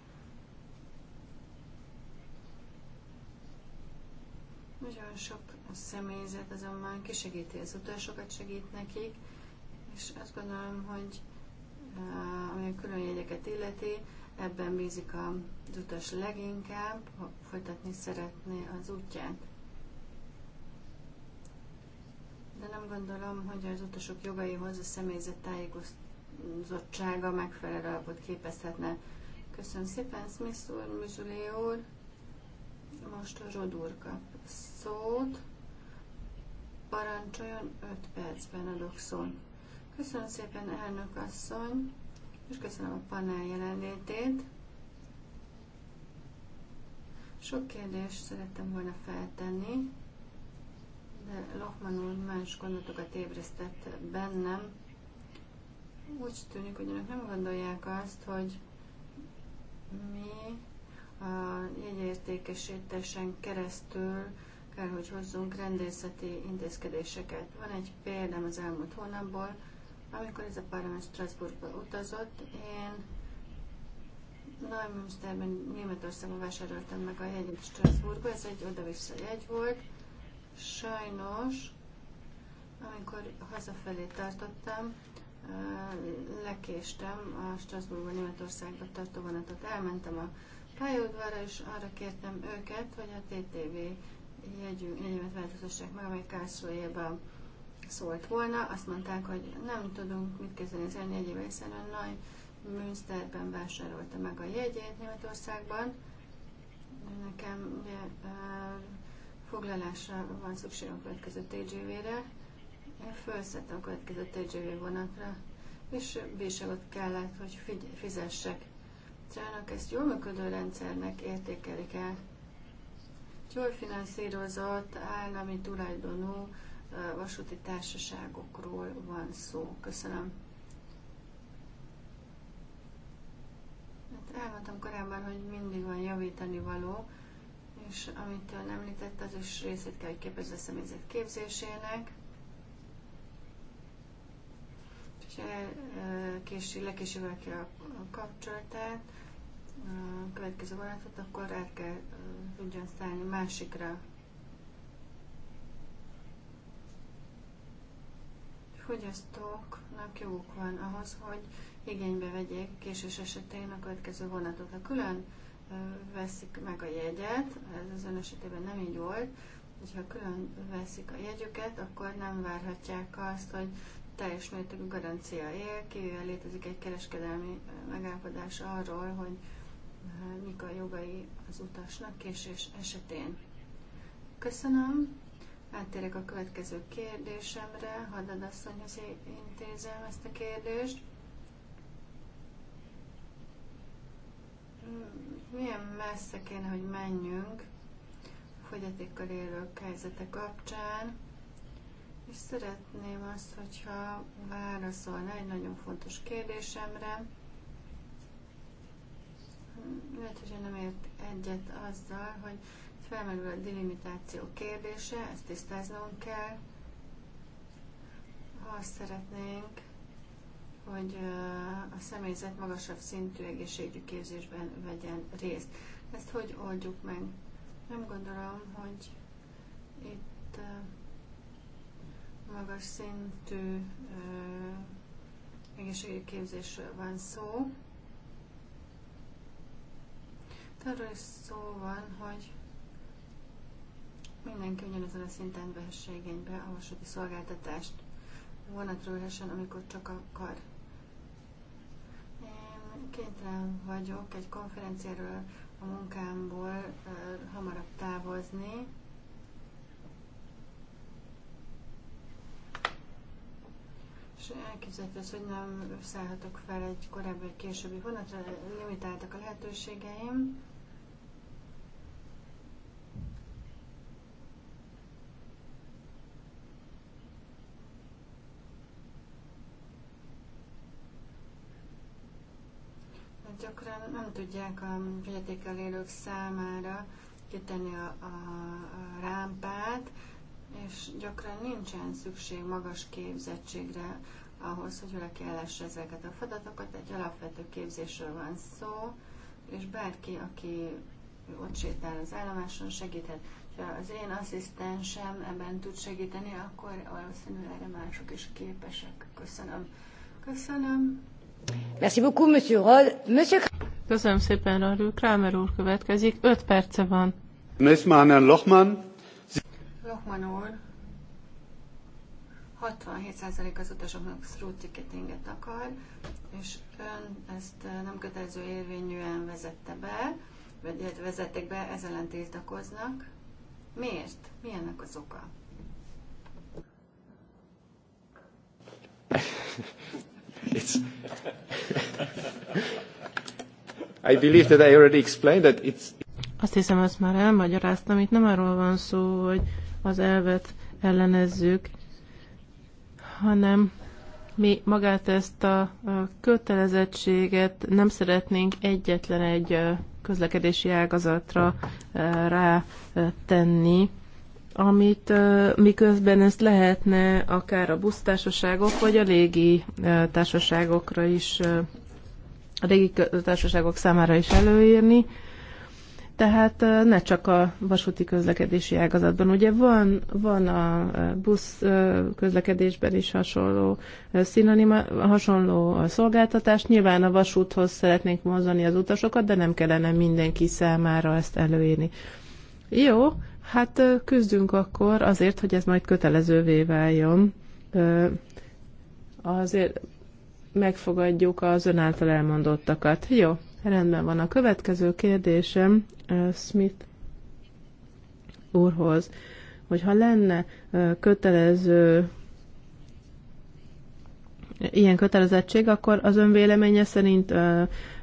Nagyon sok a személyzet azonban kisegíti az utasokat, segít nekik, és azt gondolom, hogy ami a külön jegyeket illeti, ebben bízik a utas leginkább, ha folytatni szeretné az útját. De nem gondolom, hogy az utasok jogaihoz a személyzet tájékozottsága megfelelő alapot képezhetne. Köszönöm szépen, Smith úr, Mizsulé úr. Most a Rod úr kap szót. Parancsoljon 5 percben adok szót. Köszönöm szépen, elnök asszony, és köszönöm a panel jelenlétét. Sok kérdést szerettem volna feltenni, de Lohman úr más gondolatokat ébresztett bennem. Úgy tűnik, hogy önök nem gondolják azt, hogy mi a jegyértékesítésen keresztül kell, hogy hozzunk rendészeti intézkedéseket. Van egy példám az elmúlt hónapból, amikor ez a parlament Strasbourgba utazott, én Neumünsterben Németországban vásároltam meg a jegyet Strasbourgba, ez egy oda-vissza jegy volt. Sajnos, amikor hazafelé tartottam, lekéstem a Strasbourgba Németországba tartó vonatot. Elmentem a pályaudvarra, és arra kértem őket, hogy a TTV jegyünk, jegyemet változtassák meg, amely Kászolében szólt volna, azt mondták, hogy nem tudunk mit kezdeni az elnégyével, hiszen a nagy Münsterben vásárolta meg a jegyét Németországban. Nekem ugye, foglalásra van szükségem a következő TGV-re. Én felszettem a következő TGV vonatra, és bírságot kellett, hogy figy- fizessek. Csának ezt jól működő rendszernek értékelik el. Jól finanszírozott állami tulajdonú vasúti társaságokról van szó. Köszönöm. Hát elmondtam korábban, hogy mindig van javítani való, és amit ön említett, az is részét kell, hogy képezze a személyzet képzésének. És elkési, lekésével kell a kapcsolatát, a következő vonatot, akkor el kell tudjon szállni másikra fogyasztóknak joguk van ahhoz, hogy igénybe vegyék késés esetén a következő vonatot. Ha külön veszik meg a jegyet, ez az ön esetében nem így volt, hogyha külön veszik a jegyüket, akkor nem várhatják azt, hogy teljes mértékű garancia él, kivéve létezik egy kereskedelmi megállapodás arról, hogy mik a jogai az utasnak késés esetén. Köszönöm. Áttérek a következő kérdésemre, hadd asszonyhoz intézem ezt a kérdést. Milyen messze kéne, hogy menjünk a fogyatékkal élők helyzete kapcsán, és szeretném azt, hogyha válaszolna egy nagyon fontos kérdésemre. Lehet, hogy nem ért egyet azzal, hogy felmerül a delimitáció kérdése, ezt tisztáznunk kell. Ha azt szeretnénk, hogy a személyzet magasabb szintű egészségügyi képzésben vegyen részt. Ezt hogy oldjuk meg? Nem gondolom, hogy itt magas szintű egészségügyi képzésről van szó. Arról is szó van, hogy könnyen ugyanazon a szinten vehesse igénybe a vasúti szolgáltatást vonatról amikor csak akar. Én kénytelen vagyok egy konferenciáról a munkámból uh, hamarabb távozni. És elképzelhető az, hogy nem szállhatok fel egy korábbi vagy későbbi vonatra, limitáltak a lehetőségeim. gyakran nem tudják a fogyatékkal élők számára kitenni a, a, a rámpát, és gyakran nincsen szükség magas képzettségre ahhoz, hogy valaki ellesse ezeket a feladatokat. Egy alapvető képzésről van szó, és bárki, aki ott sétál az állomáson, segíthet. Ha az én asszisztensem ebben tud segíteni, akkor valószínűleg erre mások is képesek. Köszönöm. Köszönöm. Köszönöm szépen, Rarő. Kramer úr következik. Öt perce van. Messmannen Lochmann. Lochmann úr. 67% az utasoknak through ticketinget akar, és ön ezt eh, nem kötelező érvényűen vezette be, vagy vezették be, ez ellen tiltakoznak. Miért? Mi ennek az oka? (laughs) it's I believe that I already explained that it's... Azt hiszem, azt már elmagyaráztam. Itt nem arról van szó, hogy az elvet ellenezzük, hanem mi magát ezt a kötelezettséget nem szeretnénk egyetlen egy közlekedési ágazatra rátenni amit miközben ezt lehetne akár a busztársaságok, vagy a légi társaságokra is, a légi társaságok számára is előírni. Tehát ne csak a vasúti közlekedési ágazatban. Ugye van, van a busz közlekedésben is hasonló szinonima, hasonló szolgáltatás. Nyilván a vasúthoz szeretnénk mozdani az utasokat, de nem kellene mindenki számára ezt előírni. Jó, Hát küzdünk akkor azért, hogy ez majd kötelezővé váljon. Azért megfogadjuk az ön által elmondottakat. Jó, rendben van. A következő kérdésem Smith úrhoz, hogyha lenne kötelező ilyen kötelezettség, akkor az ön véleménye szerint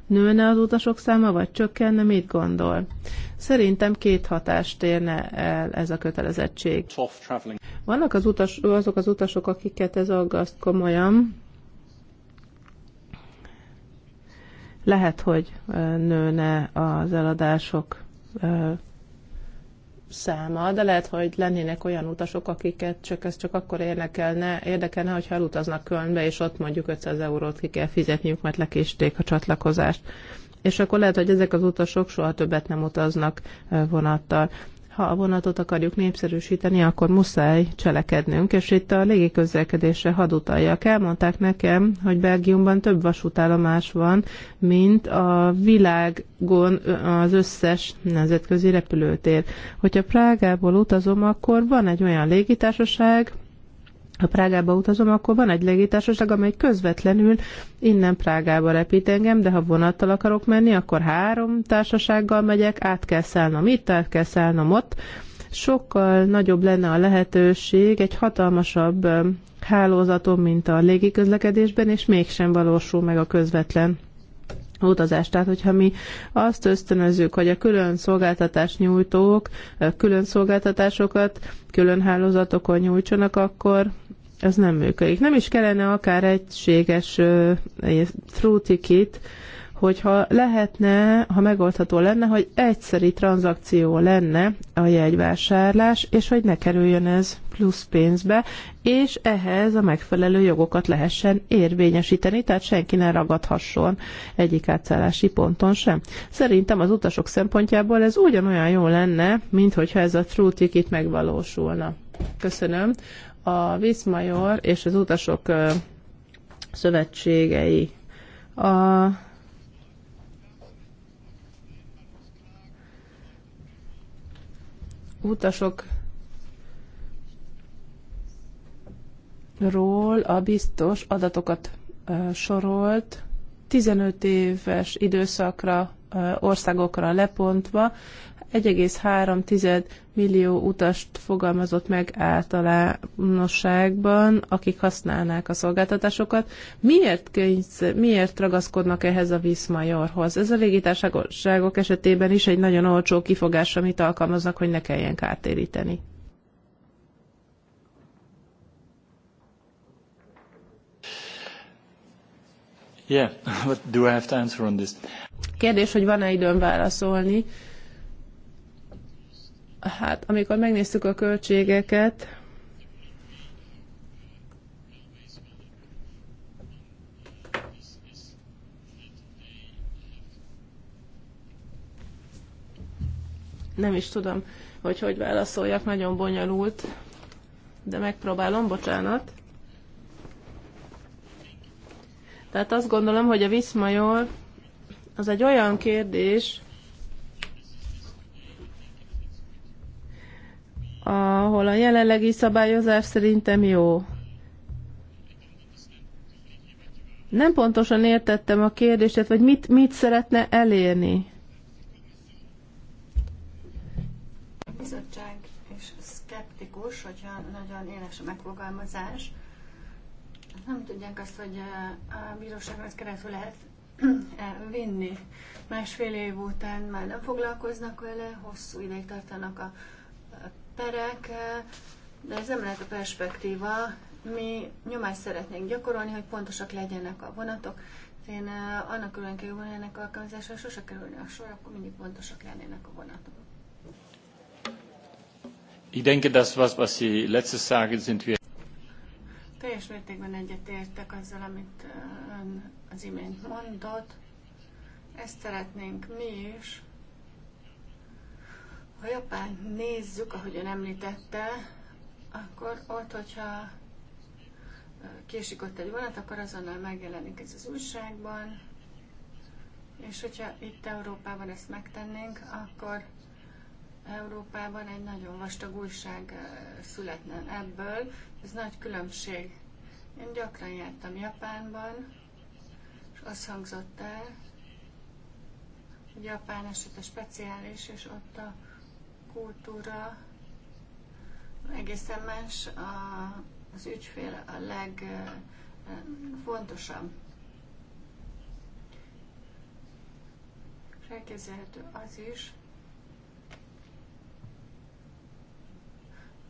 Nőne az utasok száma, vagy csökkenne, mit gondol? Szerintem két hatást érne el ez a kötelezettség. Vannak az utas, azok az utasok, akiket ez aggaszt komolyan. Lehet, hogy nőne az eladások száma, de lehet, hogy lennének olyan utasok, akiket csak ez csak akkor érdekelne, érdekelne hogyha elutaznak Kölnbe, és ott mondjuk 500 eurót ki kell fizetniük, mert lekésték a csatlakozást. És akkor lehet, hogy ezek az utasok soha többet nem utaznak vonattal ha a vonatot akarjuk népszerűsíteni, akkor muszáj cselekednünk, és itt a légiközlekedésre hadd utaljak. Elmondták nekem, hogy Belgiumban több vasútállomás van, mint a világon az összes nemzetközi repülőtér. Hogyha Prágából utazom, akkor van egy olyan légitársaság, ha Prágába utazom, akkor van egy légitársaság, amely közvetlenül innen Prágába repít engem, de ha vonattal akarok menni, akkor három társasággal megyek, át kell szállnom itt, át kell szállnom ott. Sokkal nagyobb lenne a lehetőség egy hatalmasabb hálózatom, mint a légiközlekedésben, és mégsem valósul meg a közvetlen utazást. Tehát, hogyha mi azt ösztönözzük, hogy a külön szolgáltatás nyújtók külön szolgáltatásokat külön hálózatokon nyújtsanak, akkor ez nem működik. Nem is kellene akár egységes egy through ticket, hogyha lehetne, ha megoldható lenne, hogy egyszeri tranzakció lenne a jegyvásárlás, és hogy ne kerüljön ez plusz pénzbe, és ehhez a megfelelő jogokat lehessen érvényesíteni, tehát senki ne ragadhasson egyik átszállási ponton sem. Szerintem az utasok szempontjából ez ugyanolyan jó lenne, mint hogyha ez a True Ticket megvalósulna. Köszönöm. A Viszmajor és az utasok szövetségei a utasok ról a biztos adatokat sorolt, 15 éves időszakra, országokra lepontva, 1,3 millió utast fogalmazott meg általánosságban, akik használnák a szolgáltatásokat. Miért, könyv, miért ragaszkodnak ehhez a viszmajorhoz? Ez a légitársaságok esetében is egy nagyon olcsó kifogás, amit alkalmaznak, hogy ne kelljen kártéríteni. Yeah, (laughs) but do I have to answer on this? Kérdés, hogy van-e időm válaszolni? Hát, amikor megnéztük a költségeket, nem is tudom, hogy hogy válaszoljak, nagyon bonyolult, de megpróbálom, bocsánat. Tehát azt gondolom, hogy a viszmajor az egy olyan kérdés, ahol a jelenlegi szabályozás szerintem jó. Nem pontosan értettem a kérdést, vagy mit, mit szeretne elérni. A bizottság is szkeptikus, hogyha nagyon éles a megfogalmazás, nem tudják azt, hogy a bíróságon ezt keresztül lehet vinni. Másfél év után már nem foglalkoznak vele, hosszú ideig tartanak a perek, de ez nem lehet a perspektíva. Mi nyomást szeretnénk gyakorolni, hogy pontosak legyenek a vonatok. Én annak örülnék, hogy ennek alkalmazása sose kerülni a sor, akkor mindig pontosak lennének a vonatok. Ich denke, das, was, was Sie letztes sagen, sind wir teljes mértékben egyetértek azzal, amit ön az imént mondott. Ezt szeretnénk mi is. Ha Japán nézzük, ahogy ön említette, akkor ott, hogyha késik ott egy vonat, akkor azonnal megjelenik ez az újságban, és hogyha itt Európában ezt megtennénk, akkor Európában egy nagyon vastag újság születne ebből. Ez nagy különbség. Én gyakran jártam Japánban, és azt hangzott el, hogy Japán esete speciális, és ott a kultúra egészen más, a, az ügyfél a legfontosabb. elképzelhető az is,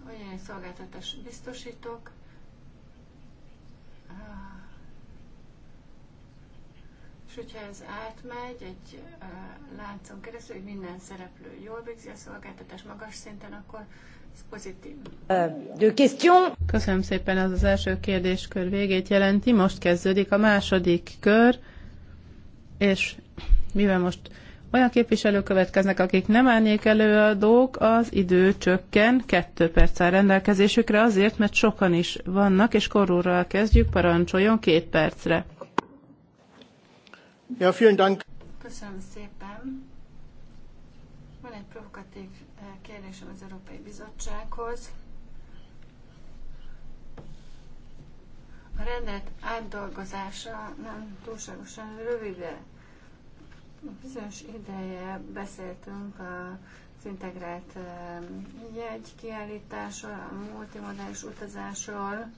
olyan szolgáltatást biztosítok, ah. és hogyha ez átmegy egy eh, láncon keresztül, hogy minden szereplő jól végzi a szolgáltatás magas szinten, akkor ez pozitív. Euh, de Köszönöm szépen, az az első kérdéskör végét jelenti. Most kezdődik a második kör, és mivel most olyan képviselők következnek, akik nem állnék előadók, az idő csökken, kettő perc áll rendelkezésükre azért, mert sokan is vannak, és korúrral kezdjük, parancsoljon két percre. Ja, vielen Dank. Köszönöm szépen. Van egy provokatív eh, kérdésem az Európai Bizottsághoz. A rendelet átdolgozása nem túlságosan rövidre Bizonyos ideje beszéltünk az integrált kiállításról, a multimodális utazásról,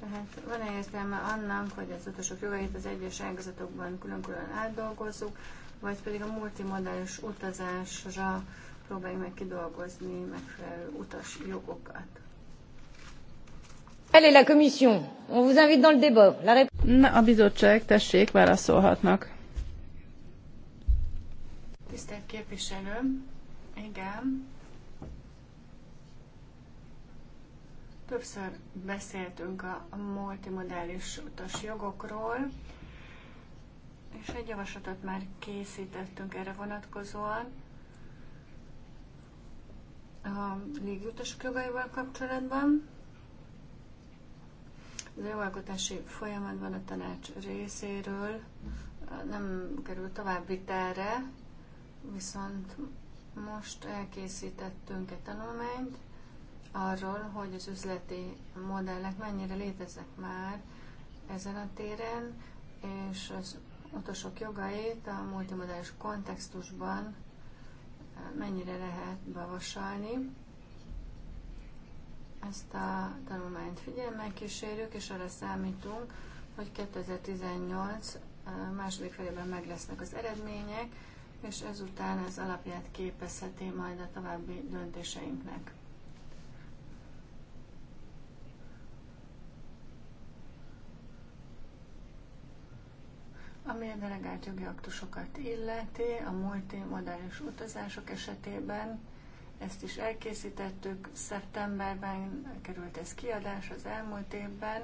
tehát van-e értelme annak, hogy az utasok jogait az egyes ágazatokban külön-külön átdolgozzuk, vagy pedig a multimodális utazásra próbáljuk meg kidolgozni megfelelő utas jogokat? Allez, la commission, on vous invite dans le débat. La... Na, a bizottság, tessék, válaszolhatnak. Tisztelt képviselő, igen. Többször beszéltünk a multimodális utas jogokról, és egy javaslatot már készítettünk erre vonatkozóan a légutasok jogaival kapcsolatban. Az jogalkotási folyamatban a tanács részéről nem került tovább vitelre, Viszont most elkészítettünk egy tanulmányt arról, hogy az üzleti modellek mennyire léteznek már ezen a téren, és az utasok jogait a multimodális kontextusban eh, mennyire lehet bevasalni. Ezt a tanulmányt figyelmen kísérjük, és arra számítunk, hogy 2018 eh, második felében meg lesznek az eredmények, és ezután ez alapját képezheti majd a további döntéseinknek. Ami a delegált jogi aktusokat illeti, a multimodális utazások esetében ezt is elkészítettük, szeptemberben került ez kiadás az elmúlt évben.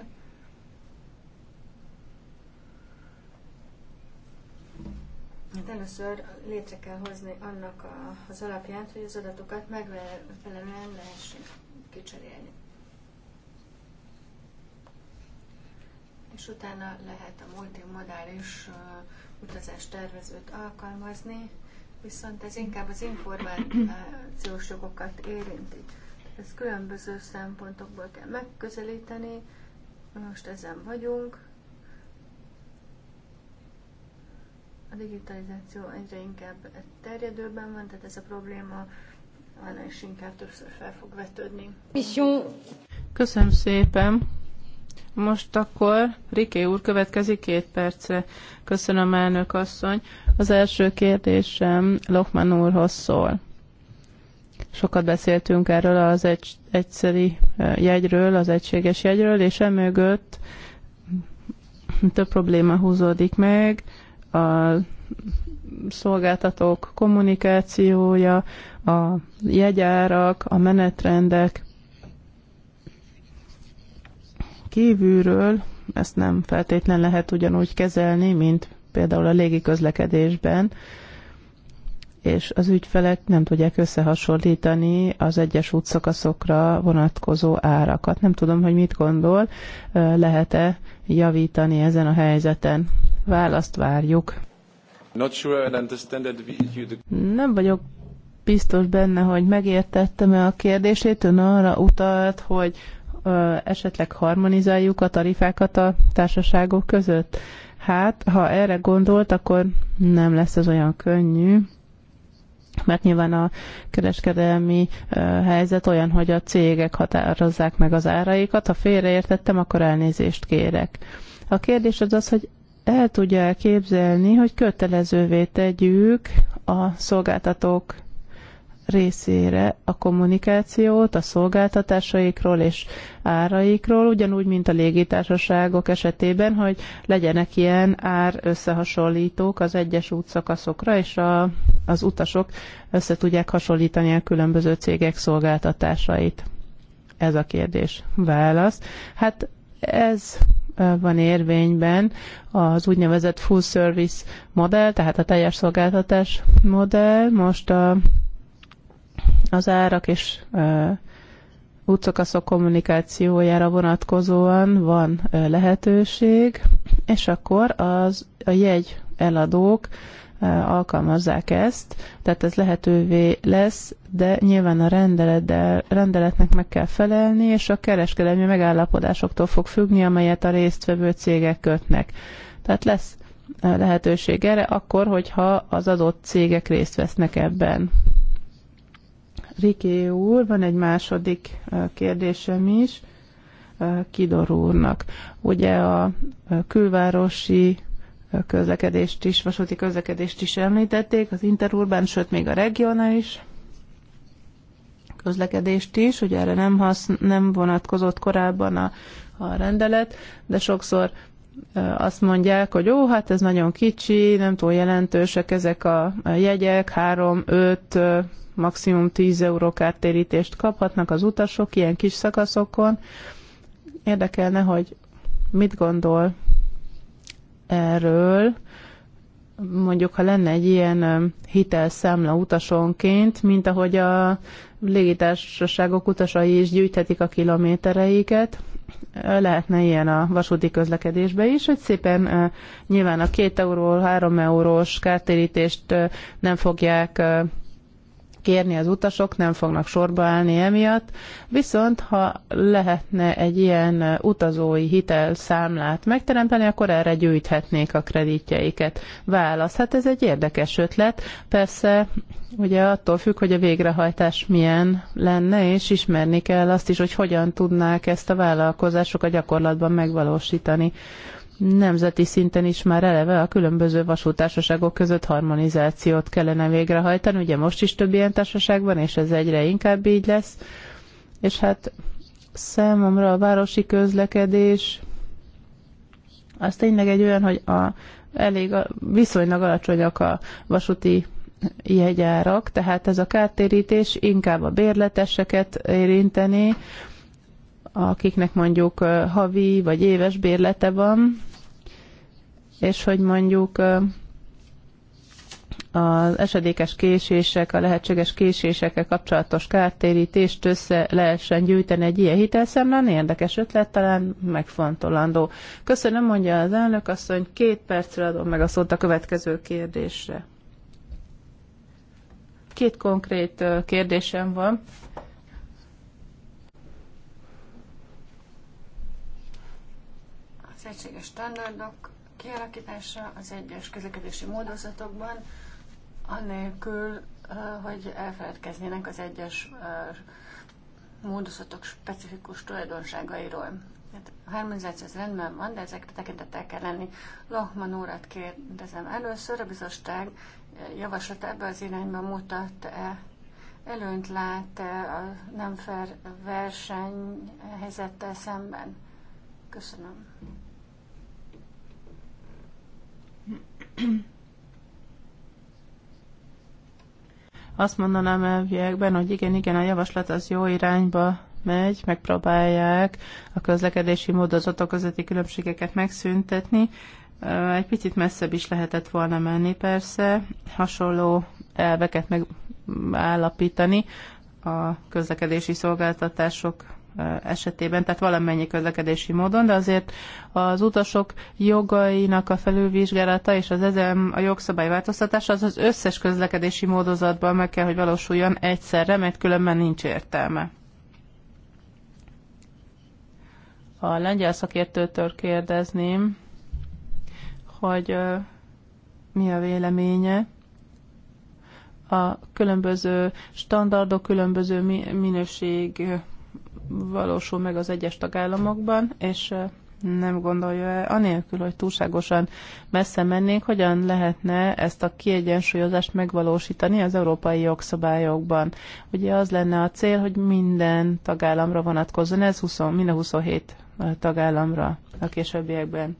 Hát először létre kell hozni annak a, az alapját, hogy az adatokat megfelelően lehessen kicserélni. És utána lehet a multimodális uh, utazást tervezőt alkalmazni, viszont ez inkább az információs jogokat érinti. Ezt különböző szempontokból kell megközelíteni, most ezen vagyunk, A digitalizáció egyre inkább terjedőben van, tehát ez a probléma annál is inkább többször fel fog vetődni. Köszönöm szépen! Most akkor Riké úr következik két perce. Köszönöm, elnök asszony. Az első kérdésem Lokman úrhoz szól. Sokat beszéltünk erről az egy, egyszeri jegyről, az egységes jegyről, és emögött több probléma húzódik meg a szolgáltatók kommunikációja, a jegyárak, a menetrendek kívülről ezt nem feltétlen lehet ugyanúgy kezelni, mint például a légiközlekedésben, és az ügyfelek nem tudják összehasonlítani az egyes útszakaszokra vonatkozó árakat. Nem tudom, hogy mit gondol, lehet-e javítani ezen a helyzeten választ várjuk. Nem vagyok biztos benne, hogy megértettem-e a kérdését. Ön arra utalt, hogy ö, esetleg harmonizáljuk a tarifákat a társaságok között. Hát, ha erre gondolt, akkor nem lesz ez olyan könnyű, mert nyilván a kereskedelmi ö, helyzet olyan, hogy a cégek határozzák meg az áraikat. Ha félreértettem, akkor elnézést kérek. A kérdés az az, hogy el tudja képzelni, hogy kötelezővé tegyük a szolgáltatók részére a kommunikációt a szolgáltatásaikról és áraikról, ugyanúgy, mint a légitársaságok esetében, hogy legyenek ilyen ár összehasonlítók az egyes útszakaszokra, és a, az utasok össze tudják hasonlítani a különböző cégek szolgáltatásait. Ez a kérdés. Válasz. Hát ez van érvényben az úgynevezett full service modell, tehát a teljes szolgáltatás modell. Most a, az árak és útszakaszok kommunikációjára vonatkozóan van lehetőség, és akkor az a jegy eladók alkalmazzák ezt, tehát ez lehetővé lesz, de nyilván a rendeletnek meg kell felelni, és a kereskedelmi megállapodásoktól fog függni, amelyet a résztvevő cégek kötnek. Tehát lesz lehetőség erre, akkor, hogyha az adott cégek részt vesznek ebben. Riké úr, van egy második kérdésem is Kidor úrnak. Ugye a külvárosi közlekedést is, vasúti közlekedést is említették, az interurbán, sőt még a regionális közlekedést is, ugye erre nem, hasz, nem vonatkozott korábban a, a rendelet, de sokszor azt mondják, hogy ó, hát ez nagyon kicsi, nem túl jelentősek ezek a jegyek, 3-5, maximum 10 euró kártérítést kaphatnak az utasok ilyen kis szakaszokon. Érdekelne, hogy mit gondol erről, mondjuk ha lenne egy ilyen hitelszámla utasonként, mint ahogy a légitársaságok utasai is gyűjthetik a kilométereiket, lehetne ilyen a vasúti közlekedésbe is, hogy szépen nyilván a két euró, három eurós kártérítést nem fogják kérni az utasok, nem fognak sorba állni emiatt, viszont ha lehetne egy ilyen utazói hitel számlát, megteremteni, akkor erre gyűjthetnék a kreditjeiket. Válasz, hát ez egy érdekes ötlet. Persze ugye attól függ, hogy a végrehajtás milyen lenne, és ismerni kell azt is, hogy hogyan tudnák ezt a vállalkozások a gyakorlatban megvalósítani nemzeti szinten is már eleve a különböző vasútársaságok között harmonizációt kellene végrehajtani. Ugye most is több ilyen társaság van, és ez egyre inkább így lesz. És hát számomra a városi közlekedés az tényleg egy olyan, hogy a, elég a, viszonylag alacsonyak a vasúti jegyárak, tehát ez a kártérítés inkább a bérleteseket érinteni, akiknek mondjuk havi vagy éves bérlete van, és hogy mondjuk az esedékes késések, a lehetséges késésekkel kapcsolatos kártérítést össze lehessen gyűjteni egy ilyen hitelszemlán. Érdekes ötlet, talán megfontolandó. Köszönöm, mondja az elnök asszony. Két percre adom meg a szót a következő kérdésre. Két konkrét kérdésem van. egységes standardok kialakítása az egyes közlekedési módozatokban, annélkül, hogy elfeledkeznének az egyes módozatok specifikus tulajdonságairól. Hát, a harmonizáció az rendben van, de ezekre tekintettel kell lenni. Lohman úrat kérdezem először, a bizottság javaslat ebbe az irányba mutat-e előnyt lát -e a nem fair helyzettel szemben? Köszönöm. Azt mondanám elviekben, hogy igen, igen, a javaslat az jó irányba megy, megpróbálják a közlekedési módozatok közötti különbségeket megszüntetni. Egy picit messzebb is lehetett volna menni persze, hasonló elveket megállapítani a közlekedési szolgáltatások esetében, tehát valamennyi közlekedési módon, de azért az utasok jogainak a felülvizsgálata és az ezen a jogszabály változtatása az az összes közlekedési módozatban meg kell, hogy valósuljon egyszerre, mert különben nincs értelme. A lengyel szakértőtől kérdezném, hogy mi a véleménye a különböző standardok, különböző minőség valósul meg az egyes tagállamokban, és nem gondolja -e, anélkül, hogy túlságosan messze mennénk, hogyan lehetne ezt a kiegyensúlyozást megvalósítani az európai jogszabályokban. Ugye az lenne a cél, hogy minden tagállamra vonatkozzon, ez 20, mind a 27 tagállamra a későbbiekben.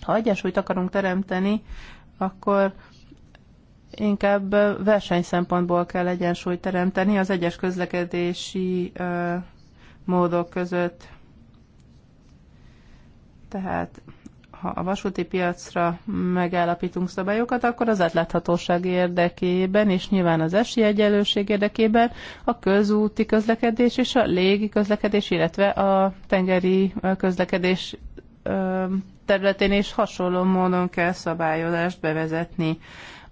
Ha egyensúlyt akarunk teremteni, akkor inkább versenyszempontból kell egyensúlyt teremteni az egyes közlekedési módok között. Tehát ha a vasúti piacra megállapítunk szabályokat, akkor az átláthatóság érdekében, és nyilván az esélyegyenlőség érdekében a közúti közlekedés és a légi közlekedés, illetve a tengeri közlekedés területén is hasonló módon kell szabályozást bevezetni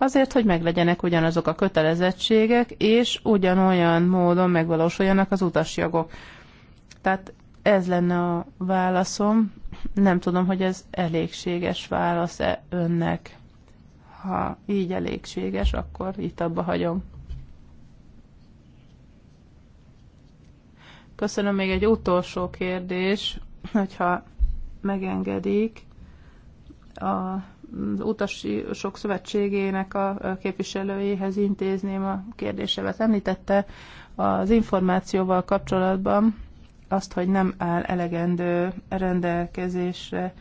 azért, hogy meglegyenek ugyanazok a kötelezettségek, és ugyanolyan módon megvalósuljanak az utasjogok. Tehát ez lenne a válaszom. Nem tudom, hogy ez elégséges válasz-e önnek. Ha így elégséges, akkor itt abba hagyom. Köszönöm, még egy utolsó kérdés, hogyha megengedik. A utasok szövetségének a képviselőjéhez intézném a kérdésevet. Említette az információval kapcsolatban azt, hogy nem áll elegendő rendelkezésre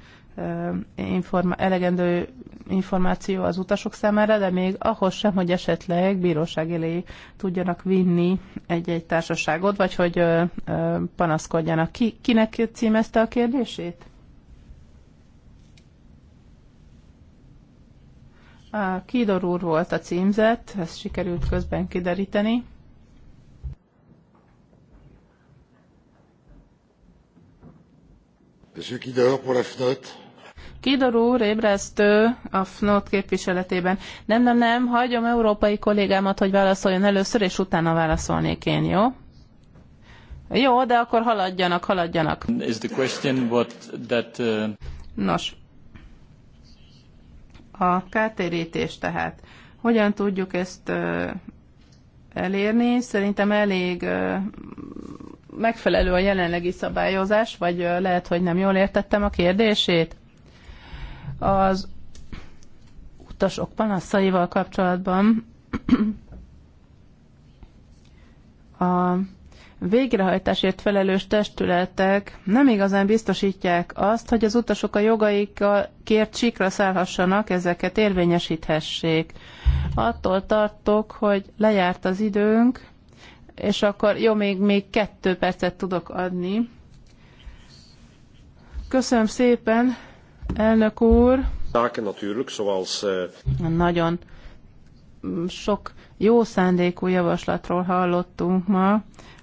informa- elegendő információ az utasok számára, de még ahhoz sem, hogy esetleg bíróság elé tudjanak vinni egy-egy társaságot, vagy hogy ö, ö, panaszkodjanak. Ki, kinek címezte a kérdését? A Kidor úr volt a címzett, ezt sikerült közben kideríteni. Kidor úr ébresztő a FNOT képviseletében. Nem, nem, nem, hagyom európai kollégámat, hogy válaszoljon először, és utána válaszolnék én, jó? Jó, de akkor haladjanak, haladjanak. Is the question what that, uh... Nos, a kártérítés tehát. Hogyan tudjuk ezt elérni? Szerintem elég megfelelő a jelenlegi szabályozás, vagy lehet, hogy nem jól értettem a kérdését. Az utasok panaszaival kapcsolatban a végrehajtásért felelős testületek nem igazán biztosítják azt, hogy az utasok a jogaikkal kért csíkra szállhassanak, ezeket érvényesíthessék. Attól tartok, hogy lejárt az időnk, és akkor jó, még, még kettő percet tudok adni. Köszönöm szépen, elnök úr. Eh, Nagyon sok jó szándékú javaslatról hallottunk ma,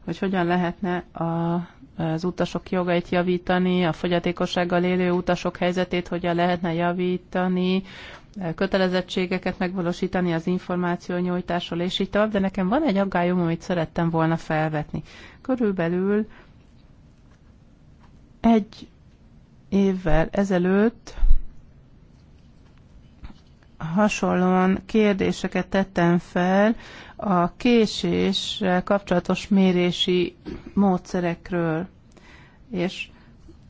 hogy hogyan lehetne a az utasok jogait javítani, a fogyatékossággal élő utasok helyzetét hogyan lehetne javítani, kötelezettségeket megvalósítani az információ nyújtásról és így tovább, de nekem van egy aggályom, amit szerettem volna felvetni. Körülbelül egy évvel ezelőtt hasonlóan kérdéseket tettem fel a késés kapcsolatos mérési módszerekről. És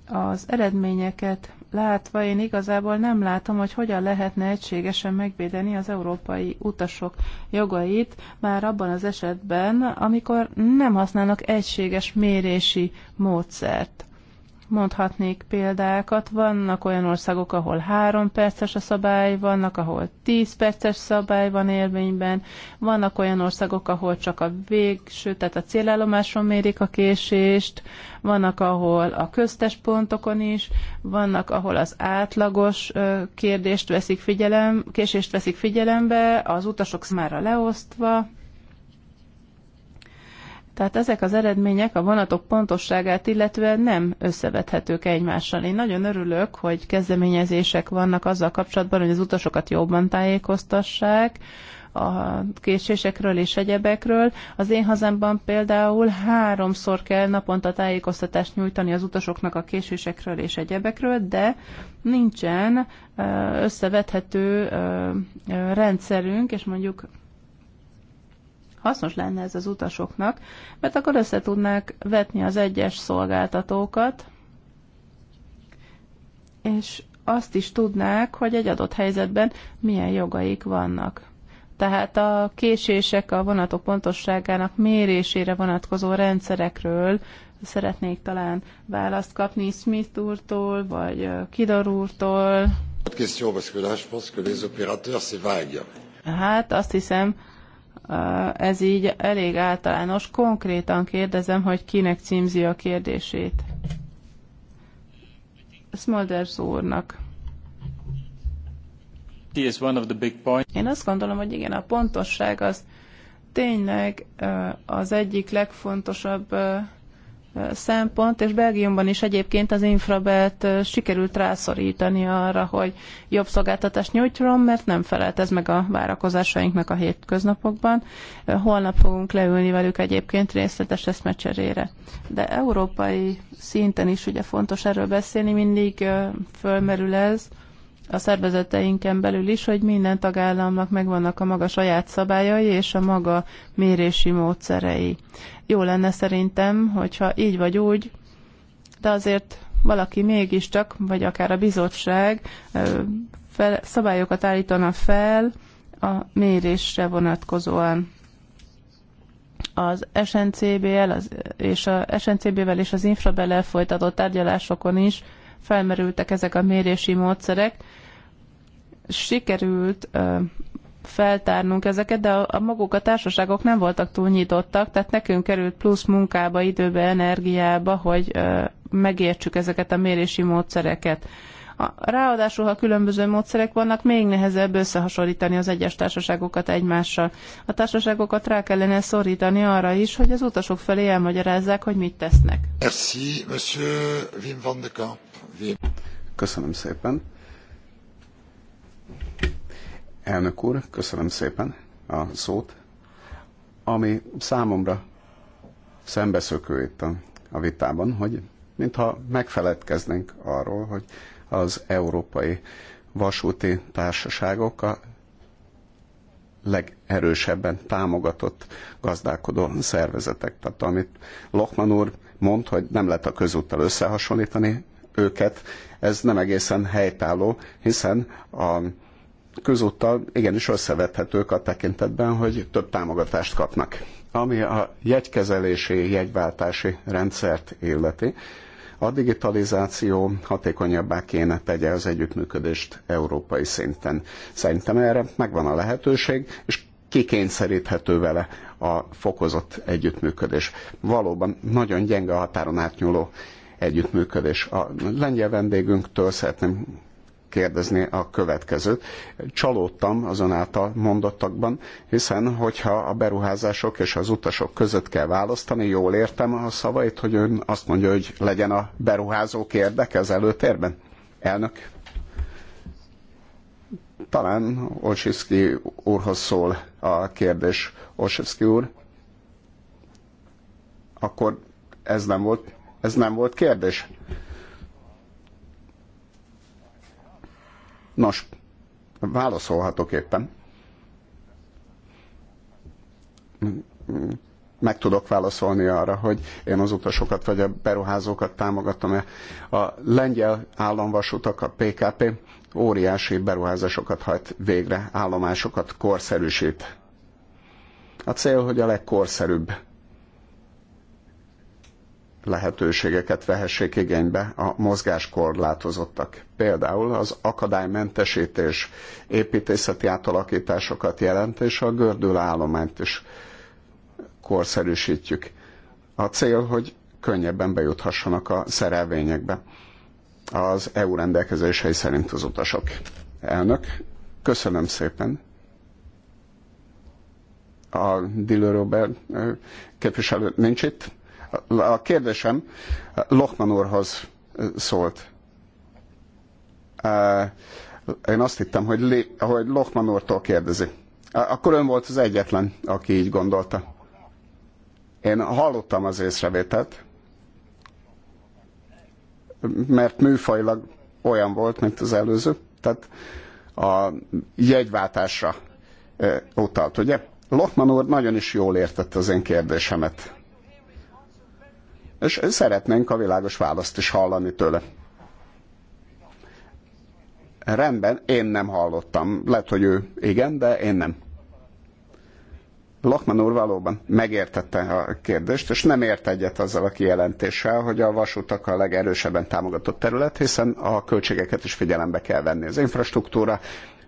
az eredményeket látva én igazából nem látom, hogy hogyan lehetne egységesen megvédeni az európai utasok jogait, már abban az esetben, amikor nem használnak egységes mérési módszert mondhatnék példákat. Vannak olyan országok, ahol három perces a szabály, vannak, ahol tíz perces szabály van érvényben, vannak olyan országok, ahol csak a végső, tehát a célállomáson mérik a késést, vannak, ahol a köztes pontokon is, vannak, ahol az átlagos kérdést veszik figyelem, késést veszik figyelembe, az utasok számára leosztva, tehát ezek az eredmények a vonatok pontosságát illetően nem összevethetők egymással. Én nagyon örülök, hogy kezdeményezések vannak azzal kapcsolatban, hogy az utasokat jobban tájékoztassák, a késésekről és egyebekről. Az én hazámban például háromszor kell naponta tájékoztatást nyújtani az utasoknak a késésekről és egyebekről, de nincsen összevethető rendszerünk, és mondjuk hasznos lenne ez az utasoknak, mert akkor össze tudnák vetni az egyes szolgáltatókat, és azt is tudnák, hogy egy adott helyzetben milyen jogaik vannak. Tehát a késések a vonatok pontosságának mérésére vonatkozó rendszerekről szeretnék talán választ kapni Smith úrtól, vagy Kidor úrtól. Hát azt hiszem, ez így elég általános. Konkrétan kérdezem, hogy kinek címzi a kérdését. Smulders úrnak. Én azt gondolom, hogy igen, a pontosság az tényleg az egyik legfontosabb szempont, és Belgiumban is egyébként az infrabelt sikerült rászorítani arra, hogy jobb szolgáltatást nyújtson, mert nem felelt ez meg a várakozásainknak a hétköznapokban. Holnap fogunk leülni velük egyébként részletes eszmecserére. De európai szinten is ugye fontos erről beszélni, mindig fölmerül ez, a szervezeteinken belül is, hogy minden tagállamnak megvannak a maga saját szabályai és a maga mérési módszerei. Jó lenne szerintem, hogyha így vagy úgy, de azért valaki mégiscsak, vagy akár a bizottság fel, szabályokat állítana fel a mérésre vonatkozóan. Az SNCB-vel az, és a SNCB-vel és az infrabel folytatott tárgyalásokon is felmerültek ezek a mérési módszerek, sikerült feltárnunk ezeket, de a, a maguk a társaságok nem voltak túl nyitottak, tehát nekünk került plusz munkába, időbe, energiába, hogy ö, megértsük ezeket a mérési módszereket. A, ráadásul, ha különböző módszerek vannak, még nehezebb összehasonlítani az egyes társaságokat egymással. A társaságokat rá kellene szorítani arra is, hogy az utasok felé elmagyarázzák, hogy mit tesznek. Merci, monsieur Wim van de Kamp. Wim. Köszönöm szépen. Elnök úr, köszönöm szépen a szót. Ami számomra szembeszökő itt a, a vitában, hogy mintha megfeledkeznénk arról, hogy az európai vasúti társaságok a legerősebben támogatott gazdálkodó szervezetek. Tehát amit Lokman úr mond, hogy nem lehet a közúttal összehasonlítani őket, ez nem egészen helytálló, hiszen a közúttal igenis összevethetők a tekintetben, hogy több támogatást kapnak. Ami a jegykezelési, jegyváltási rendszert illeti, a digitalizáció hatékonyabbá kéne tegye az együttműködést európai szinten. Szerintem erre megvan a lehetőség, és kikényszeríthető vele a fokozott együttműködés. Valóban nagyon gyenge a határon átnyúló együttműködés. A lengyel vendégünktől szeretném kérdezni a következőt. Csalódtam azon által mondottakban, hiszen hogyha a beruházások és az utasok között kell választani, jól értem a szavait, hogy ön azt mondja, hogy legyen a beruházók érdek az előtérben? Elnök? Talán Olsiszki úrhoz szól a kérdés. Olsiszki úr? Akkor ez nem volt, ez nem volt kérdés. Nos, válaszolhatok éppen. Meg tudok válaszolni arra, hogy én az utasokat vagy a beruházókat támogatom-e. A lengyel államvasutak, a PKP óriási beruházásokat hajt végre, állomásokat korszerűsít. A cél, hogy a legkorszerűbb lehetőségeket vehessék igénybe a mozgáskorlátozottak. Például az akadálymentesítés építészeti átalakításokat jelent, és a gördülállományt is korszerűsítjük. A cél, hogy könnyebben bejuthassanak a szerelvényekbe az EU rendelkezései szerint az utasok. Elnök, köszönöm szépen. A Dillő Robert képviselő nincs itt? A kérdésem Lochman úrhoz szólt. Eh, én azt hittem, hogy, Lé, hogy Lochman úrtól kérdezi. Akkor ön volt az egyetlen, aki így gondolta. Én hallottam az észrevételt, mert műfajlag olyan volt, mint az előző. Tehát a jegyváltásra eh, utalt, ugye? Lokman úr nagyon is jól értette az én kérdésemet. És szeretnénk a világos választ is hallani tőle. Rendben, én nem hallottam. Lehet, hogy ő igen, de én nem. Lakman úr valóban megértette a kérdést, és nem ért egyet azzal a kijelentéssel, hogy a vasútak a legerősebben támogatott terület, hiszen a költségeket is figyelembe kell venni. Az infrastruktúra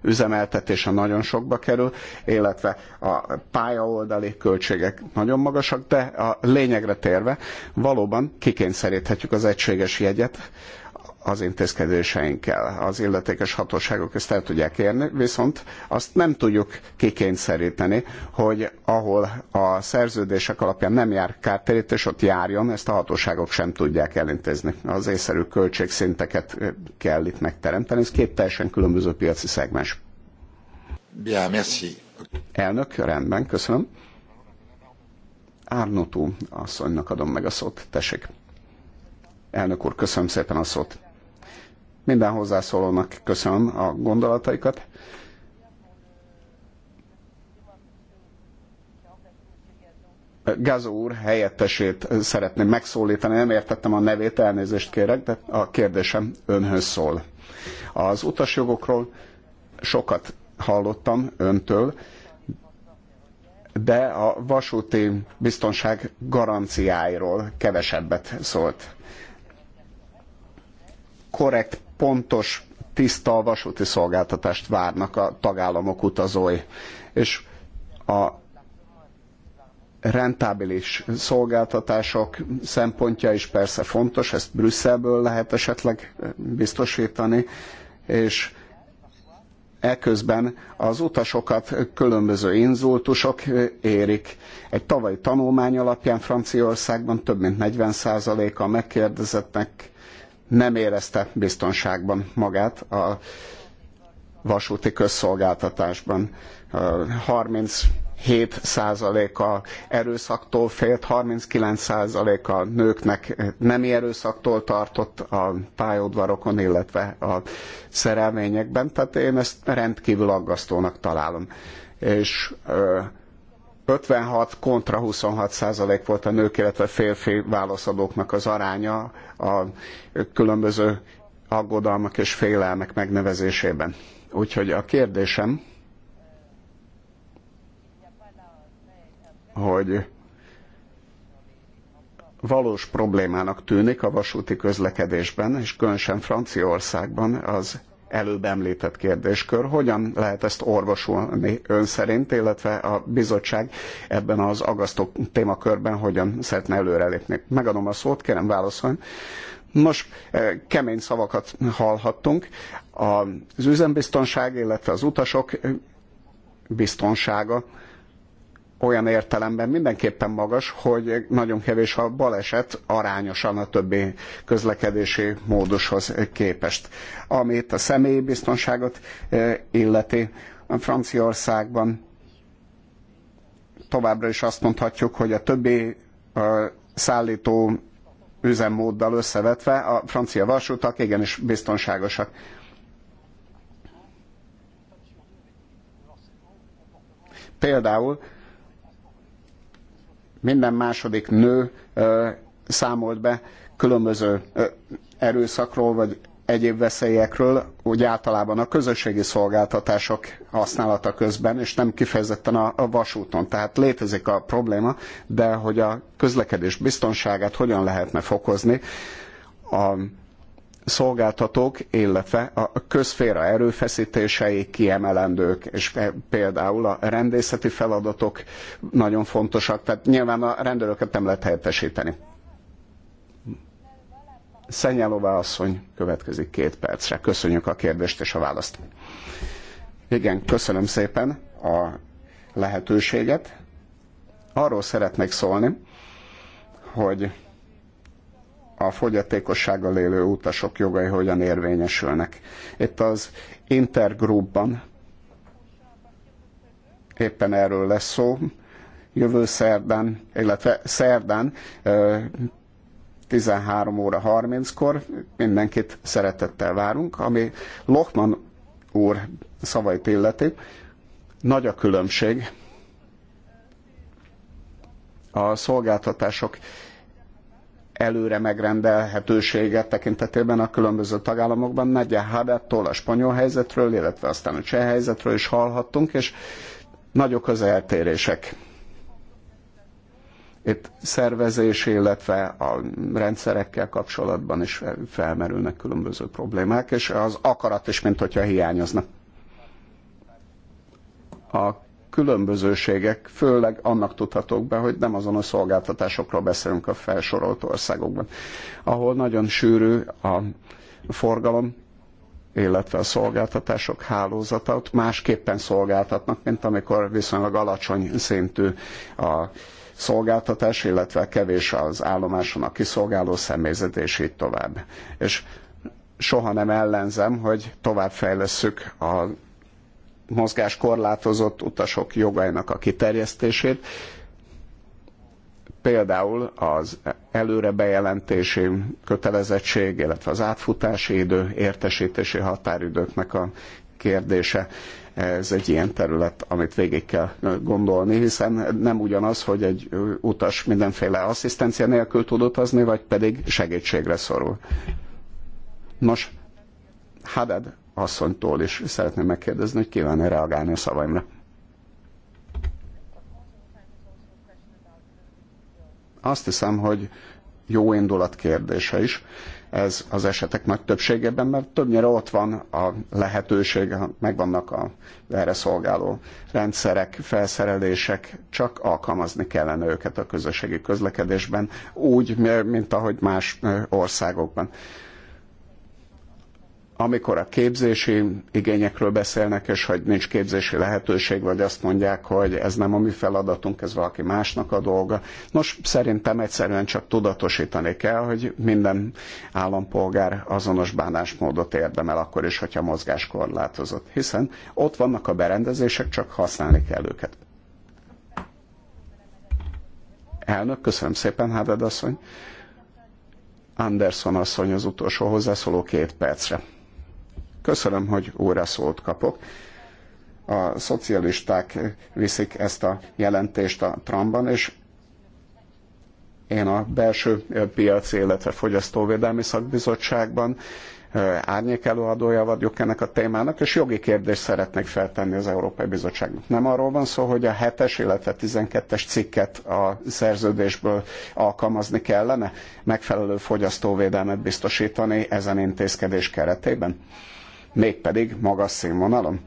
üzemeltetése nagyon sokba kerül, illetve a pályaoldali költségek nagyon magasak, de a lényegre térve valóban kikényszeríthetjük az egységes jegyet az intézkedéseinkkel az illetékes hatóságok ezt el tudják érni, viszont azt nem tudjuk kikényszeríteni, hogy ahol a szerződések alapján nem jár kártérítés, ott járjon, ezt a hatóságok sem tudják elintézni. Az észszerű költségszinteket kell itt megteremteni, ez két teljesen különböző piaci szegmens. Ja, merci. Elnök, rendben, köszönöm. Árnotú asszonynak adom meg a szót, tessék. Elnök úr, köszönöm szépen a szót. Minden hozzászólónak köszönöm a gondolataikat. Gazó úr helyettesét szeretném megszólítani, nem értettem a nevét, elnézést kérek, de a kérdésem önhöz szól. Az utasjogokról sokat hallottam öntől, de a vasúti biztonság garanciáiról kevesebbet szólt. Korrekt pontos, tiszta vasúti szolgáltatást várnak a tagállamok utazói. És a rentábilis szolgáltatások szempontja is persze fontos, ezt Brüsszelből lehet esetleg biztosítani, és Eközben az utasokat különböző inzultusok érik. Egy tavalyi tanulmány alapján Franciaországban több mint 40%-a megkérdezettnek nem érezte biztonságban magát a vasúti közszolgáltatásban. 37 százaléka erőszaktól félt, 39 a nőknek nemi erőszaktól tartott a pályaudvarokon, illetve a szerelményekben. Tehát én ezt rendkívül aggasztónak találom. És 56 kontra 26 százalék volt a nők, illetve férfi válaszadóknak az aránya a különböző aggodalmak és félelmek megnevezésében. Úgyhogy a kérdésem, hogy valós problémának tűnik a vasúti közlekedésben, és különösen Franciaországban az előbb említett kérdéskör. Hogyan lehet ezt orvosolni ön szerint, illetve a bizottság ebben az agasztó témakörben hogyan szeretne előrelépni? Megadom a szót, kérem válaszolni. Nos, eh, kemény szavakat hallhattunk. Az üzembiztonság, illetve az utasok eh, biztonsága olyan értelemben mindenképpen magas, hogy nagyon kevés a baleset arányosan a többi közlekedési módushoz képest. Amit a személyi biztonságot eh, illeti, a Franciaországban továbbra is azt mondhatjuk, hogy a többi eh, szállító üzemmóddal összevetve a francia vasútak igenis biztonságosak. Például minden második nő számolt be különböző erőszakról vagy egyéb veszélyekről, úgy általában a közösségi szolgáltatások használata közben, és nem kifejezetten a, a vasúton. Tehát létezik a probléma, de hogy a közlekedés biztonságát hogyan lehetne fokozni, a szolgáltatók, illetve a közféra erőfeszítései kiemelendők, és például a rendészeti feladatok nagyon fontosak, tehát nyilván a rendőröket nem lehet helyettesíteni. Szenyelová asszony következik két percre. Köszönjük a kérdést és a választ. Igen, köszönöm szépen a lehetőséget. Arról szeretnék szólni, hogy a fogyatékossággal élő utasok jogai hogyan érvényesülnek. Itt az Intergroupban éppen erről lesz szó, jövő szerdán, illetve szerdán 13 óra 30-kor mindenkit szeretettel várunk, ami Lochman úr szavait illeti. Nagy a különbség a szolgáltatások előre megrendelhetőséget tekintetében a különböző tagállamokban. nagy Hadettól a spanyol helyzetről, illetve aztán a cseh helyzetről is hallhattunk, és nagyok az eltérések. Itt szervezés, illetve a rendszerekkel kapcsolatban is felmerülnek különböző problémák, és az akarat is, mint hogyha hiányozna. A különbözőségek főleg annak tudhatók be, hogy nem azonos szolgáltatásokról beszélünk a felsorolt országokban, ahol nagyon sűrű a forgalom, illetve a szolgáltatások hálózatot másképpen szolgáltatnak, mint amikor viszonylag alacsony szintű a szolgáltatás, illetve kevés az állomáson a kiszolgáló személyzet, és így tovább. És soha nem ellenzem, hogy továbbfejlesszük a mozgáskorlátozott utasok jogainak a kiterjesztését, például az előre bejelentési kötelezettség, illetve az átfutási idő, értesítési határidőknek a kérdése. Ez egy ilyen terület, amit végig kell gondolni, hiszen nem ugyanaz, hogy egy utas mindenféle asszisztencia nélkül tud utazni, vagy pedig segítségre szorul. Nos, Hadad asszonytól is szeretném megkérdezni, hogy kíván-e reagálni a szavaimra. Azt hiszem, hogy jó indulat kérdése is. Ez az esetek nagy többségében, mert többnyire ott van a lehetőség, megvannak a erre szolgáló rendszerek, felszerelések, csak alkalmazni kellene őket a közösségi közlekedésben, úgy, mint ahogy más országokban amikor a képzési igényekről beszélnek, és hogy nincs képzési lehetőség, vagy azt mondják, hogy ez nem a mi feladatunk, ez valaki másnak a dolga. Nos, szerintem egyszerűen csak tudatosítani kell, hogy minden állampolgár azonos bánásmódot érdemel akkor is, hogyha mozgás korlátozott. Hiszen ott vannak a berendezések, csak használni kell őket. Elnök, köszönöm szépen, Háved asszony. Anderson asszony az utolsó hozzászóló két percre. Köszönöm, hogy óraszót kapok. A szocialisták viszik ezt a jelentést a Tramban, és én a belső piac illetve fogyasztóvédelmi szakbizottságban árnyék előadója vagyok ennek a témának, és jogi kérdést szeretnék feltenni az Európai Bizottságnak. Nem arról van szó, hogy a 7-es, illetve 12-es cikket a szerződésből alkalmazni kellene, megfelelő fogyasztóvédelmet biztosítani ezen intézkedés keretében? mégpedig magas színvonalon.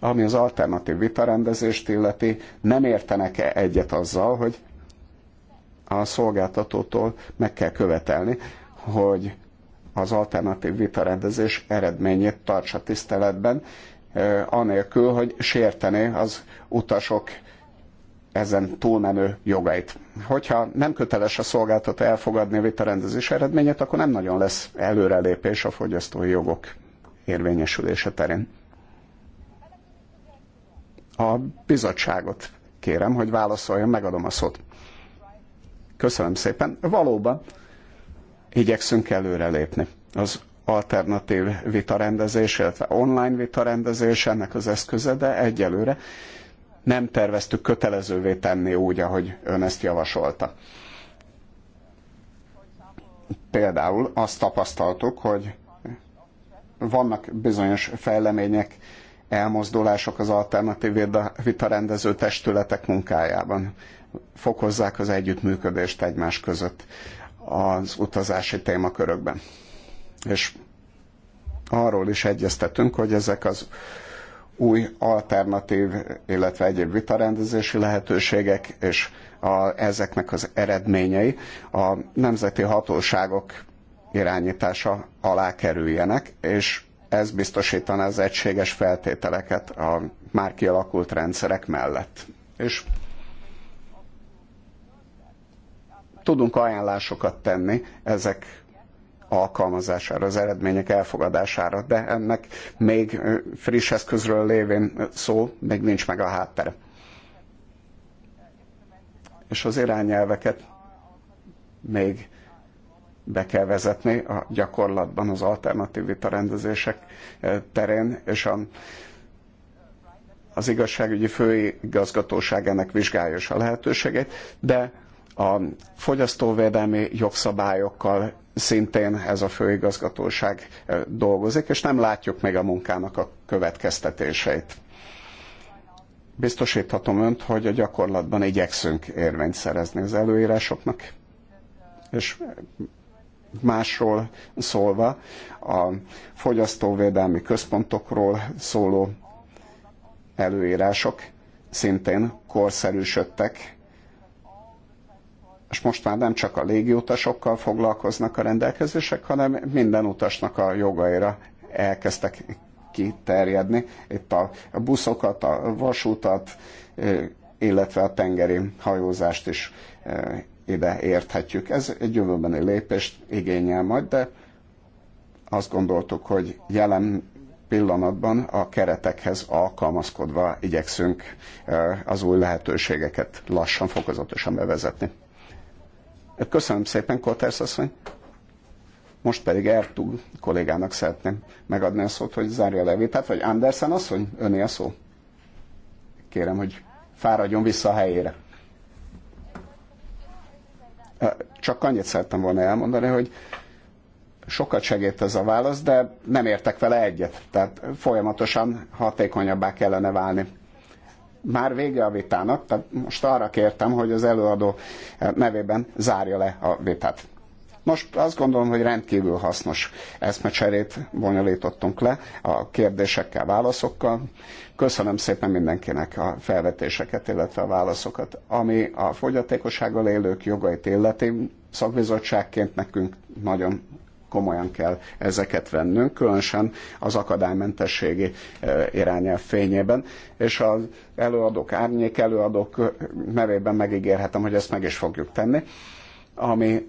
Ami az alternatív vitarendezést illeti, nem értenek-e egyet azzal, hogy a szolgáltatótól meg kell követelni, hogy az alternatív vitarendezés eredményét tartsa tiszteletben, anélkül, hogy sértené az utasok ezen túlmenő jogait. Hogyha nem köteles a szolgáltató elfogadni a vitarendezés eredményét, akkor nem nagyon lesz előrelépés a fogyasztói jogok érvényesülése terén. A bizottságot kérem, hogy válaszoljon, megadom a szót. Köszönöm szépen. Valóban igyekszünk előrelépni. Az alternatív vitarendezés, illetve online vitarendezés ennek az eszköze, de egyelőre nem terveztük kötelezővé tenni úgy, ahogy ön ezt javasolta. Például azt tapasztaltuk, hogy vannak bizonyos fejlemények, elmozdulások az alternatív vitarendező testületek munkájában. Fokozzák az együttműködést egymás között az utazási témakörökben. És arról is egyeztetünk, hogy ezek az új alternatív, illetve egyéb vitarendezési lehetőségek és a, ezeknek az eredményei a nemzeti hatóságok irányítása alá kerüljenek, és ez biztosítaná az egységes feltételeket a már kialakult rendszerek mellett. És tudunk ajánlásokat tenni ezek alkalmazására, az eredmények elfogadására, de ennek még friss eszközről lévén szó, még nincs meg a háttere. És az irányelveket még be kell vezetni a gyakorlatban az alternatív vitarendezések eh, terén, és a, az igazságügyi főigazgatóság ennek vizsgálja a lehetőségét, de a fogyasztóvédelmi jogszabályokkal szintén ez a főigazgatóság eh, dolgozik, és nem látjuk még a munkának a következtetéseit. Biztosíthatom önt, hogy a gyakorlatban igyekszünk érvényt szerezni az előírásoknak, és Másról szólva, a fogyasztóvédelmi központokról szóló előírások szintén korszerűsödtek, és most már nem csak a légiutasokkal foglalkoznak a rendelkezések, hanem minden utasnak a jogaira elkezdtek kiterjedni. Itt a buszokat, a vasutat, illetve a tengeri hajózást is ide érthetjük. Ez egy jövőbeni lépést igényel majd, de azt gondoltuk, hogy jelen pillanatban a keretekhez alkalmazkodva igyekszünk az új lehetőségeket lassan, fokozatosan bevezetni. Köszönöm szépen, Kotersz asszony! Most pedig Ertug kollégának szeretném megadni a szót, hogy zárja a vitát, vagy Andersen asszony, öné a szó. Kérem, hogy fáradjon vissza a helyére. Csak annyit szerettem volna elmondani, hogy sokat segít ez a válasz, de nem értek vele egyet. Tehát folyamatosan hatékonyabbá kellene válni. Már vége a vitának, tehát most arra kértem, hogy az előadó nevében zárja le a vitát. Nos, azt gondolom, hogy rendkívül hasznos eszmecserét bonyolítottunk le a kérdésekkel, válaszokkal. Köszönöm szépen mindenkinek a felvetéseket, illetve a válaszokat. Ami a fogyatékossággal élők jogait illeti, szakbizottságként nekünk nagyon komolyan kell ezeket vennünk, különösen az akadálymentességi e, irányel fényében. És az előadók, árnyék előadók nevében megígérhetem, hogy ezt meg is fogjuk tenni. Ami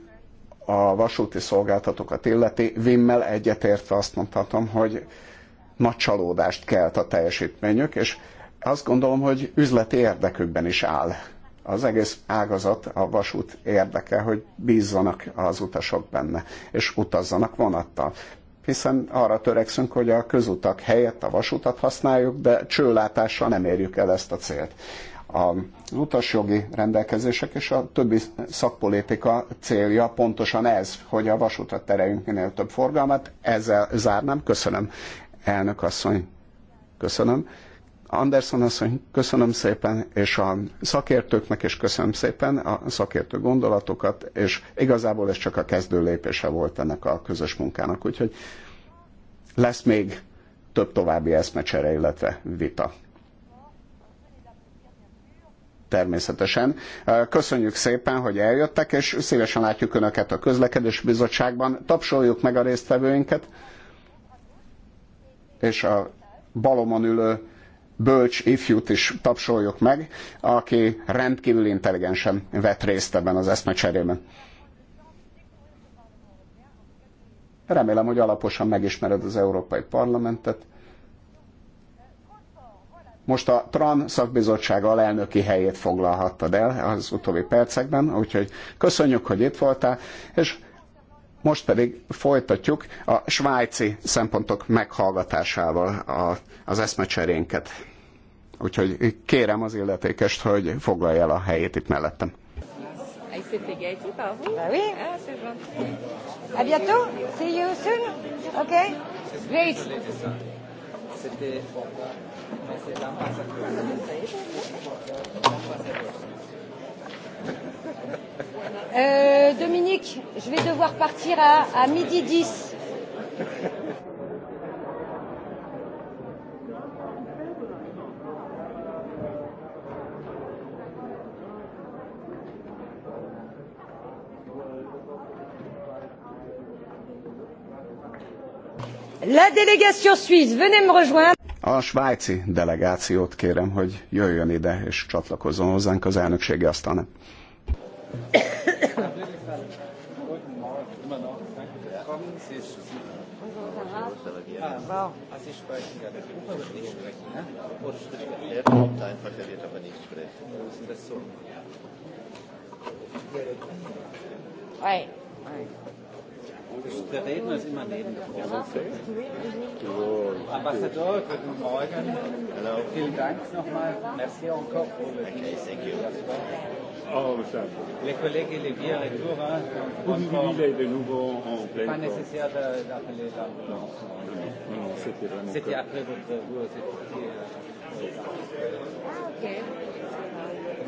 a vasúti szolgáltatókat illeti, Vimmel egyetértve azt mondhatom, hogy nagy csalódást kelt a teljesítményük, és azt gondolom, hogy üzleti érdekükben is áll. Az egész ágazat, a vasút érdeke, hogy bízzanak az utasok benne, és utazzanak vonattal. Hiszen arra törekszünk, hogy a közutak helyett a vasutat használjuk, de csőlátással nem érjük el ezt a célt az utasjogi rendelkezések és a többi szakpolitika célja pontosan ez, hogy a vasútra tereljünk minél több forgalmat. Ezzel zárnám. Köszönöm, elnök asszony. Köszönöm. Anderson asszony, köszönöm szépen, és a szakértőknek is köszönöm szépen a szakértő gondolatokat, és igazából ez csak a kezdő lépése volt ennek a közös munkának, úgyhogy lesz még több további eszmecsere, illetve vita természetesen. Köszönjük szépen, hogy eljöttek, és szívesen látjuk Önöket a közlekedés bizottságban. Tapsoljuk meg a résztvevőinket, és a balomon ülő bölcs ifjút is tapsoljuk meg, aki rendkívül intelligensen vett részt ebben az eszmecserében. Remélem, hogy alaposan megismered az Európai Parlamentet, most a TRAN szakbizottság alelnöki helyét foglalhattad el az utóbbi percekben, úgyhogy köszönjük, hogy itt voltál, és most pedig folytatjuk a svájci szempontok meghallgatásával a, az eszmecserénket. Úgyhogy kérem az illetékest, hogy foglalja el a helyét itt mellettem. Ah, ah bientôt. See you soon. OK Great. C'était... Euh, Dominique, je vais devoir partir à, à midi 10. La délégation suisse, venez me rejoindre. A svájci delegációt kérem, hogy jöjjön ide és csatlakozzon hozzánk az elnökségi asztalnak. Right. Right. Der Redner ist immer neben der Frau. Ambassador, guten Morgen. Hello. Vielen Dank nochmal. Merci encore pour le Okay, thank you. Oh, les collègues et les vieux retours. Vous vivez de nouveau en pleine pas nécessaire d'appeler l'ambulance. Non, c'était vraiment... C'était après votre... Vous, c'était... Euh, ah, ok.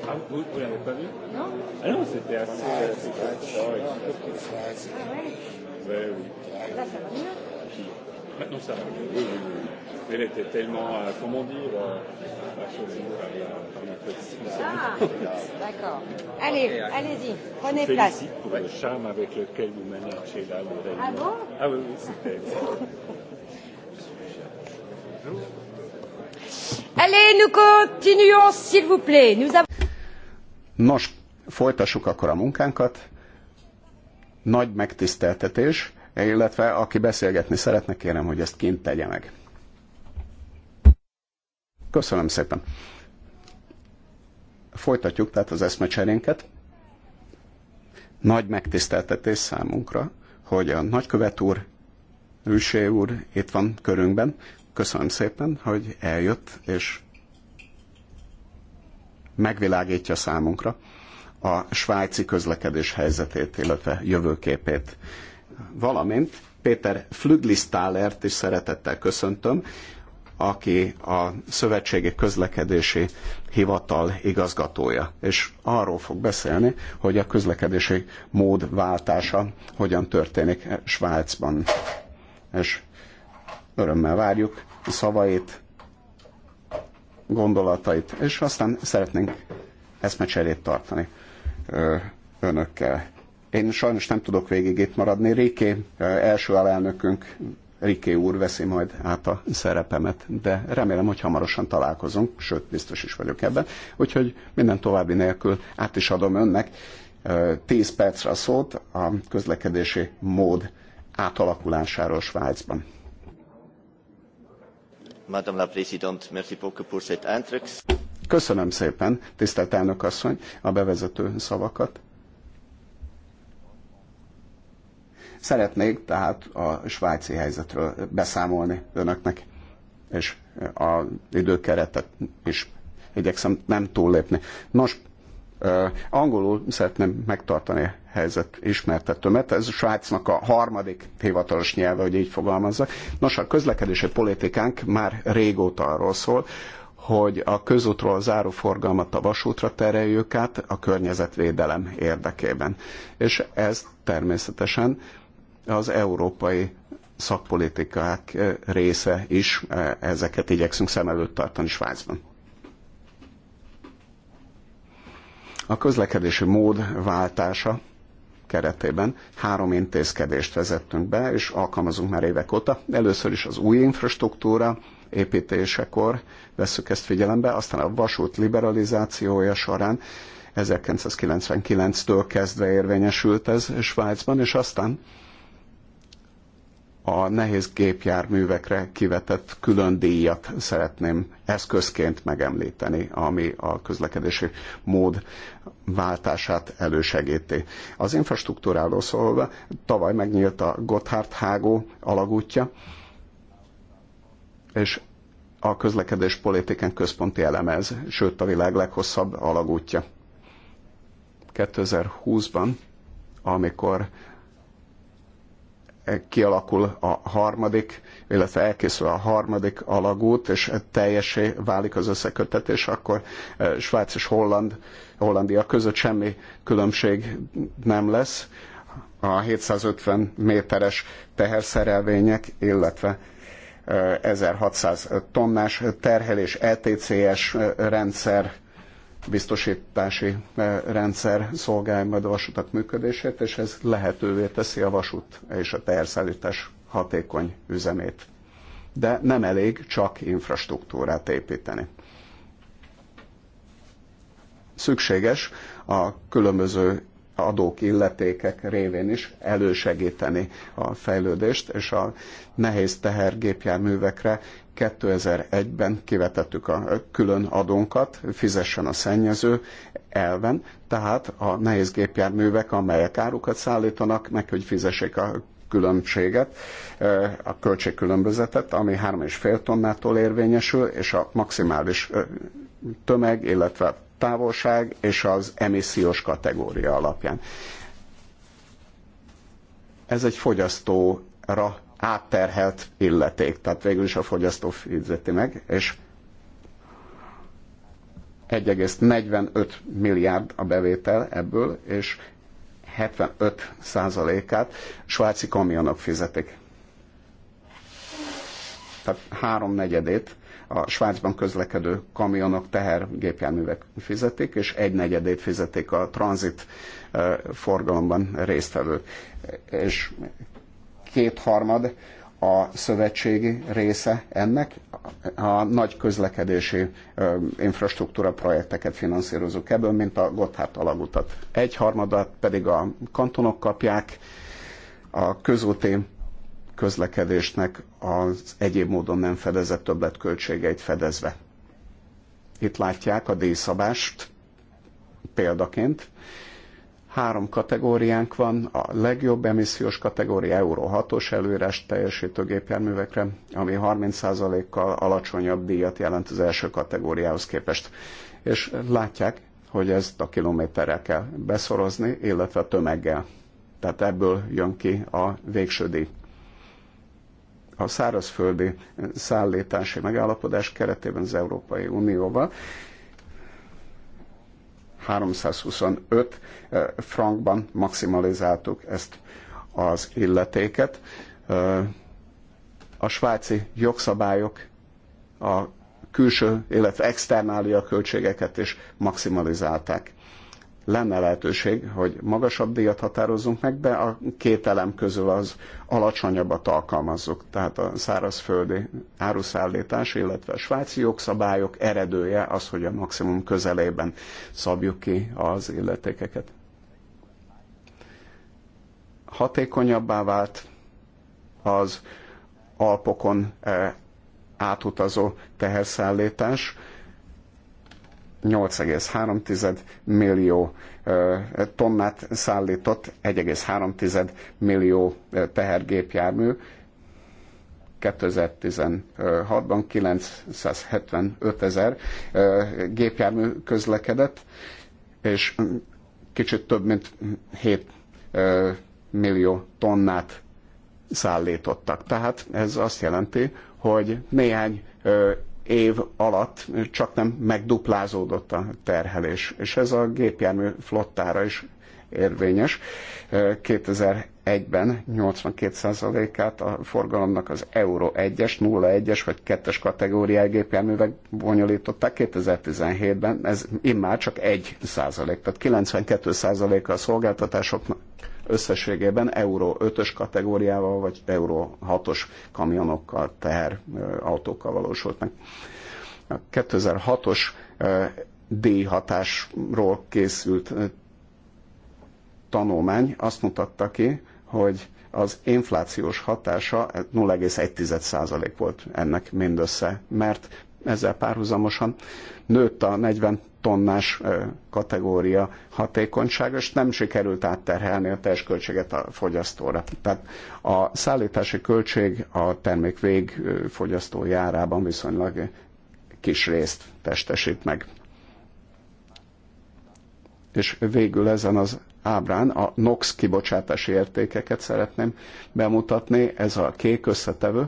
Ah, vous ne l'avez pas vu Non. Ah non, c'était assez... Euh, ah, ouais. Ah, pouvait. oui. Là, ça va mieux Maintenant, ça va mieux. Oui, oui, oui. elle était tellement, euh, comment dire, euh, choisie par la, par la Ah, d'accord. Allez, allez-y, prenez place. Félicite pour ouais. le charme avec lequel vous managez là le réunion. Ah bon Ah oui, oui, super. (laughs) Allez, nous continuons, s'il vous plaît. Nous avons... Nos, folytassuk akkor a munkánkat nagy megtiszteltetés, illetve aki beszélgetni szeretne, kérem, hogy ezt kint tegye meg. Köszönöm szépen. Folytatjuk tehát az eszmecserénket. Nagy megtiszteltetés számunkra, hogy a nagykövet úr, Rüsé úr itt van körünkben. Köszönöm szépen, hogy eljött, és megvilágítja számunkra a svájci közlekedés helyzetét, illetve jövőképét. Valamint Péter Flüglisztálert is szeretettel köszöntöm, aki a Szövetségi Közlekedési Hivatal igazgatója, és arról fog beszélni, hogy a közlekedési mód váltása hogyan történik Svájcban. És örömmel várjuk a szavait, gondolatait, és aztán szeretnénk eszmecserét tartani önökkel. Én sajnos nem tudok végig itt maradni. Riké első alelnökünk, Riké úr veszi majd át a szerepemet, de remélem, hogy hamarosan találkozunk, sőt, biztos is vagyok ebben. Úgyhogy minden további nélkül át is adom önnek 10 percre a szót a közlekedési mód átalakulásáról Svájcban. Madame la Présidente, merci beaucoup pour cet Köszönöm szépen, tisztelt elnök asszony, a bevezető szavakat. Szeretnék tehát a svájci helyzetről beszámolni önöknek, és az időkeretet is igyekszem nem túllépni. Nos, angolul szeretném megtartani a helyzet ismertetőmet. Ez Svájcnak a harmadik hivatalos nyelve, hogy így fogalmazzak. Nos, a közlekedési politikánk már régóta arról szól, hogy a közútról záró forgalmat a vasútra tereljük át a környezetvédelem érdekében. És ez természetesen az európai szakpolitikák eh, része is, eh, ezeket igyekszünk szem előtt tartani Svájcban. A közlekedési mód váltása keretében három intézkedést vezettünk be, és alkalmazunk már évek óta. Először is az új infrastruktúra, építésekor vesszük ezt figyelembe, aztán a vasút liberalizációja során 1999-től kezdve érvényesült ez Svájcban, és aztán a nehéz gépjárművekre kivetett külön díjat szeretném eszközként megemlíteni, ami a közlekedési mód váltását elősegíti. Az infrastruktúráról szólva tavaly megnyílt a Gotthard hágó alagútja, és a közlekedés politikán központi elemez, ez, sőt a világ leghosszabb alagútja. 2020-ban, amikor kialakul a harmadik, illetve elkészül a harmadik alagút, és teljesé válik az összekötetés, akkor eh, Svájc és Holland, Hollandia között semmi különbség nem lesz. A 750 méteres teherszerelvények, illetve 1600 tonnás terhelés, ETCS rendszer, biztosítási eh, rendszer szolgálja majd a vasutak működését, és ez lehetővé teszi a vasút és a teherszállítás hatékony üzemét. De nem elég csak infrastruktúrát építeni. Szükséges a különböző adók, illetékek révén is elősegíteni a fejlődést, és a nehéz tehergépjárművekre 2001-ben kivetettük a külön adónkat, fizessen a szennyező elven, tehát a nehéz gépjárművek, amelyek árukat szállítanak, meg hogy fizessék a különbséget, a költségkülönbözetet, ami 3,5 tonnától érvényesül, és a maximális tömeg, illetve távolság és az emissziós kategória alapján. Ez egy fogyasztóra átterhelt illeték, tehát végül is a fogyasztó fizeti meg, és 1,45 milliárd a bevétel ebből, és 75 százalékát svájci kamionok fizetik. Tehát háromnegyedét a Svájcban közlekedő kamionok, tehergépjárművek fizetik, és egy negyedét fizetik a tranzit e, forgalomban résztvevők. És kétharmad a szövetségi része ennek a nagy közlekedési e, infrastruktúra projekteket finanszírozunk ebből, mint a Gotthard alagutat. Egyharmadat pedig a kantonok kapják, a közúti közlekedésnek az egyéb módon nem fedezett többletköltségeit fedezve. Itt látják a díjszabást példaként. Három kategóriánk van, a legjobb emissziós kategória Euró 6-os előres teljesítő gépjárművekre, ami 30%-kal alacsonyabb díjat jelent az első kategóriához képest. És látják, hogy ezt a kilométerrel kell beszorozni, illetve a tömeggel. Tehát ebből jön ki a végső díj a szárazföldi szállítási megállapodás keretében az Európai Unióval 325 eh, frankban maximalizáltuk ezt az illetéket. Eh, a svájci jogszabályok a külső, illetve externália költségeket is maximalizálták lenne lehetőség, hogy magasabb díjat határozzunk meg, de a két elem közül az alacsonyabbat alkalmazzuk. Tehát a szárazföldi áruszállítás, illetve a svájci jogszabályok eredője az, hogy a maximum közelében szabjuk ki az illetékeket. Hatékonyabbá vált az Alpokon eh, átutazó teherszállítás, 8,3 millió tonnát szállított 1,3 millió tehergépjármű, 2016-ban 975 ezer gépjármű közlekedett, és kicsit több mint 7 millió tonnát szállítottak. Tehát ez azt jelenti, hogy néhány év alatt csak nem megduplázódott a terhelés, és ez a gépjármű flottára is érvényes. 2001-ben 82%-át a forgalomnak az Euro 1-es, 0-1-es vagy 2-es kategóriájú gépjárművek bonyolították. 2017-ben ez immár csak 1 százalék, tehát 92 százaléka a szolgáltatásoknak összességében Euró 5-ös kategóriával, vagy Euró 6-os kamionokkal, teher autókkal valósult meg. A 2006-os D hatásról készült tanulmány azt mutatta ki, hogy az inflációs hatása 0,1% volt ennek mindössze, mert ezzel párhuzamosan nőtt a 40 tonnás kategória hatékonysága, és nem sikerült átterhelni a teljes költséget a fogyasztóra. Tehát a szállítási költség a termék végfogyasztó járában viszonylag kis részt testesít meg. És végül ezen az ábrán a NOx kibocsátási értékeket szeretném bemutatni, ez a kék összetevő,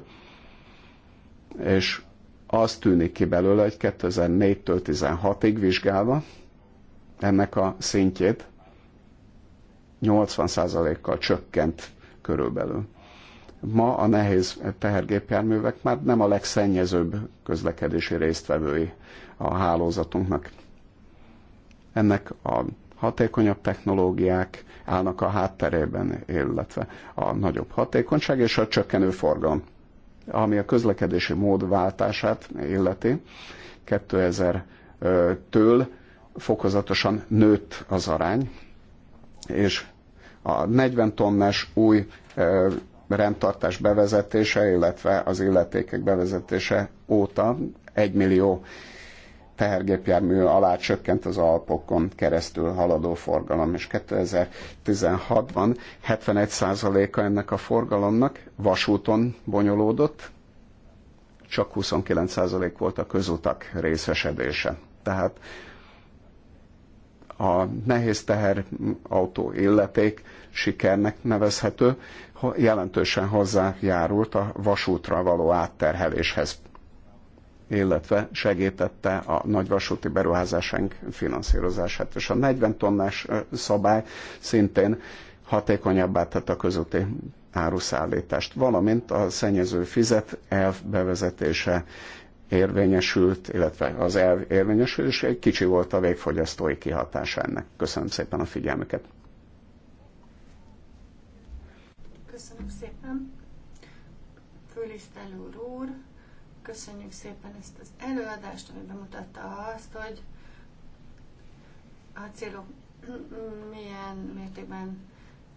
és az tűnik ki belőle, hogy 2004-től 16-ig vizsgálva ennek a szintjét 80%-kal csökkent körülbelül. Ma a nehéz tehergépjárművek már nem a legszennyezőbb közlekedési résztvevői a hálózatunknak. Ennek a hatékonyabb technológiák állnak a hátterében, illetve a nagyobb hatékonyság és a csökkenő forgalom ami a közlekedési mód váltását illeti. 2000-től fokozatosan nőtt az arány, és a 40 tonnás új rendtartás bevezetése, illetve az illetékek bevezetése óta 1 millió tehergépjármű alá csökkent az Alpokon keresztül haladó forgalom, és 2016-ban 71%-a ennek a forgalomnak vasúton bonyolódott, csak 29% volt a közutak részesedése. Tehát a nehéz teherautó illeték sikernek nevezhető, jelentősen hozzájárult a vasútra való átterheléshez illetve segítette a nagyvasúti beruházásánk finanszírozását. És a 40 tonnás szabály szintén hatékonyabbá tett a közúti áruszállítást, valamint a szennyező fizet elv bevezetése érvényesült, illetve az elv érvényesült, és egy kicsi volt a végfogyasztói kihatása ennek. Köszönöm szépen a figyelmüket. Köszönöm szépen. Főlisztelő úr. Köszönjük szépen ezt az előadást, ami bemutatta azt, hogy a célok (clears throat) milyen mértékben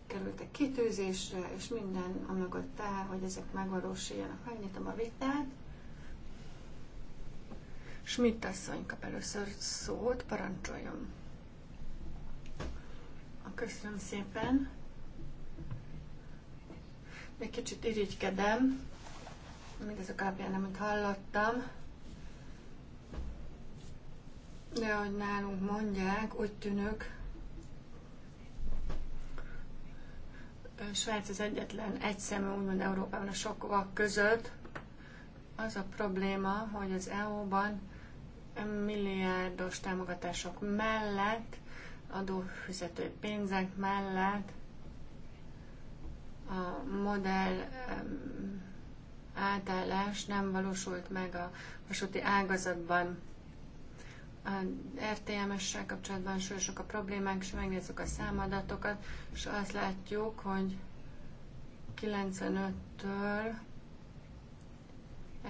kerültek kitűzésre, és minden amögött áll, hogy ezek megvalósuljanak. Megnyitom a vitát. Schmidt asszony kap először szót, parancsoljon. Köszönöm szépen. Még kicsit irigykedem, a alapján, amit hallottam, de ahogy nálunk mondják, úgy tűnök, Svájc az egyetlen egyszemű, úgymond Európában a sok vak között. Az a probléma, hogy az EU-ban milliárdos támogatások mellett, adófizetői pénzek mellett a modell átállás nem valósult meg a vasúti ágazatban. A RTMS-sel kapcsolatban súlyosak a problémák, és megnézzük a számadatokat, és azt látjuk, hogy 95-től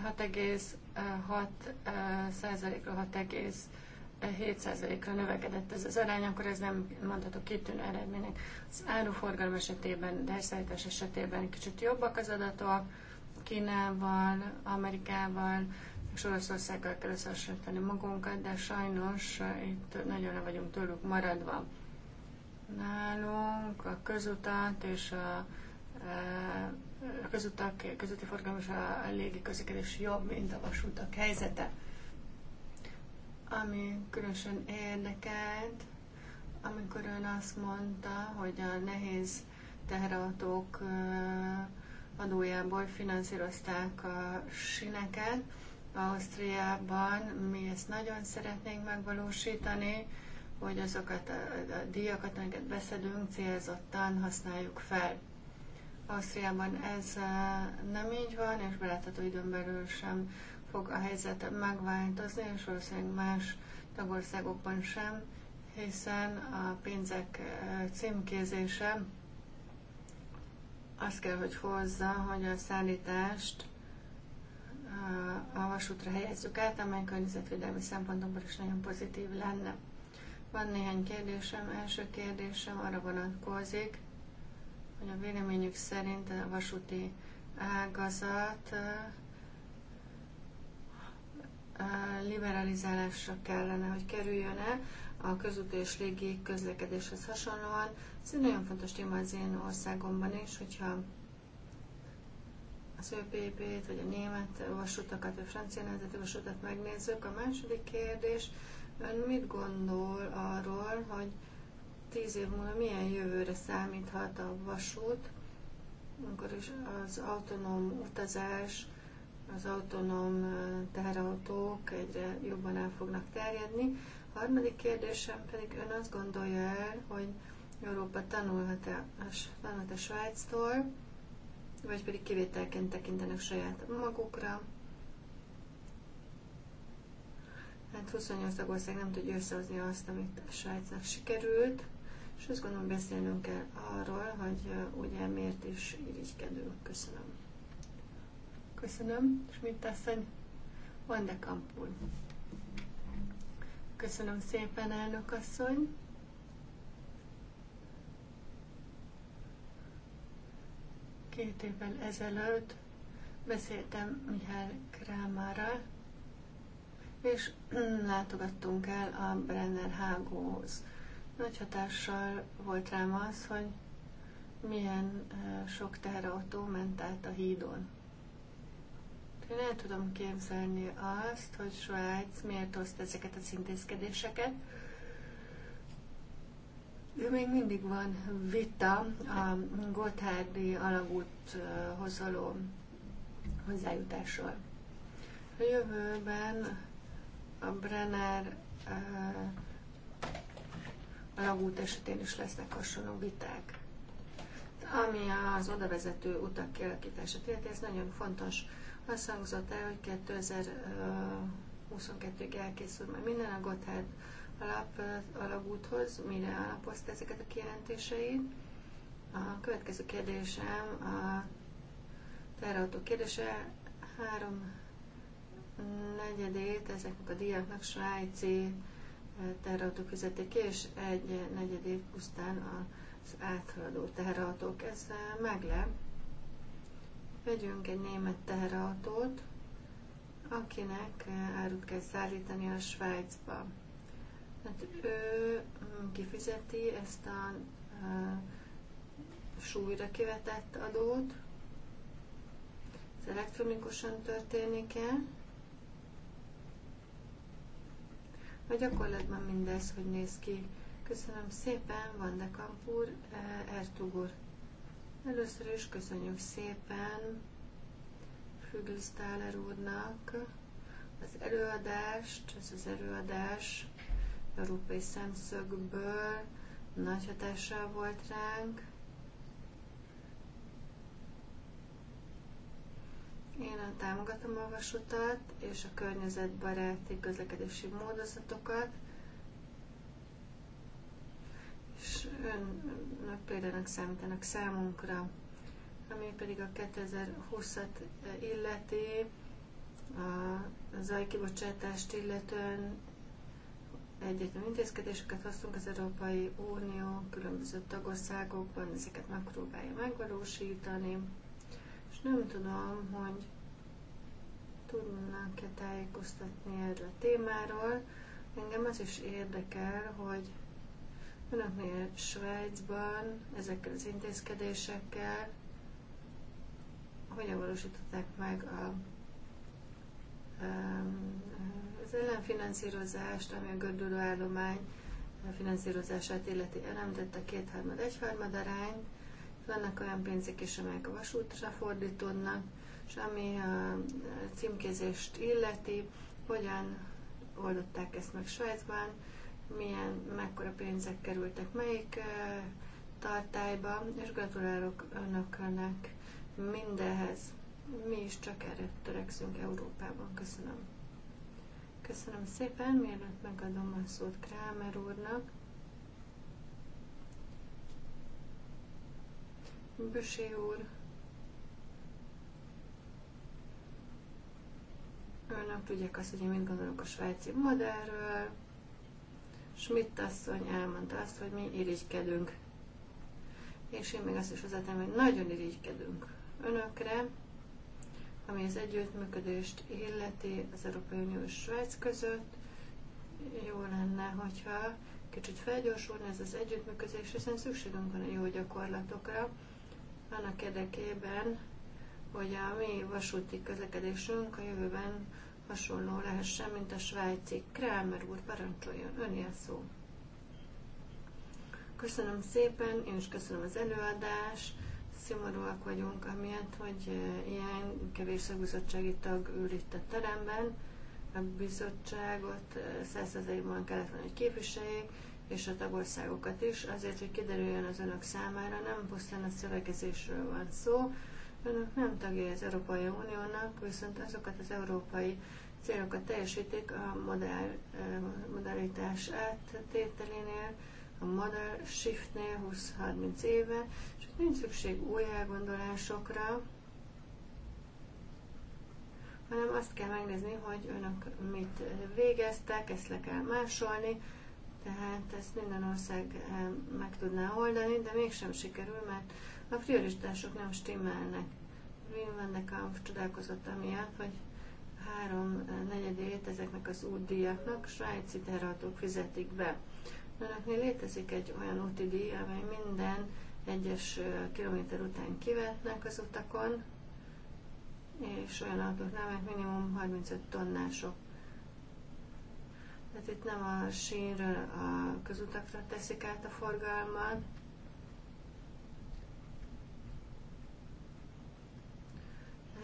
6,6%-ról 6,7%-ra növekedett ez az arány, akkor ez nem mondható kitűnő eredménynek. Az áruforgalom esetében, de esetében kicsit jobbak az adatok, Kínával, Amerikával és Oroszországgal kell összehasonlítani magunkat, de sajnos eh, itt nagyon le vagyunk tőlük maradva. Nálunk a közutat és a, eh, a közutak, közúti forgalom és a légi közlekedés jobb, mint a vasútak helyzete. Ami különösen érdekelt, amikor ön azt mondta, hogy a nehéz teherautók eh, adójából finanszírozták a sineket. Ausztriában mi ezt nagyon szeretnénk megvalósítani, hogy azokat a, a díjakat, amiket beszedünk, célzottan használjuk fel. Ausztriában ez nem így van, és belátható időn belül sem fog a helyzet megváltozni, és valószínűleg más tagországokban sem, hiszen a pénzek címkézése azt kell, hogy hozza, hogy a szállítást uh, a vasútra helyezzük át, amely környezetvédelmi szempontokból is nagyon pozitív lenne. Van néhány kérdésem. Első kérdésem arra vonatkozik, hogy a véleményük szerint a vasúti ágazat uh, uh, liberalizálásra kellene, hogy kerüljön-e a közúti és légi közlekedéshez hasonlóan, ez egy nagyon fontos téma az én országomban is, hogyha az ÖPP-t, vagy a német vasutakat, vagy a francia nemzeti vasutat megnézzük. A második kérdés, ön mit gondol arról, hogy tíz év múlva milyen jövőre számíthat a vasút, amikor is az autonóm utazás, az autonóm teherautók egyre jobban el fognak terjedni. A harmadik kérdésem pedig ön azt gondolja el, hogy Európa tanulhat-e tanulhat a Svájctól, vagy pedig kivételként tekintenek saját magukra. Hát 28 tagország nem tudja összehozni azt, amit a Svájcnak sikerült, és azt gondolom beszélnünk kell arról, hogy ugye miért is irigykedünk. Köszönöm. Köszönöm, és mit teszem? Van de kampul. Köszönöm szépen, elnök asszony. Két évvel ezelőtt beszéltem Mihály Krámárral, és (clears throat) látogattunk el a Brenner hágóhoz. Nagy hatással volt rám az, hogy milyen sok teherautó ment át a hídon. Én el tudom képzelni azt, hogy Svájc miért hozta ezeket az intézkedéseket, még mindig van vita a Gotthardi alagúthoz való hozzájutásról. A jövőben a Brenner alagút esetén is lesznek hasonló viták. Ami az odavezető utak kialakítását illeti, ez nagyon fontos. Azt hangzott el, hogy 2022-ig elkészül már minden a Gotthard alap, alagúthoz, mire alapozta ezeket a kijelentéseit. A következő kérdésem a terrautó kérdése. Három negyedét ezeknek a diáknak svájci teherautók fizetik ki, és egy negyedét pusztán az áthaladó teherautók. Ez meglep. Vegyünk egy német teherautót, akinek árut kell szállítani a Svájcba. Hát ő kifizeti ezt a súlyra kivetett adót, ez elektronikusan történik-e, vagy gyakorlatban mindez, hogy néz ki. Köszönöm szépen, Van de Kampur, Ertugur. Először is köszönjük szépen Füglisztáler úrnak az előadást, ez az előadás európai szemszögből nagy hatással volt ránk. Én a támogatom a vasutat és a környezetbaráti közlekedési módozatokat, és önök példának számítanak számunkra, ami pedig a 2020-at illeti, a zajkibocsátást illetően egyetlen intézkedéseket hoztunk az Európai Unió különböző tagországokban, ezeket megpróbálja megvalósítani, és nem tudom, hogy tudnak-e tájékoztatni erről a témáról. Engem az is érdekel, hogy önöknél Svájcban ezekkel az intézkedésekkel hogyan valósították meg a, a, a az ellenfinanszírozást, ami a gördülő állomány finanszírozását illeti elemtette kétharmad egyharmad arány. Vannak olyan pénzek is, amelyek a vasútra fordítódnak, és ami a címkézést illeti, hogyan oldották ezt meg Svájcban, milyen, mekkora pénzek kerültek melyik tartályba, és gratulálok önöknek mindenhez. Mi is csak erre törekszünk Európában. Köszönöm. Köszönöm szépen, mielőtt megadom a szót Krámer úrnak. Büsé úr, önök tudják azt, hogy én mit gondolok a svájci modellről. Schmidt asszony elmondta azt, hogy mi irigykedünk. És én még azt is hozzátem, hogy nagyon irigykedünk önökre ami az együttműködést illeti az Európai Unió és Svájc között. Jó lenne, hogyha kicsit felgyorsulna ez az együttműködés, hiszen szükségünk van a jó gyakorlatokra, annak érdekében, hogy a mi vasúti közlekedésünk a jövőben hasonló lehessen, mint a svájci. Krámer úr, parancsoljon, ön a szó. Köszönöm szépen, én is köszönöm az előadást, szomorúak vagyunk, amiatt, hogy ilyen kevés szakbizottsági tag ül itt a teremben, a bizottságot százszerzalékban kellett volna, hogy képviseljék, és a tagországokat is, azért, hogy kiderüljön az önök számára, nem pusztán a szövegezésről van szó, önök nem tagjai az Európai Uniónak, viszont azokat az európai célokat teljesítik a modell, modellitás áttételénél, a model shiftnél 20-30 éve, Nincs szükség új elgondolásokra, hanem azt kell megnézni, hogy önök mit végeztek, ezt le kell másolni, tehát ezt minden ország eh, meg tudná oldani, de mégsem sikerül, mert a prioritások nem stimmelnek. Wim van de Kampf csodálkozott amiatt, hogy három eh, negyedét ezeknek az útdíjaknak svájci terradók fizetik be. Önöknél létezik egy olyan úti díj, amely minden egyes kilométer után kivetnek az utakon, és olyan nem mert minimum 35 tonnások. Tehát itt nem a sínről a közutakra teszik át a forgalmat,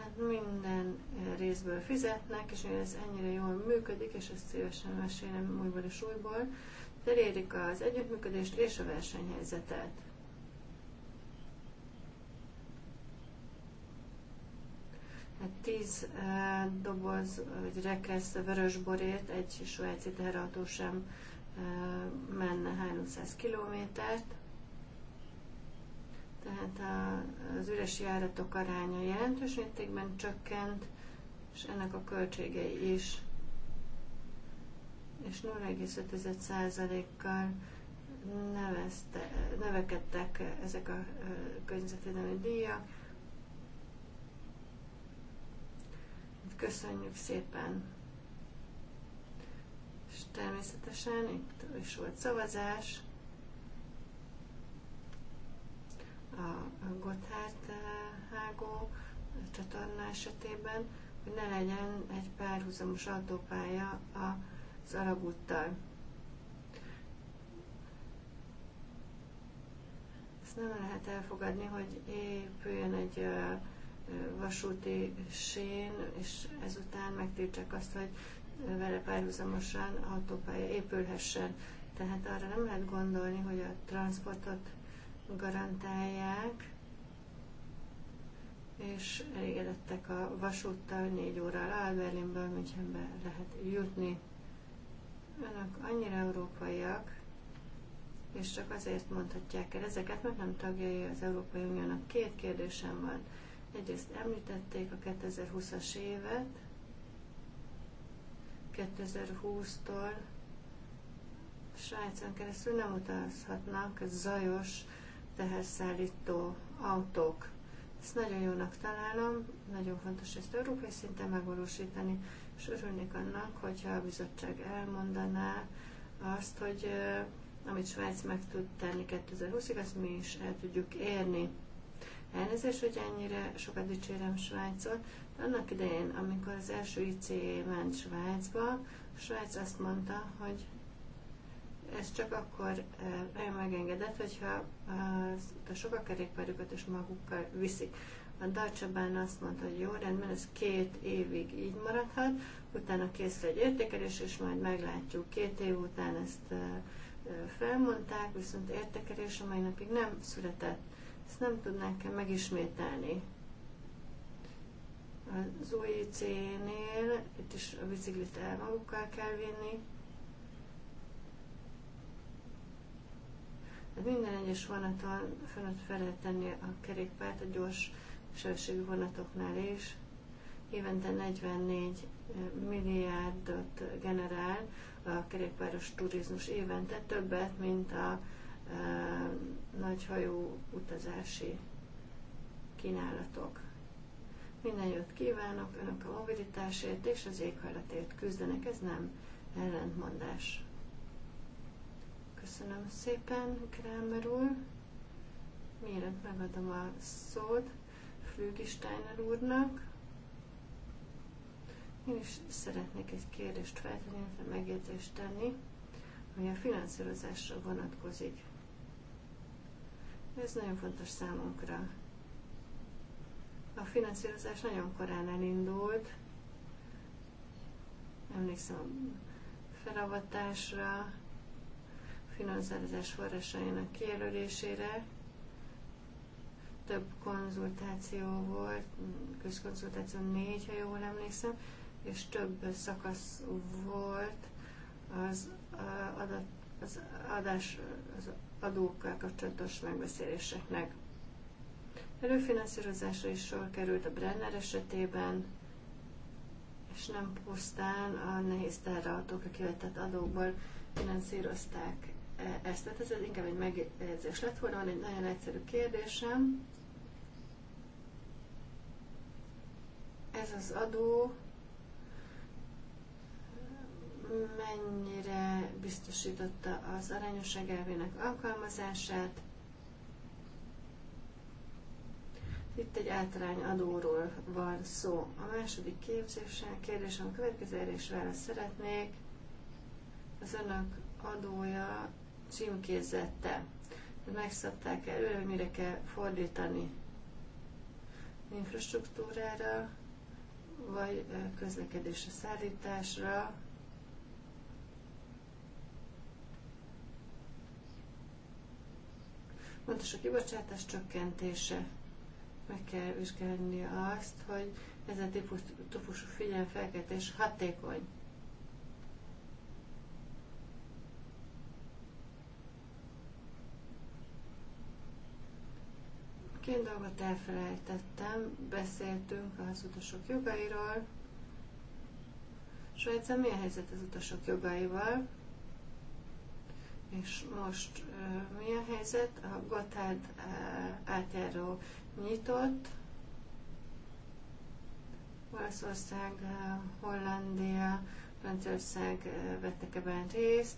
hát minden részből fizetnek, és ez ennyire jól működik, és ezt szívesen mesélem újból és újból, elérik az együttműködést és a versenyhelyzetet. Hát tíz doboz, vagy rekesz vörösborért egy svájci teherautó sem menne 300 kilométert. Tehát az üres járatok aránya jelentős mértékben csökkent, és ennek a költségei is. És 0,5%-kal növekedtek ezek a környezetvédelmi díjak, Köszönjük szépen! És természetesen itt is volt szavazás. A Gotthard eh, hágó csatorna esetében, hogy ne legyen egy párhuzamos autópálya az arab Ezt nem lehet elfogadni, hogy épüljön egy uh, vasúti sén, és ezután megtiltsák azt, hogy vele párhuzamosan autópálya épülhessen. Tehát arra nem lehet gondolni, hogy a transportot garantálják, és elégedettek a vasúttal, négy óra alatt Berlinből Münchenbe lehet jutni. Önök annyira európaiak, és csak azért mondhatják el ezeket, mert nem tagjai az Európai Uniónak. Két kérdésem van Egyrészt említették a 2020-as évet, 2020-tól Svájcán keresztül nem utazhatnak zajos teherszállító autók. Ezt nagyon jónak találom, nagyon fontos ezt európai szinten megvalósítani, és örülnék annak, hogyha a bizottság elmondaná azt, hogy amit Svájc meg tud tenni 2020-ig, azt mi is el tudjuk érni. Elnézést, hogy ennyire sokat dicsérem Svájcot. Annak idején, amikor az első ICE ment Svájcba, Svájc azt mondta, hogy ez csak akkor eh, megengedett, hogyha a sokak kerékpárjukat is magukkal viszik. A Dalcsabán azt mondta, hogy jó, rendben, ez két évig így maradhat, utána készül egy értékelés, és majd meglátjuk. Két év után ezt eh, eh, felmondták, viszont értékelés a mai napig nem született. Ezt nem tudnánk megismételni. Az új e nél itt is a biciklit el magukkal kell vinni. Hát minden egyes vonaton fölött fel lehet tenni a kerékpárt a gyors sebességű vonatoknál is. Évente 44 milliárdot generál a kerékpáros turizmus évente, többet, mint a nagyhajó utazási kínálatok. Minden jót kívánok, önök a mobilitásért és az éghajlatért küzdenek, ez nem ellentmondás. Köszönöm szépen, Krámer úr. Mielőtt megadom a szót Flügisteiner úrnak, én is szeretnék egy kérdést feltenni, illetve megjegyzést tenni, ami a finanszírozásra vonatkozik. Ez nagyon fontos számunkra. A finanszírozás nagyon korán elindult. Emlékszem a felavatásra, finanszírozás forrásainak kijelölésére. Több konzultáció volt, közkonzultáció négy, ha jól emlékszem, és több szakasz volt az adat, az adás, az adókkal kapcsolatos megbeszéléseknek. Előfinanszírozásra is sor került a Brenner esetében, és nem pusztán a nehéz a kivetett adókból finanszírozták eh, ezt. Tehát ez inkább egy megjegyzés lett volna, van egy nagyon egyszerű kérdésem. Ez az adó mennyire biztosította az arányosság elvének alkalmazását. Itt egy általány adóról van szó. A második képzéssel kérdésem a következő és választ szeretnék. Az önök adója címkézette. Megszabták előre, hogy mire kell fordítani infrastruktúrára, vagy közlekedésre, szállításra, Fontos a kibocsátás csökkentése. Meg kell vizsgálni azt, hogy ez a típusú figyelmfelkeltés hatékony. Két dolgot elfelejtettem, beszéltünk az utasok jogairól. Svájcán milyen helyzet az utasok jogaival? És most mi a helyzet? A Gotthard átjáró nyitott, Olaszország, Hollandia, Franciaország vettek ebben részt,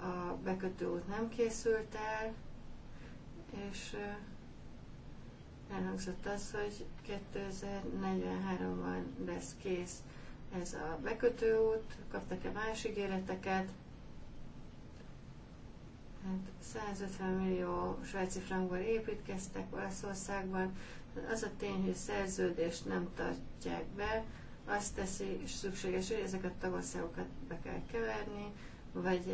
a bekötőút nem készült el, és elhangzott az, hogy 2043-ban lesz kész ez a bekötőút, kaptak-e más ígéreteket, Hát 150 millió svájci frankból építkeztek Olaszországban, az a tény, hogy szerződést nem tartják be, azt teszi szükséges, hogy ezeket a tagországokat be kell keverni, vagy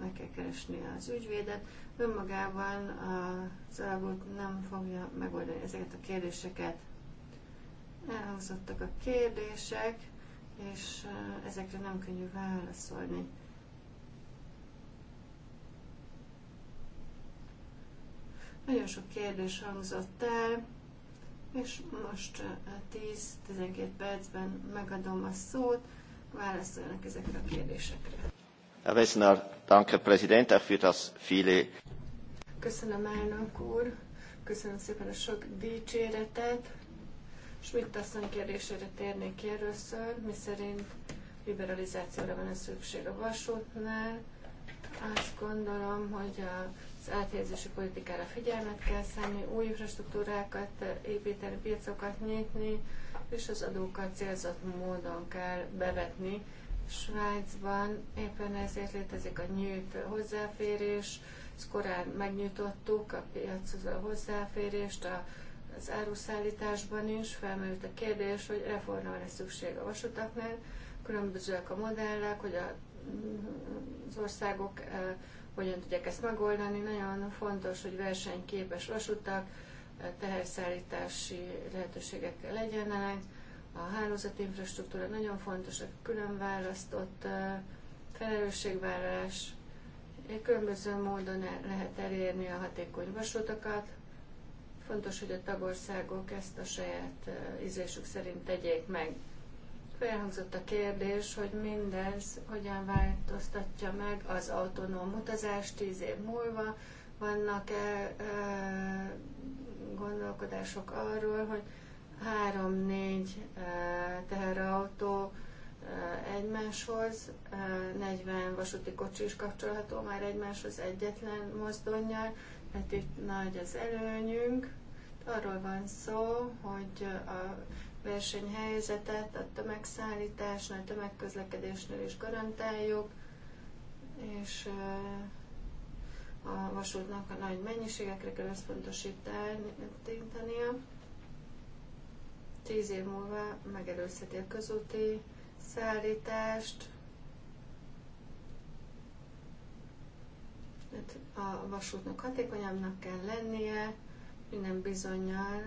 meg kell keresni az ügyvédet. Önmagában az alagút nem fogja megoldani ezeket a kérdéseket. Elhangzottak a kérdések, és ezekre nem könnyű válaszolni. Nagyon sok kérdés hangzott el, és most 10-12 percben megadom a szót, válaszoljanak ezekre a kérdésekre. Herr danke Präsident er für das viele. Köszönöm elnök úr, köszönöm szépen a sok dicséretet. Schmidt asszony kérdésére térnék ki először, szerint liberalizációra van a szükség a vasútnál. Azt gondolom, hogy a az áthelyezési politikára figyelmet kell szállni, új infrastruktúrákat eh, építeni, piacokat nyitni, és az adókat célzott módon kell bevetni. Svájcban éppen ezért létezik a nyílt hozzáférés, ezt korán megnyitottuk a piachoz a hozzáférést, a, az áruszállításban is felmerült a kérdés, hogy reformra van-e szükség a vasutaknál, különbözőek a modellek, hogy a, az országok eh, hogyan tudják ezt megoldani. Nagyon fontos, hogy versenyképes vasutak, eh, teherszállítási lehetőségek legyenek, a hálózati infrastruktúra nagyon fontos, a külön választott eh, felelősségvállalás, különböző módon lehet elérni a hatékony vasutakat. Fontos, hogy a tagországok ezt a saját eh, ízlésük szerint tegyék meg. Felhangzott a kérdés, hogy mindez hogyan változtatja meg az autonóm utazást tíz év múlva. Vannak-e e, gondolkodások arról, hogy három-négy e, teherautó e, egymáshoz, e, 40 vasúti kocsi is kapcsolható már egymáshoz egyetlen mozdonyjal, tehát itt nagy az előnyünk. Arról van szó, hogy a versenyhelyzetet a tömegszállításnál, a tömegközlekedésnél is garantáljuk, és a vasútnak a nagy mennyiségekre kell összpontosítania. Tíz év múlva megelőzheti a közúti szállítást, hát a vasútnak hatékonyabbnak kell lennie, minden bizonyal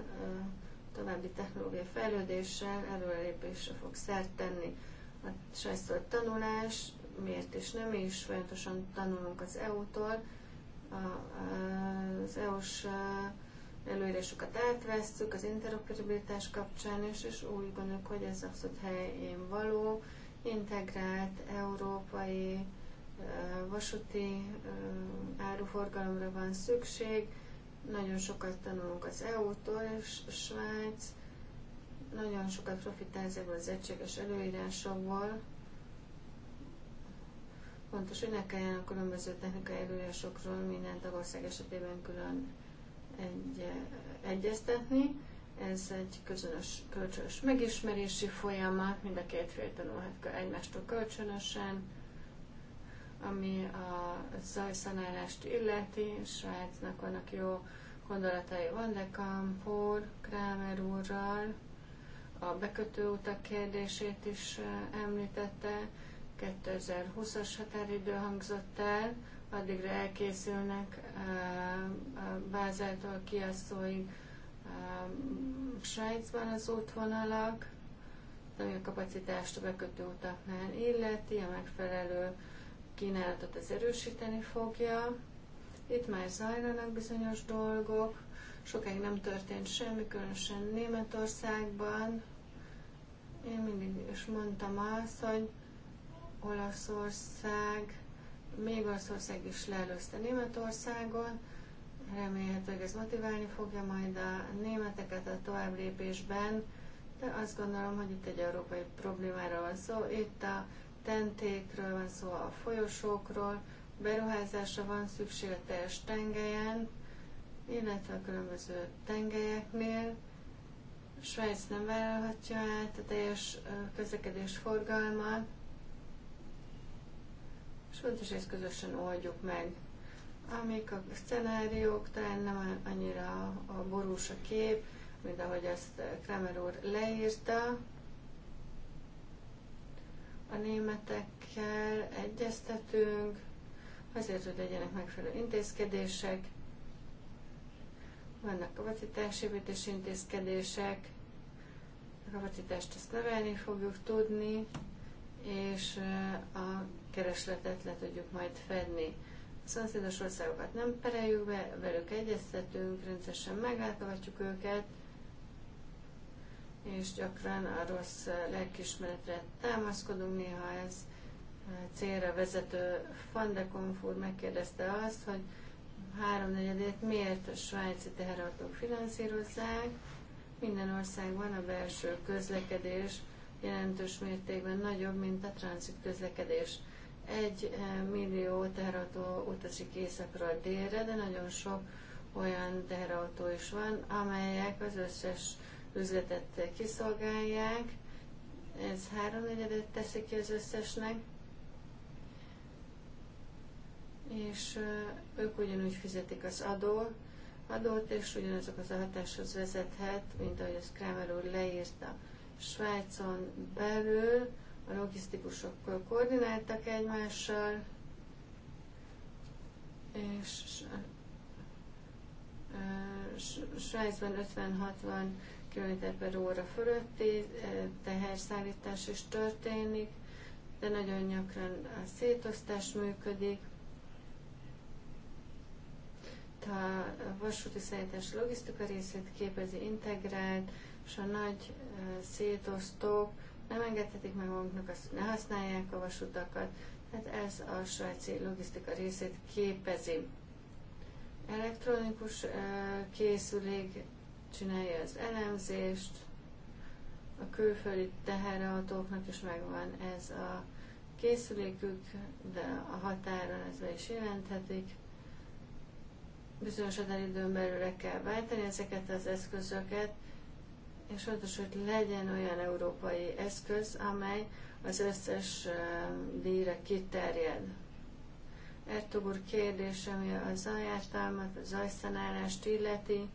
további technológia fejlődéssel előrelépésre fog szert tenni. A sajszor tanulás, miért és nem is, folyamatosan tanulunk az EU-tól, az EU-s előírásokat átvesszük az interoperabilitás kapcsán is, és úgy gondoljuk, hogy ez abszolút helyén való, integrált európai vasúti áruforgalomra van szükség, nagyon sokat tanulunk az EU-tól, és Svájc nagyon sokat profitál ezekből az egységes előírásokból. Fontos, hogy ne kelljen a különböző technikai előírásokról minden tagország esetében külön egy, eh, egyeztetni. Ez egy közönös, kölcsönös megismerési folyamat, mind a két fél tanulhat egymástól kölcsönösen ami a zajszanálást illeti. Svájcnak vannak jó gondolatai Van de kampor, Kramer úrral, a bekötő utak kérdését is említette, 2020-as határidő hangzott el, addigra elkészülnek Bázától kiasszóig Svájcban az útvonalak, ami a kapacitást a bekötő utaknál illeti, a megfelelő kínálatot az erősíteni fogja. Itt már zajlanak bizonyos dolgok, sokáig nem történt semmi, különösen Németországban. Én mindig is mondtam azt, hogy Olaszország, még Olaszország is leelőzte Németországon, remélhetőleg ez motiválni fogja majd a németeket a tovább lépésben, de azt gondolom, hogy itt egy európai problémára van szó. Itt a tentékről van szó, a folyosókról, beruházásra van szükség a teljes tengelyen, illetve a különböző tengelyeknél. Svájc nem vállalhatja át a teljes közlekedés forgalmat, és fontos, hogy ezt közösen oldjuk meg. Amik a szenáriók, talán nem annyira a borús a kép, mint ahogy ezt Kramer úr leírta, a németekkel egyeztetünk, azért, hogy legyenek megfelelő intézkedések, vannak kapacitásépítési intézkedések, a kapacitást ezt növelni fogjuk tudni, és a keresletet le tudjuk majd fedni. A szomszédos országokat nem pereljük be, velük egyeztetünk, rendszeresen meglátogatjuk őket, és gyakran a rossz eh, lelkismeretre támaszkodunk, néha ez eh, célra vezető Fandekonfúr megkérdezte azt, hogy háromnegyedét miért a svájci teherautók finanszírozzák. Minden országban a belső közlekedés jelentős mértékben nagyobb, mint a tranzit közlekedés. Egy eh, millió teherautó utazik éjszakra délre, de nagyon sok olyan teherautó is van, amelyek az összes üzletet kiszolgálják, ez háromnegyedet teszi ki az összesnek, és ők ugyanúgy fizetik az adót, adót, és ugyanazok az hatáshoz vezethet, mint ahogy az Kramer úr leírta. Svájcon belül a logisztikusokkal koordináltak egymással, és Svájcban 50-60 km per óra fölötti teherszállítás is történik, de nagyon gyakran a szétosztás működik. a vasúti szállítás logisztika részét képezi integrált, és a nagy szétosztók nem engedhetik meg maguknak, azt, ne használják a vasutakat, tehát ez a svájci logisztika részét képezi. Elektronikus készülék csinálja az elemzést, a külföldi teherautóknak is megvan ez a készülékük, de a határon ez be is jelenthetik. Bizonyos időn belül le kell váltani ezeket az eszközöket, és fontos, hogy legyen olyan európai eszköz, amely az összes díjra kiterjed. Ertugur kérdése, ami a zajártalmat, a zajszanálást illeti,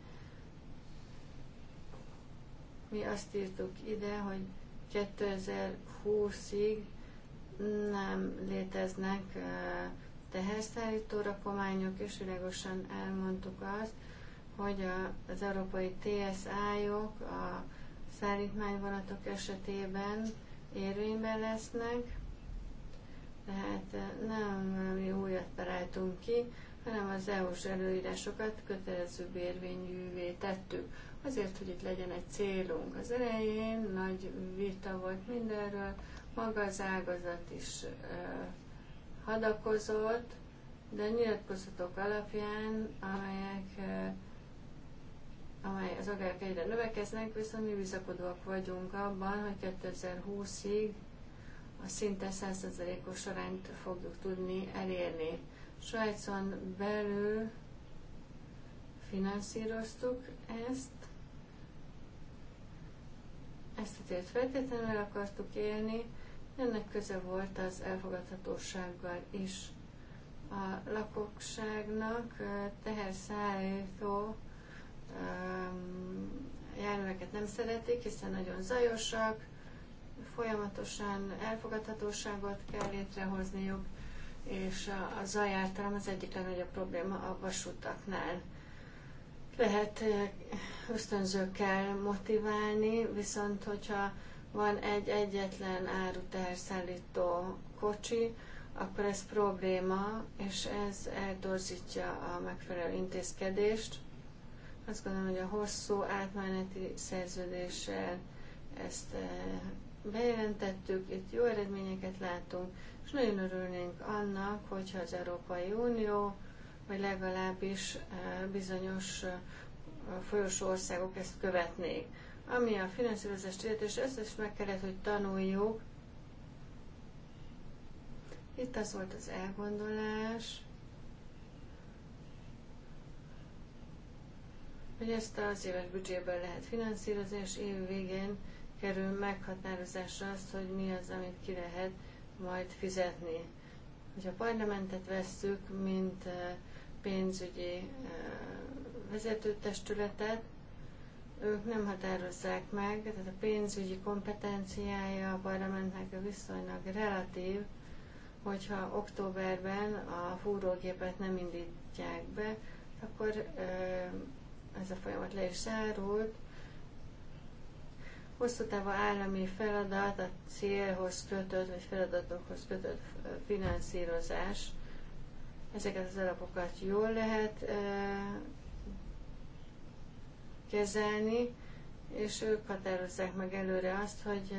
mi azt írtuk ide, hogy 2020-ig nem léteznek teherszállító rakományok, és világosan elmondtuk azt, hogy az európai TSA-jog -ok a szállítmányvonatok esetében érvényben lesznek, tehát nem mi újat találtunk ki, hanem az EU-s előírásokat kötelező érvényűvé tettük azért, hogy itt legyen egy célunk. Az elején nagy vita volt mindenről, maga az ágazat is hadakozott, de nyilatkozatok alapján, amelyek amely az agályok egyre növekeznek, viszont mi bizakodóak vagyunk abban, hogy 2020-ig a szinte 100%-os arányt fogjuk tudni elérni. Svájcon belül finanszíroztuk ezt, ezt azért feltétlenül akartuk élni, ennek köze volt az elfogadhatósággal is. A lakosságnak teherszállító járműveket nem szeretik, hiszen nagyon zajosak, folyamatosan elfogadhatóságot kell létrehozniuk, és a, a zajártalom az egyik legnagyobb probléma a vasutaknál. Lehet ösztönzőkkel motiválni, viszont hogyha van egy egyetlen áruterszállító kocsi, akkor ez probléma, és ez eltorzítja a megfelelő intézkedést. Azt gondolom, hogy a hosszú átmeneti szerződéssel ezt bejelentettük, itt jó eredményeket látunk, és nagyon örülnénk annak, hogyha az Európai Unió vagy legalábbis bizonyos folyosó országok ezt követnék. Ami a finanszírozást illeti, és ezt is meg kellett, hogy tanuljuk. Itt az volt az elgondolás, hogy ezt az éves büdzséből lehet finanszírozni, és év végén kerül meghatározásra azt, hogy mi az, amit ki lehet majd fizetni. Hogy a parlamentet vesszük, mint pénzügyi vezetőtestületet, ők nem határozzák meg, tehát a pénzügyi kompetenciája a parlamentnek viszonylag relatív, hogyha októberben a fúrógépet nem indítják be, akkor ez a folyamat le is zárult. Hosszú távú állami feladat, a célhoz kötött, vagy feladatokhoz kötött finanszírozás Ezeket az alapokat jól lehet kezelni, és ők határozzák meg előre azt, hogy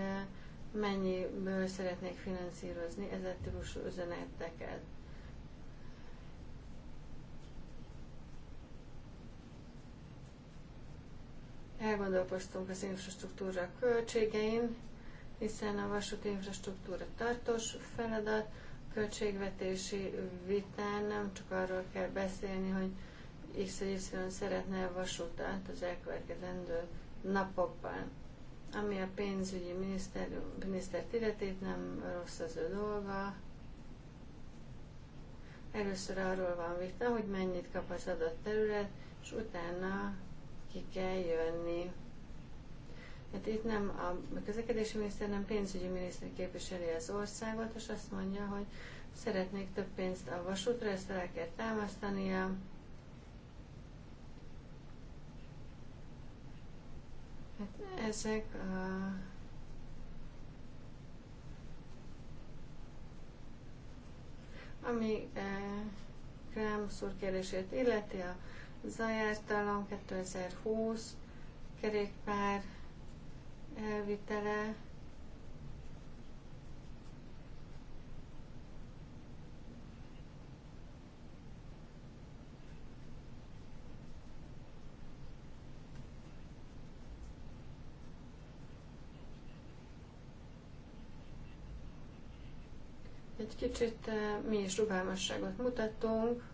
mennyiből szeretnék finanszírozni ezzel típusú üzeneteket. Elgondolkoztunk az infrastruktúra költségein, hiszen a vasúti infrastruktúra tartós feladat, költségvetési vitán nem csak arról kell beszélni, hogy X vagy Y szeretne a vasutat az elkövetkezendő napokban. Ami a pénzügyi miniszter, minisztert illetét, nem rossz az ő dolga. Először arról van vita, hogy mennyit kap az adott terület, és utána ki kell jönni Hát itt nem a közlekedési miniszter, nem pénzügyi miniszter képviseli az országot, és azt mondja, hogy szeretnék több pénzt a vasútra, ezt fel kell támasztania. Hát ezek a ami e, eh, Krámsz úr kérdését illeti, a Zajártalom 2020 kerékpár elvitele egy kicsit eh, mi is rugalmasságot mutattunk.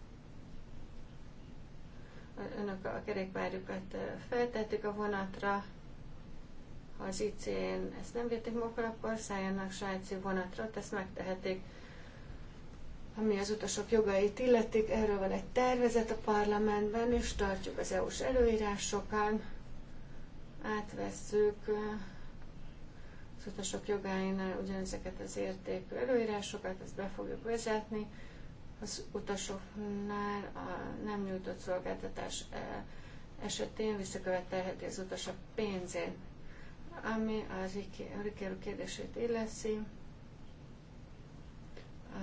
Önök a kerékpárjukat eh, feltettük a vonatra, ha az ic ezt nem vették magukkal, akkor szálljanak svájci vonatra, ezt megtehetik. Ami az utasok jogait illetik, erről van egy tervezet a parlamentben, és tartjuk az EU-s előírásokat, átvesszük az utasok jogáinál ugyanezeket az értékű előírásokat, ezt be fogjuk vezetni. Az utasoknál a nem nyújtott szolgáltatás esetén visszakövetelheti az utas a pénzén. Ami az Rikerő kérdését illeszi,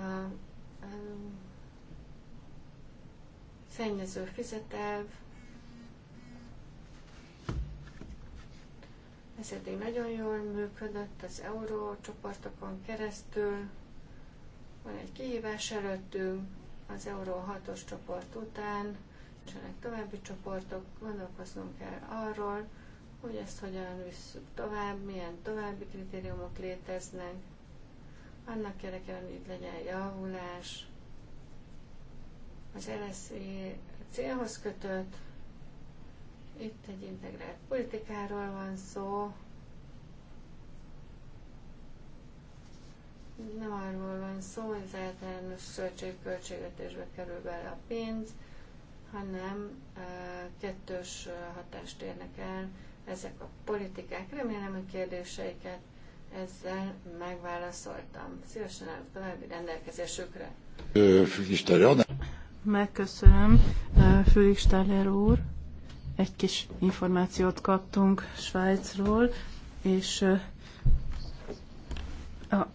a, a um, szennyező fizetelv, ez eddig nagyon jól működött az euró csoportokon keresztül, van egy kihívás előttünk, az euró 6-os csoport után, nincsenek további csoportok, gondolkoznunk kell arról, hogy ezt hogyan visszük tovább, milyen további kritériumok léteznek, annak érdekében, hogy itt legyen javulás, az LSZI e célhoz kötött, itt egy integrált politikáról van szó, nem arról van szó, hogy az általános költségvetésbe kerül bele a pénz, hanem kettős hatást érnek el ezek a politikák. Remélem, hogy kérdéseiket ezzel megválaszoltam. Szívesen állok további rendelkezésükre. Megköszönöm, Fülig úr. Egy kis információt kaptunk Svájcról, és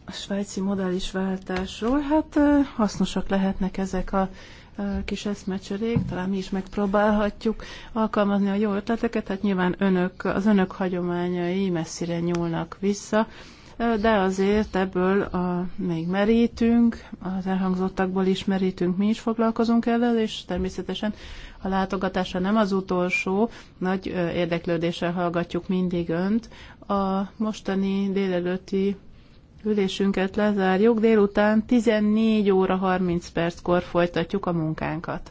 a svájci modális váltásról, hát hasznosak lehetnek ezek a kis eszmecserék, talán mi is megpróbálhatjuk alkalmazni a jó ötleteket, hát nyilván önök, az önök hagyományai messzire nyúlnak vissza, de azért ebből a, még merítünk, az elhangzottakból is merítünk, mi is foglalkozunk ezzel, és természetesen a látogatása nem az utolsó, nagy érdeklődéssel hallgatjuk mindig önt. A mostani délelőtti ülésünket lezárjuk, délután 14 óra 30 perckor folytatjuk a munkánkat.